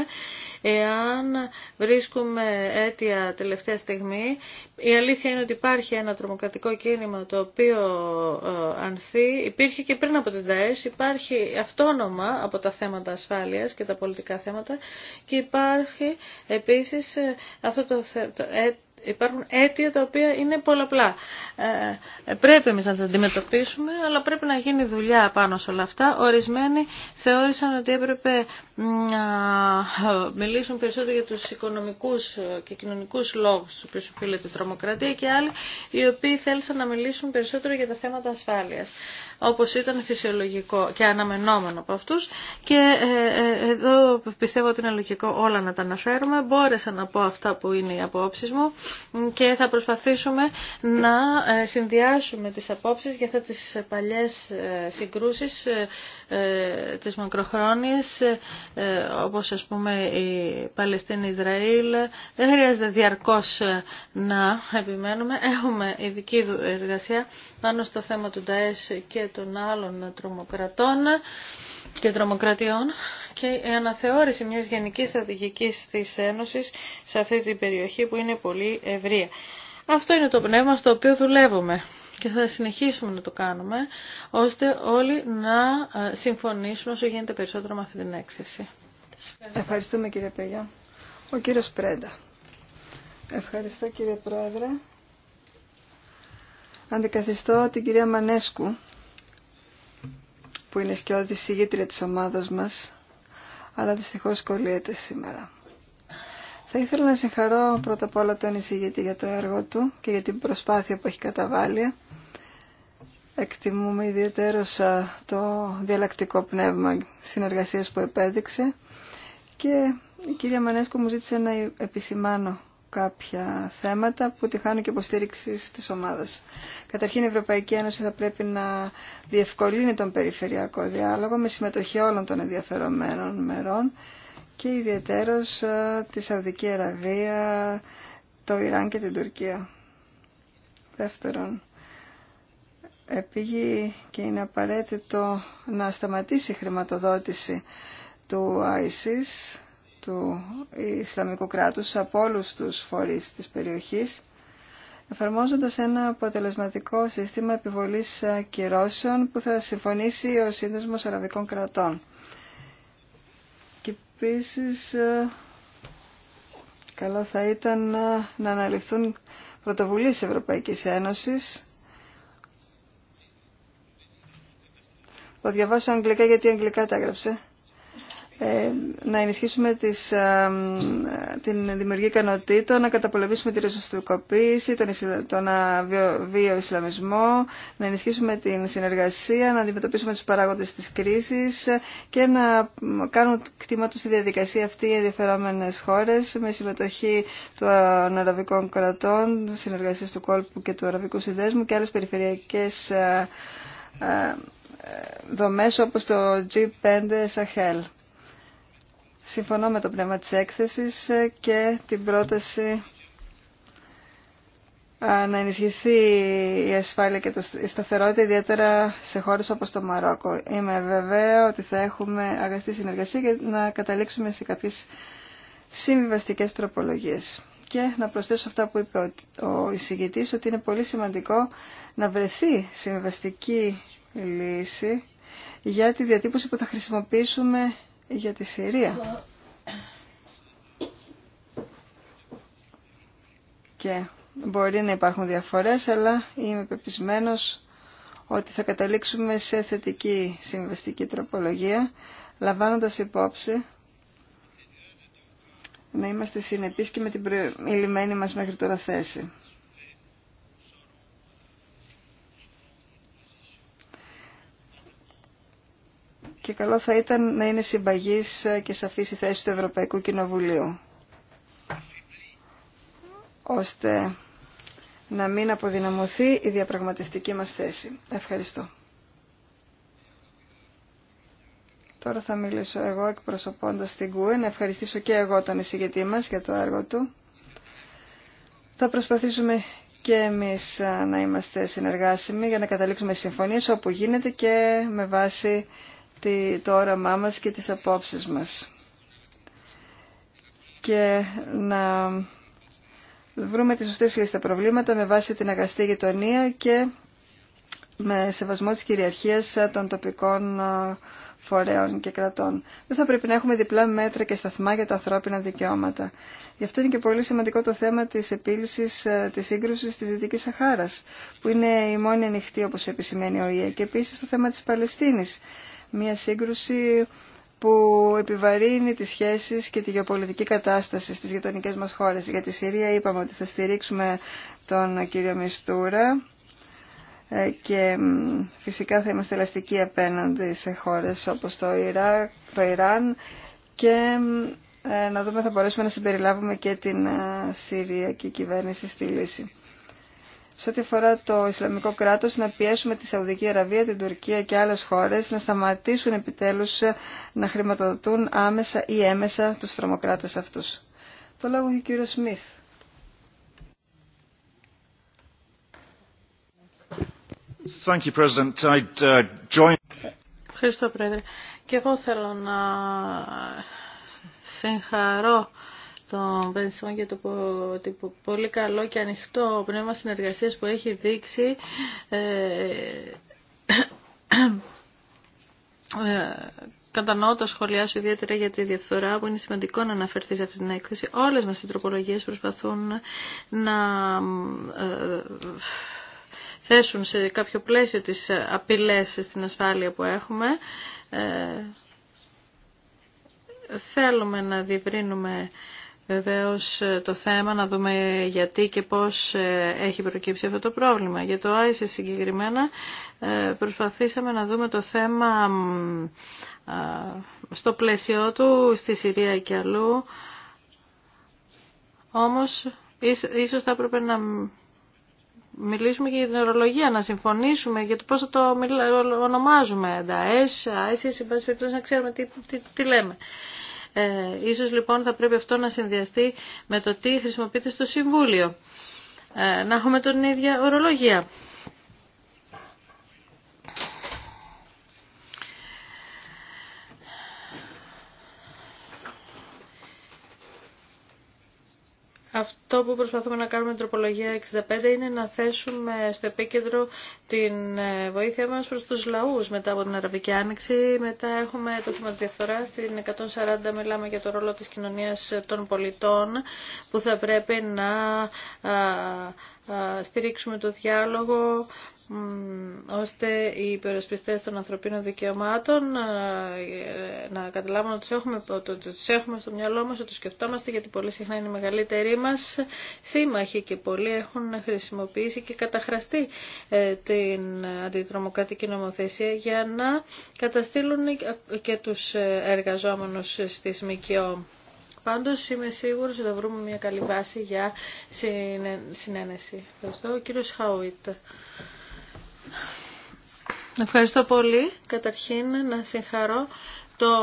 εάν βρίσκουμε αίτια τελευταία στιγμή. Η αλήθεια είναι ότι υπάρχει ένα τρομοκρατικό κίνημα το οποίο ε, ανθεί, υπήρχε και πριν από την ΤΑΕΣ, υπάρχει αυτόνομα από τα θέματα ασφάλειας πολιτικά θέματα και υπάρχει επίσης ε, αυτό το, το, ε- υπάρχουν αίτια τα οποία είναι πολλαπλά. Ε, πρέπει εμείς να τα αντιμετωπίσουμε, αλλά πρέπει να γίνει δουλειά πάνω σε όλα αυτά. Ορισμένοι θεώρησαν ότι έπρεπε να μιλήσουν περισσότερο για τους οικονομικούς ε, και κοινωνικούς λόγους στους οποίους οφείλεται η τρομοκρατία και άλλοι οι οποίοι θέλησαν να μιλήσουν περισσότερο για τα θέματα ασφάλειας, όπως ήταν φυσιολογικό και αναμενόμενο από αυτούς. Και ε, ε, εδώ πιστεύω ότι είναι λογικό όλα να τα αναφέρουμε. Μπόρεσα να πω αυτά που είναι οι απόψεις μου και θα προσπαθήσουμε να ε, συνδυάσουμε τις απόψεις για αυτές τις παλιές ε, συγκρούσεις, ε, της μακροχρόνιες, όπως ας πούμε η Παλαιστίνη-Ισραήλ. Δεν χρειάζεται διαρκώς να επιμένουμε. Έχουμε ειδική εργασία πάνω στο θέμα του ΝΤΑΕΣ και των άλλων τρομοκρατών και τρομοκρατιών και η αναθεώρηση μιας γενικής στρατηγικής της Ένωσης σε αυτή την περιοχή που είναι πολύ ευρεία. Αυτό είναι το πνεύμα στο οποίο δουλεύουμε και θα συνεχίσουμε να το κάνουμε ώστε όλοι να ε, συμφωνήσουν όσο γίνεται περισσότερο με αυτή την έκθεση. Ευχαριστούμε κύριε Πέγια. Ο κύριος Πρέντα. Ευχαριστώ κύριε Πρόεδρε. Αντικαθιστώ την κυρία Μανέσκου που είναι σκιώδη ηγήτρια της ομάδας μας, αλλά δυστυχώς κολλείται σήμερα. Θα ήθελα να συγχαρώ πρώτα απ' όλα τον εισηγητή για το έργο του και για την προσπάθεια που έχει καταβάλει. Εκτιμούμε ιδιαίτερως το διαλλακτικό πνεύμα συνεργασίας που επέδειξε και η κυρία Μανέσκο μου ζήτησε να επισημάνω κάποια θέματα που τη χάνουν και υποστήριξη τη ομάδα. Καταρχήν, η Ευρωπαϊκή Ένωση θα πρέπει να διευκολύνει τον περιφερειακό διάλογο με συμμετοχή όλων των ενδιαφερομένων μερών και ιδιαίτερω ε, τη Σαουδική Αραβία, το Ιράν και την Τουρκία. Δεύτερον, επίγει και είναι απαραίτητο να σταματήσει η χρηματοδότηση του ISIS του Ισλαμικού κράτους από όλου τους φορείς της περιοχής, εφαρμόζοντας ένα αποτελεσματικό σύστημα επιβολής κυρώσεων που θα συμφωνήσει ο Σύνδεσμος Αραβικών Κρατών. Και επίση καλό θα ήταν να αναλυθούν πρωτοβουλίες Ευρωπαϊκής Ένωσης, Θα διαβάσω αγγλικά γιατί αγγλικά τα έγραψε. Ε, να ενισχύσουμε τις, ε, την δημιουργία ικανοτήτων, να καταπολεμήσουμε τη ρεσοστοικοποίηση, τον, τον Ισλαμισμό, να ενισχύσουμε την συνεργασία, να αντιμετωπίσουμε τους παράγοντες της κρίσης και να κάνουν κτήμα του στη διαδικασία αυτή οι ενδιαφερόμενες χώρες με συμμετοχή των αραβικών κρατών, συνεργασίας του κόλπου και του αραβικού συνδέσμου και άλλες περιφερειακές ε, δομές όπως το G5 Sahel. Συμφωνώ με το πνεύμα της έκθεσης ε, και την πρόταση ε, να ενισχυθεί η ασφάλεια και η σταθερότητα, ιδιαίτερα σε χώρες όπως το Μαρόκο. Είμαι βεβαία ότι θα έχουμε αγαστή συνεργασία και να καταλήξουμε σε κάποιες συμβιβαστικές τροπολογίες. Και να προσθέσω αυτά που είπε ο εισηγητής, ότι είναι πολύ σημαντικό να βρεθεί συμβιβαστική λύση για τη διατύπωση που θα χρησιμοποιήσουμε για τη Συρία. Και μπορεί να υπάρχουν διαφορές, αλλά είμαι πεπισμένος ότι θα καταλήξουμε σε θετική συμβεστική τροπολογία, λαμβάνοντας υπόψη να είμαστε συνεπείς και με την προηλημένη μας μέχρι τώρα θέση. και καλό θα ήταν να είναι συμπαγής και σαφής η θέση του Ευρωπαϊκού Κοινοβουλίου ώστε να μην αποδυναμωθεί η διαπραγματευτική μας θέση. Ευχαριστώ. Τώρα θα μιλήσω εγώ εκπροσωπώντας την ΚΟΕ, να ευχαριστήσω και εγώ τον εισηγητή μας για το έργο του. Θα προσπαθήσουμε και εμείς ε, να είμαστε συνεργάσιμοι για να καταλήξουμε συμφωνίες όπου γίνεται και με βάση το όραμά μας και τις απόψεις μας και να βρούμε τις σωστές λύσεις στα προβλήματα με βάση την αγαστή γειτονία και με σεβασμό της κυριαρχίας των τοπικών φορέων και κρατών. Δεν θα πρέπει να έχουμε διπλά μέτρα και σταθμά για τα ανθρώπινα δικαιώματα. Γι' αυτό είναι και πολύ σημαντικό το θέμα της επίλυσης της σύγκρουσης της Δυτικής Σαχάρας, που είναι η μόνη ανοιχτή όπως επισημαίνει ο ΙΕ, και επίσης το θέμα της Παλαιστίνης μια σύγκρουση που επιβαρύνει τις σχέσεις και τη γεωπολιτική κατάσταση στις γειτονικές μας χώρες. Για τη Συρία είπαμε ότι θα στηρίξουμε τον κύριο Μιστούρα ε, και φυσικά θα είμαστε ελαστικοί απέναντι σε χώρες όπως το, Ιράκ, το Ιράν και ε, να δούμε θα μπορέσουμε να συμπεριλάβουμε και την ε, Συριακή κυβέρνηση στη λύση σε ό,τι αφορά το Ισλαμικό κράτος να πιέσουμε τη Σαουδική Αραβία, την Τουρκία και άλλες χώρες να σταματήσουν επιτέλους να χρηματοδοτούν άμεσα ή έμεσα τους τρομοκράτες αυτούς. Το λόγο έχει ο κύριος Σμιθ. Uh, Ευχαριστώ, Πρόεδρε. Και εγώ θέλω να συγχαρώ τον Βενσόν για το πολύ καλό και ανοιχτό πνεύμα συνεργασίας που έχει δείξει ε, ε, ε, κατανοώ το σχολιά σου ιδιαίτερα για τη διαφθορά που είναι σημαντικό να αναφερθεί σε αυτή την έκθεση. Όλες μας οι τροπολογίες προσπαθούν να θέσουν σε κάποιο πλαίσιο τις απειλές στην ασφάλεια που έχουμε. θέλουμε να διευρύνουμε βεβαίως ε, το θέμα να δούμε γιατί και πώς ε, έχει προκύψει αυτό το πρόβλημα. Για το ISIS συγκεκριμένα ε, προσπαθήσαμε να δούμε το θέμα στο πλαίσιο του, στη Συρία και αλλού. Όμως ίσως θα έπρεπε να μιλήσουμε για την ορολογία, να συμφωνήσουμε για το πώς θα το ονομάζουμε. Νταές, ISIS, εν να ξέρουμε τι λέμε. Ε, ίσως λοιπόν θα πρέπει αυτό να συνδυαστεί με το τι χρησιμοποιείται στο Συμβούλιο. Ε, να έχουμε τον ίδια ορολογία. Αυτό που προσπαθούμε να κάνουμε με την τροπολογία 65 είναι να θέσουμε στο επίκεντρο την ε, βοήθειά μας προς τους λαούς μετά από την Αραβική Άνοιξη. Μετά έχουμε το θέμα της διαφθοράς. Στην 140 μιλάμε για το ρόλο της κοινωνίας των πολιτών που θα πρέπει να στηρίξουμε το διάλογο, ώστε οι υπερασπιστές των ανθρωπίνων δικαιωμάτων ε, να καταλάβουν ότι τους έχουμε, έχουμε στο μυαλό μας, ότι τους σκεφτόμαστε γιατί πολύ συχνά είναι οι μεγαλύτεροι μας σύμμαχοι και πολλοί έχουν χρησιμοποιήσει και καταχραστεί ε, την αντιτρομοκρατική νομοθεσία για να καταστήλουν και τους εργαζόμενους στις ΜΚΟ. Πάντως είμαι σίγουρο ότι θα βρούμε μια καλή βάση για συνένεση. Ευχαριστώ. Ο Χαουίτ. Ευχαριστώ πολύ. Καταρχήν να συγχαρώ το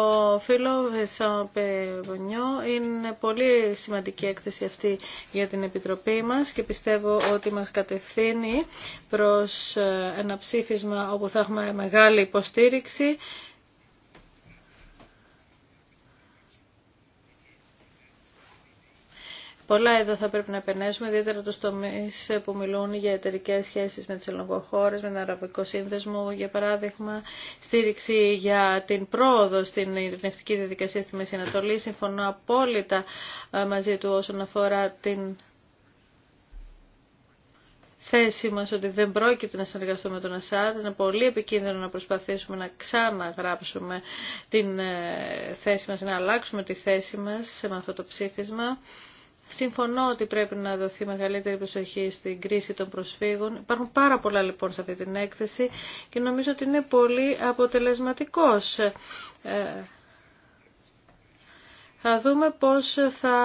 φίλο Βεσσαπεγονιό είναι πολύ σημαντική έκθεση αυτή για την Επιτροπή μας και πιστεύω ότι μας κατευθύνει προς ένα ψήφισμα όπου θα έχουμε μεγάλη υποστήριξη Πολλά εδώ θα πρέπει να επενέσουμε, ιδιαίτερα του τομεί που μιλούν για εταιρικέ σχέσει με τι ελληνικοχώρε, με τον Αραβικό Σύνδεσμο, για παράδειγμα, στήριξη για την πρόοδο στην ειρηνευτική διαδικασία στη Μέση Ανατολή. Συμφωνώ απόλυτα ε, μαζί του όσον αφορά την θέση μας ότι δεν πρόκειται να συνεργαστούμε με τον Ασάντ. Είναι πολύ επικίνδυνο να προσπαθήσουμε να ξαναγράψουμε την ε, θέση μας, να αλλάξουμε τη θέση μας με αυτό το ψήφισμα. Συμφωνώ ότι πρέπει να δοθεί μεγαλύτερη προσοχή στην κρίση των προσφύγων. Υπάρχουν πάρα πολλά λοιπόν σε αυτή την έκθεση και νομίζω ότι είναι πολύ αποτελεσματικός. Ε, θα δούμε πώς θα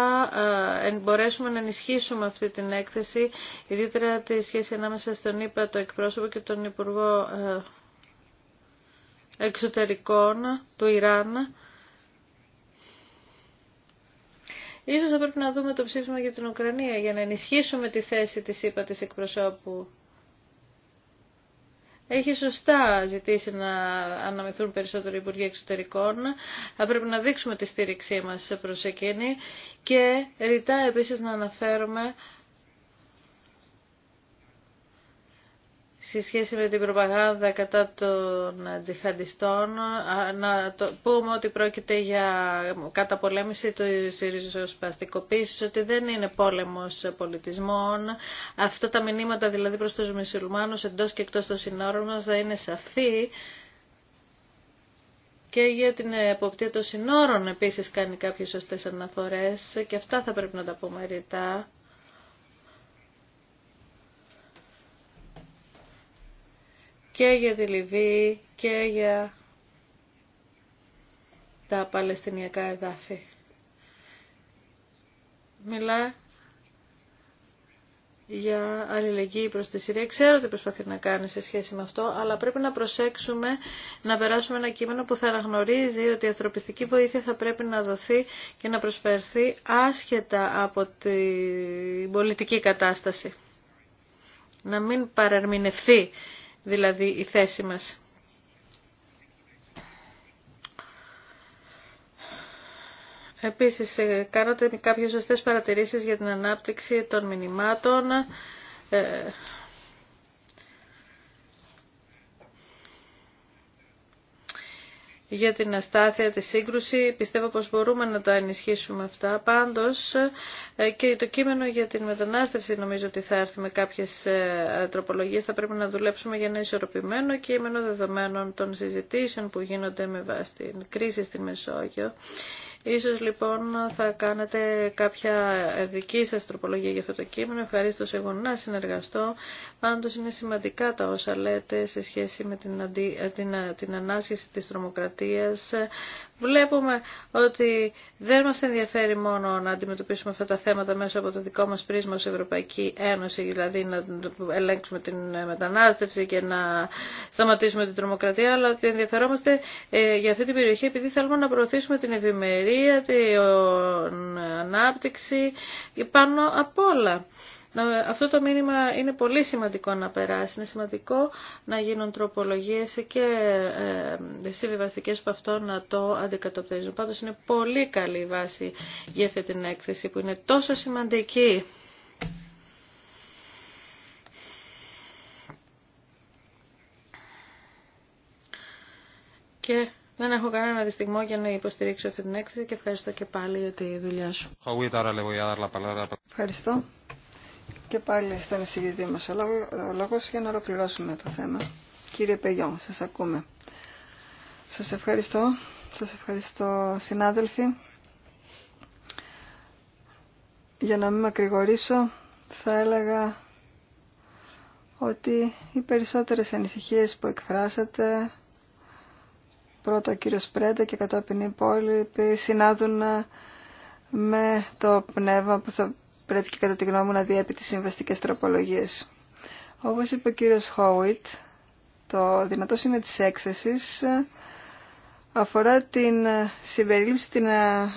ε, μπορέσουμε να ενισχύσουμε αυτή την έκθεση, ιδιαίτερα τη σχέση ανάμεσα στον ΙΠΑ, το εκπρόσωπο και τον Υπουργό ε, Εξωτερικών του Ιράν Ίσως θα πρέπει να δούμε το ψήφισμα για την Ουκρανία για να ενισχύσουμε τη θέση της ΥΠΑ της εκπροσώπου. Έχει σωστά ζητήσει να αναμεθούν περισσότερο οι Υπουργοί Εξωτερικών. Θα πρέπει να δείξουμε τη στήριξή μας προς εκείνη και ρητά επίσης να αναφέρουμε σε σχέση με την προπαγάνδα κατά των τζιχαντιστών, να το πούμε ότι πρόκειται για καταπολέμηση της ριζοσπαστικοποίησης, ότι δεν είναι πόλεμος πολιτισμών. Αυτά τα μηνύματα δηλαδή προς τους μουσουλμάνους εντός και εκτός των συνόρων μας θα είναι σαφή. Και για την εποπτεία των συνόρων επίσης κάνει κάποιες σωστές αναφορές και αυτά θα πρέπει να τα πούμε ρητά και για τη Λιβύη και για τα Παλαιστινιακά εδάφη. Μιλά για αλληλεγγύη προς τη Συρία. Ξέρω ότι προσπαθεί να κάνει σε σχέση με αυτό, αλλά πρέπει να προσέξουμε να περάσουμε ένα κείμενο που θα αναγνωρίζει ότι η ανθρωπιστική βοήθεια θα πρέπει να δοθεί και να προσφερθεί άσχετα από την πολιτική κατάσταση. Να μην παρερμηνευθεί δηλαδή η θέση μας. Επίσης, ε, κάνατε κάποιες σωστές παρατηρήσεις για την ανάπτυξη των μηνυμάτων ε, για την αστάθεια, τη σύγκρουση. Πιστεύω πως μπορούμε να τα ενισχύσουμε αυτά. Πάντως ε, και το κείμενο για την μετανάστευση νομίζω ότι θα έρθει με κάποιες ε, τροπολογίες. Θα πρέπει να δουλέψουμε για ένα ισορροπημένο κείμενο δεδομένων των συζητήσεων που γίνονται με βάση την κρίση στην Μεσόγειο Ίσως λοιπόν θα κάνετε κάποια δική σας τροπολογία για αυτό το κείμενο. Ευχαρίστω εγώ να συνεργαστώ. Πάντως είναι σημαντικά τα όσα λέτε σε σχέση με την, την ανάσχεση της τρομοκρατίας Βλέπουμε ότι δεν μας ενδιαφέρει μόνο να αντιμετωπίσουμε αυτά τα θέματα μέσα από το δικό μας πρίσμα ως Ευρωπαϊκή Ένωση, δηλαδή να ελέγξουμε την μετανάστευση και να σταματήσουμε την τρομοκρατία, αλλά ότι ενδιαφερόμαστε ε, για αυτή την περιοχή επειδή θέλουμε να προωθήσουμε την ευημερία, την ανάπτυξη πάνω απ' όλα. Αυτό το μήνυμα είναι πολύ σημαντικό να περάσει. Είναι σημαντικό να γίνουν τροπολογίες και ε, ε, συμβιβαστικές που αυτό να το αντικατοπτρίζουν. Πάντως είναι πολύ καλή η βάση για αυτή την έκθεση που είναι τόσο σημαντική. Και δεν έχω κανένα δυστυχμό για να υποστηρίξω αυτή την έκθεση και ευχαριστώ και πάλι για τη δουλειά σου. Ευχαριστώ. Και πάλι στον εισηγητή μας ο λόγος για να ολοκληρώσουμε το θέμα. Κύριε Πεγιό, σας ακούμε. Σας ευχαριστώ. Σας ευχαριστώ συνάδελφοι. Για να μην μακρηγορήσω θα έλεγα ότι οι περισσότερες ανησυχίες που εκφράσατε πρώτα ο κύριος Πρέντα και κατόπιν οι υπόλοιποι συνάδουν με το πνεύμα που θα πρέπει και κατά τη γνώμη μου να διέπει τις συμβαστικέ τροπολογίες. Όπως είπε ο κύριος Χόουιτ, το δυνατό σημείο της έκθεσης αφορά την συμπερίληψη, την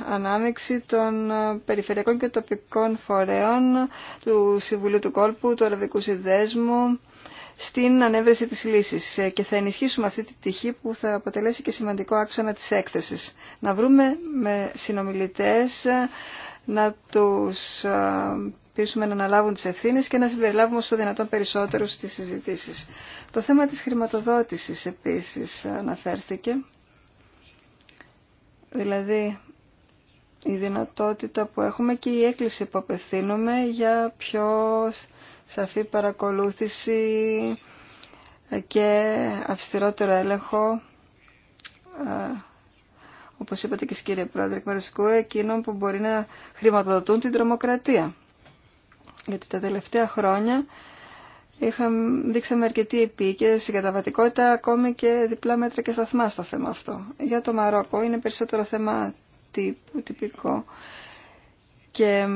ανάμειξη των περιφερειακών και τοπικών φορέων του Συμβουλίου του Κόλπου, του Αραβικού Συνδέσμου, στην ανέβρεση της λύσης και θα ενισχύσουμε αυτή τη πτυχή που θα αποτελέσει και σημαντικό άξονα της έκθεσης. Να βρούμε με συνομιλητές να τους ε, πείσουμε να αναλάβουν τις ευθύνες και να συμπεριλάβουμε όσο δυνατόν περισσότερο στις συζητήσεις. Το θέμα της χρηματοδότησης επίσης αναφέρθηκε. Δηλαδή η δυνατότητα που έχουμε και η έκκληση που απευθύνουμε για πιο σαφή παρακολούθηση και αυστηρότερο έλεγχο ε, όπως είπατε και κύριε Πρόεδρε, εκ εκείνων που μπορεί να χρηματοδοτούν την τρομοκρατία. Γιατί τα τελευταία χρόνια είχαμε, δείξαμε αρκετή επίκαιρη συγκαταβατικότητα, ακόμη και διπλά μέτρα και σταθμά στο θέμα αυτό. Για το Μαρόκο είναι περισσότερο θέμα τύπου, τυπικό. Και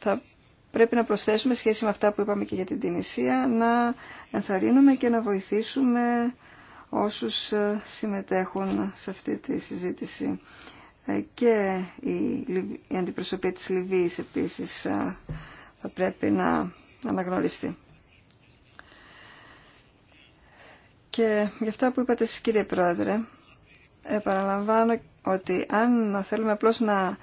θα πρέπει να προσθέσουμε σχέση με αυτά που είπαμε και για την Τινησία, να ενθαρρύνουμε και να βοηθήσουμε όσους ε, συμμετέχουν σε αυτή τη συζήτηση. Ε, και η αντιπροσωπεία της Λιβύης επίσης ε, θα πρέπει να αναγνωριστεί. Και για αυτά που είπατε εσείς κύριε Πρόεδρε, επαναλαμβάνω ότι αν θέλουμε απλώς να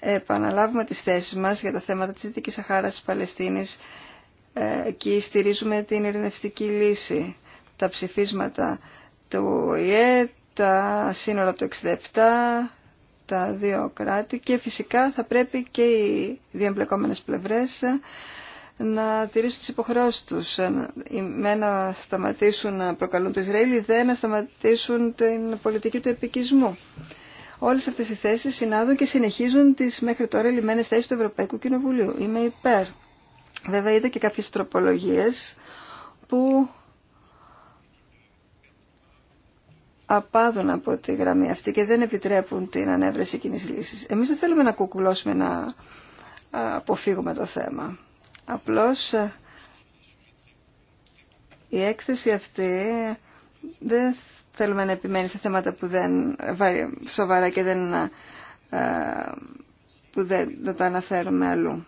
επαναλάβουμε τις θέσεις μας για τα θέματα της Δυτικής Σαχάρας της Παλαιστίνης, και στηρίζουμε την ειρηνευτική λύση τα ψηφίσματα του ΟΗΕ, τα σύνορα του 67, τα δύο κράτη και φυσικά θα πρέπει και οι διεμπλεκόμενες πλευρές να τηρήσουν τις υποχρεώσεις τους. Με να σταματήσουν να προκαλούν το Ισραήλ, δεν να σταματήσουν την πολιτική του επικισμού. Όλες αυτές οι θέσεις συνάδουν και συνεχίζουν τις μέχρι τώρα λιμένες θέσεις του Ευρωπαϊκού Κοινοβουλίου. Είμαι υπέρ. Βέβαια είδα και κάποιες τροπολογίες που απάδουν από τη γραμμή αυτή και δεν επιτρέπουν την ανέβρεση κοινή λύση. Εμείς δεν θέλουμε να κουκουλώσουμε να αποφύγουμε το θέμα. Απλώς η έκθεση αυτή δεν θέλουμε να επιμένει σε θέματα που δεν σοβαρά και δεν, που δεν, δεν τα αναφέρουμε αλλού.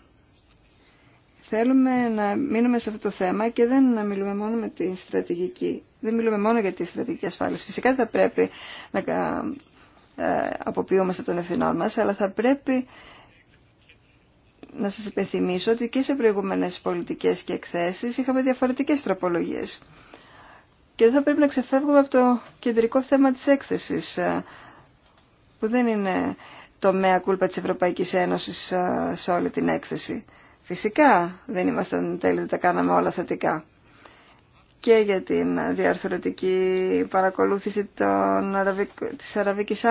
Θέλουμε να μείνουμε σε αυτό το θέμα και δεν να μιλούμε μόνο με τη στρατηγική. Δεν μιλούμε μόνο για τη στρατηγική ασφάλεια. Φυσικά δεν θα πρέπει να ε, αποποιούμαστε των ευθυνών μας, αλλά θα πρέπει να σας υπενθυμίσω ότι και σε προηγούμενες πολιτικές και εκθέσεις είχαμε διαφορετικές τροπολογίες. Και δεν θα πρέπει να ξεφεύγουμε από το κεντρικό θέμα της έκθεσης, ε, που δεν είναι το μέα κούλπα της Ευρωπαϊκής Ένωσης ε, σε όλη την έκθεση. Φυσικά δεν ήμασταν τέλειοι, δεν τα κάναμε όλα θετικά. Και για την διαρθρωτική παρακολούθηση των Αραβικ... της Αραβικής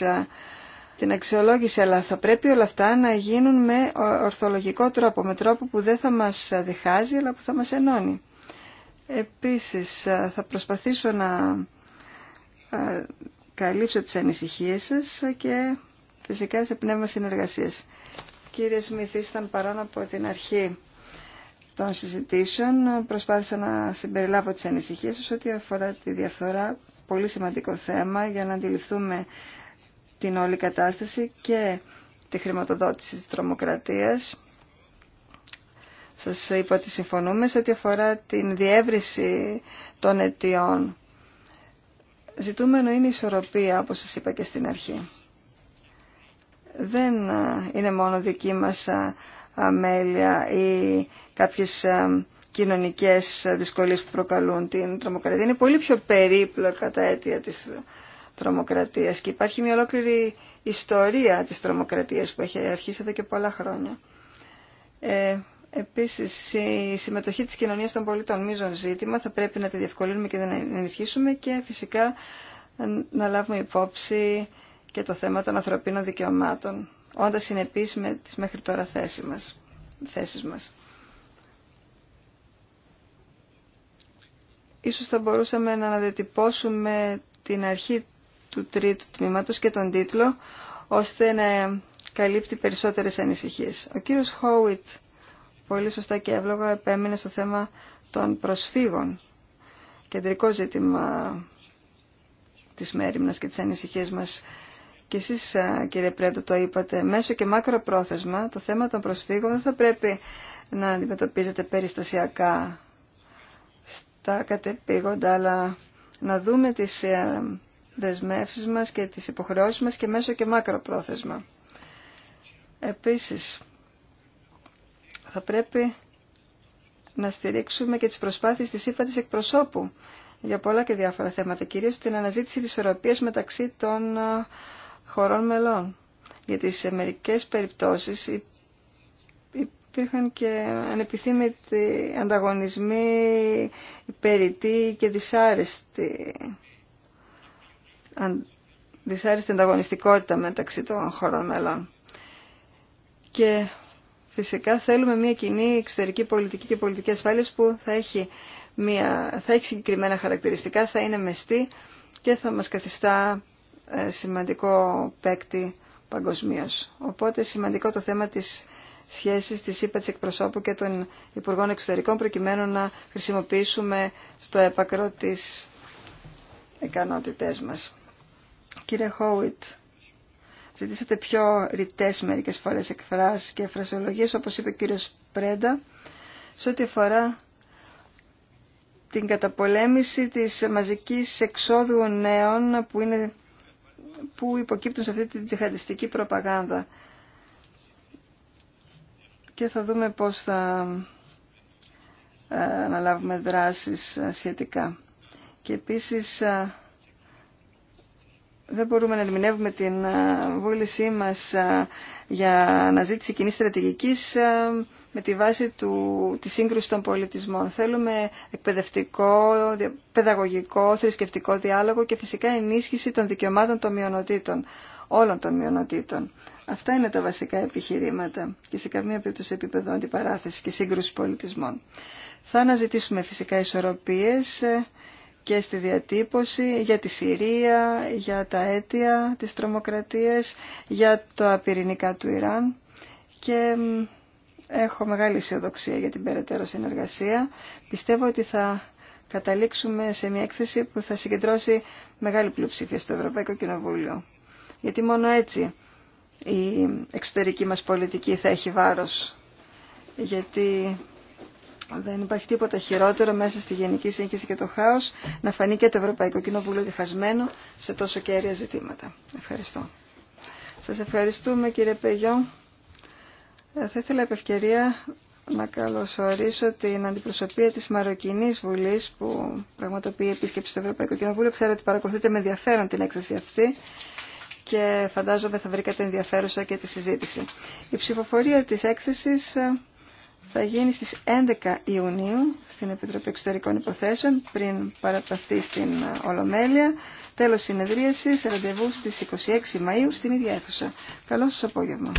ε, την αξιολόγηση, αλλά θα πρέπει όλα αυτά να γίνουν με ορθολογικό τρόπο, με τρόπο που δεν θα μας διχάζει, αλλά που θα μας ενώνει. Επίσης, ε, θα προσπαθήσω να ε, καλύψω τις ανησυχίες σας και φυσικά σε πνεύμα συνεργασίας κύριε Σμιθ ήταν παρόν από την αρχή των συζητήσεων. Προσπάθησα να συμπεριλάβω τις ανησυχίες σας ό,τι αφορά τη διαφθορά. Πολύ σημαντικό θέμα για να αντιληφθούμε την όλη κατάσταση και τη χρηματοδότηση της τρομοκρατίας. Σας είπα ότι συμφωνούμε σε ό,τι αφορά την διεύρυνση των αιτιών. Ζητούμενο είναι η ισορροπία, όπως σας είπα και στην αρχή δεν ε, είναι μόνο δική μας ε, αμέλεια ή κάποιες ε, κοινωνικές δυσκολίες που προκαλούν την τρομοκρατία. Είναι πολύ πιο περίπλοκα τα αίτια της τρομοκρατίας και υπάρχει μια ολόκληρη ιστορία της τρομοκρατίας που έχει αρχίσει εδώ και πολλά χρόνια. Ε, επίσης, η συμμετοχή της κοινωνίας των πολιτών μείζων ζήτημα θα πρέπει να τη διευκολύνουμε και να ενισχύσουμε και φυσικά να λάβουμε υπόψη και το θέμα των ανθρωπίνων δικαιωμάτων, όντας συνεπείς με τις μέχρι τώρα θέσεις μας. Θέσεις μας. Ίσως θα μπορούσαμε να αναδιατυπώσουμε την αρχή του τρίτου τμήματος και τον τίτλο, ώστε να καλύπτει περισσότερες ανησυχίες. Ο κύριος Χόουιτ πολύ σωστά και εύλογα επέμεινε στο θέμα των προσφύγων. Κεντρικό ζήτημα της μέρημνας και της ανησυχίας μας και εσείς κύριε Πρέντο το είπατε, μέσω και μάκρο πρόθεσμα το θέμα των προσφύγων δεν θα πρέπει να αντιμετωπίζεται περιστασιακά στα κατεπήγοντα, αλλά να δούμε τις ε, δεσμεύσεις μας και τις υποχρεώσεις μας και μέσω και μάκρο πρόθεσμα. Επίσης, θα πρέπει να στηρίξουμε και τις προσπάθειες της ύπατης εκπροσώπου για πολλά και διάφορα θέματα, κυρίως την αναζήτηση της ισορροπίας μεταξύ των χωρών μελών. Γιατί σε μερικές περιπτώσεις υπήρχαν και ανεπιθύμητοι ανταγωνισμοί υπερητοί και δυσάρεστη, δυσάρεστη ανταγωνιστικότητα μεταξύ των χωρών μελών. Και φυσικά θέλουμε μια κοινή εξωτερική πολιτική και πολιτική ασφάλειας που θα έχει, μια, θα έχει συγκεκριμένα χαρακτηριστικά, θα είναι μεστή και θα μας καθιστά ε, σημαντικό παίκτη παγκοσμίω. Οπότε σημαντικό το θέμα της σχέσης της ΥΠΑ της εκπροσώπου και των Υπουργών Εξωτερικών προκειμένου να χρησιμοποιήσουμε στο έπακρο τι ικανότητές μας. Κύριε Χόουιτ, ζητήσατε πιο ρητές μερικές φορές εκφράσεις και φρασιολογίες, όπως είπε ο κύριος Πρέντα, σε ό,τι αφορά την καταπολέμηση της μαζικής εξόδου νέων που είναι που υποκύπτουν σε αυτή την τζιχαντιστική προπαγάνδα. Και θα δούμε πώς θα ε, αναλάβουμε δράσεις ε, σχετικά. Και επίσης ε, δεν μπορούμε να ερμηνεύουμε την ε, βούλησή μας ε, για αναζήτηση κοινή στρατηγικής ε, με τη βάση του, της σύγκρουσης των πολιτισμών. Θέλουμε εκπαιδευτικό, παιδαγωγικό, θρησκευτικό διάλογο και φυσικά ενίσχυση των δικαιωμάτων των μειονοτήτων, όλων των μειονοτήτων. Αυτά είναι τα βασικά επιχειρήματα και σε καμία περίπτωση επίπεδο αντιπαράθεση και σύγκρουση πολιτισμών. Θα αναζητήσουμε φυσικά ισορροπίες και στη διατύπωση για τη Συρία, για τα αίτια της τρομοκρατίας, για τα πυρηνικά του Ιράν και έχω μεγάλη αισιοδοξία για την περαιτέρω συνεργασία. Πιστεύω ότι θα καταλήξουμε σε μια έκθεση που θα συγκεντρώσει μεγάλη πλειοψηφία στο Ευρωπαϊκό Κοινοβούλιο. Γιατί μόνο έτσι η εξωτερική μας πολιτική θα έχει βάρος. Γιατί δεν υπάρχει τίποτα χειρότερο μέσα στη γενική σύγχυση και το χάος να φανεί και το Ευρωπαϊκό Κοινοβούλιο διχασμένο σε τόσο κέρια ζητήματα. Ευχαριστώ. Σας ευχαριστούμε κύριε Πεγιό. Ε, θα ήθελα επ' ευκαιρία να καλωσορίσω την αντιπροσωπεία της Μαροκινής Βουλής που πραγματοποιεί επίσκεψη στο Ευρωπαϊκό Κοινοβούλιο. Ξέρω ότι παρακολουθείτε με ενδιαφέρον την έκθεση αυτή και φαντάζομαι θα βρήκατε ενδιαφέρουσα και τη συζήτηση. Η ψηφοφορία της έκθεσης ε, θα γίνει στις 11 Ιουνίου στην Επιτροπή Εξωτερικών Υποθέσεων πριν παραταθεί στην ε, Ολομέλεια. Τέλος συνεδρίασης, ραντεβού στις 26 Μαΐου στην ίδια αίθουσα. Καλό σας απόγευμα.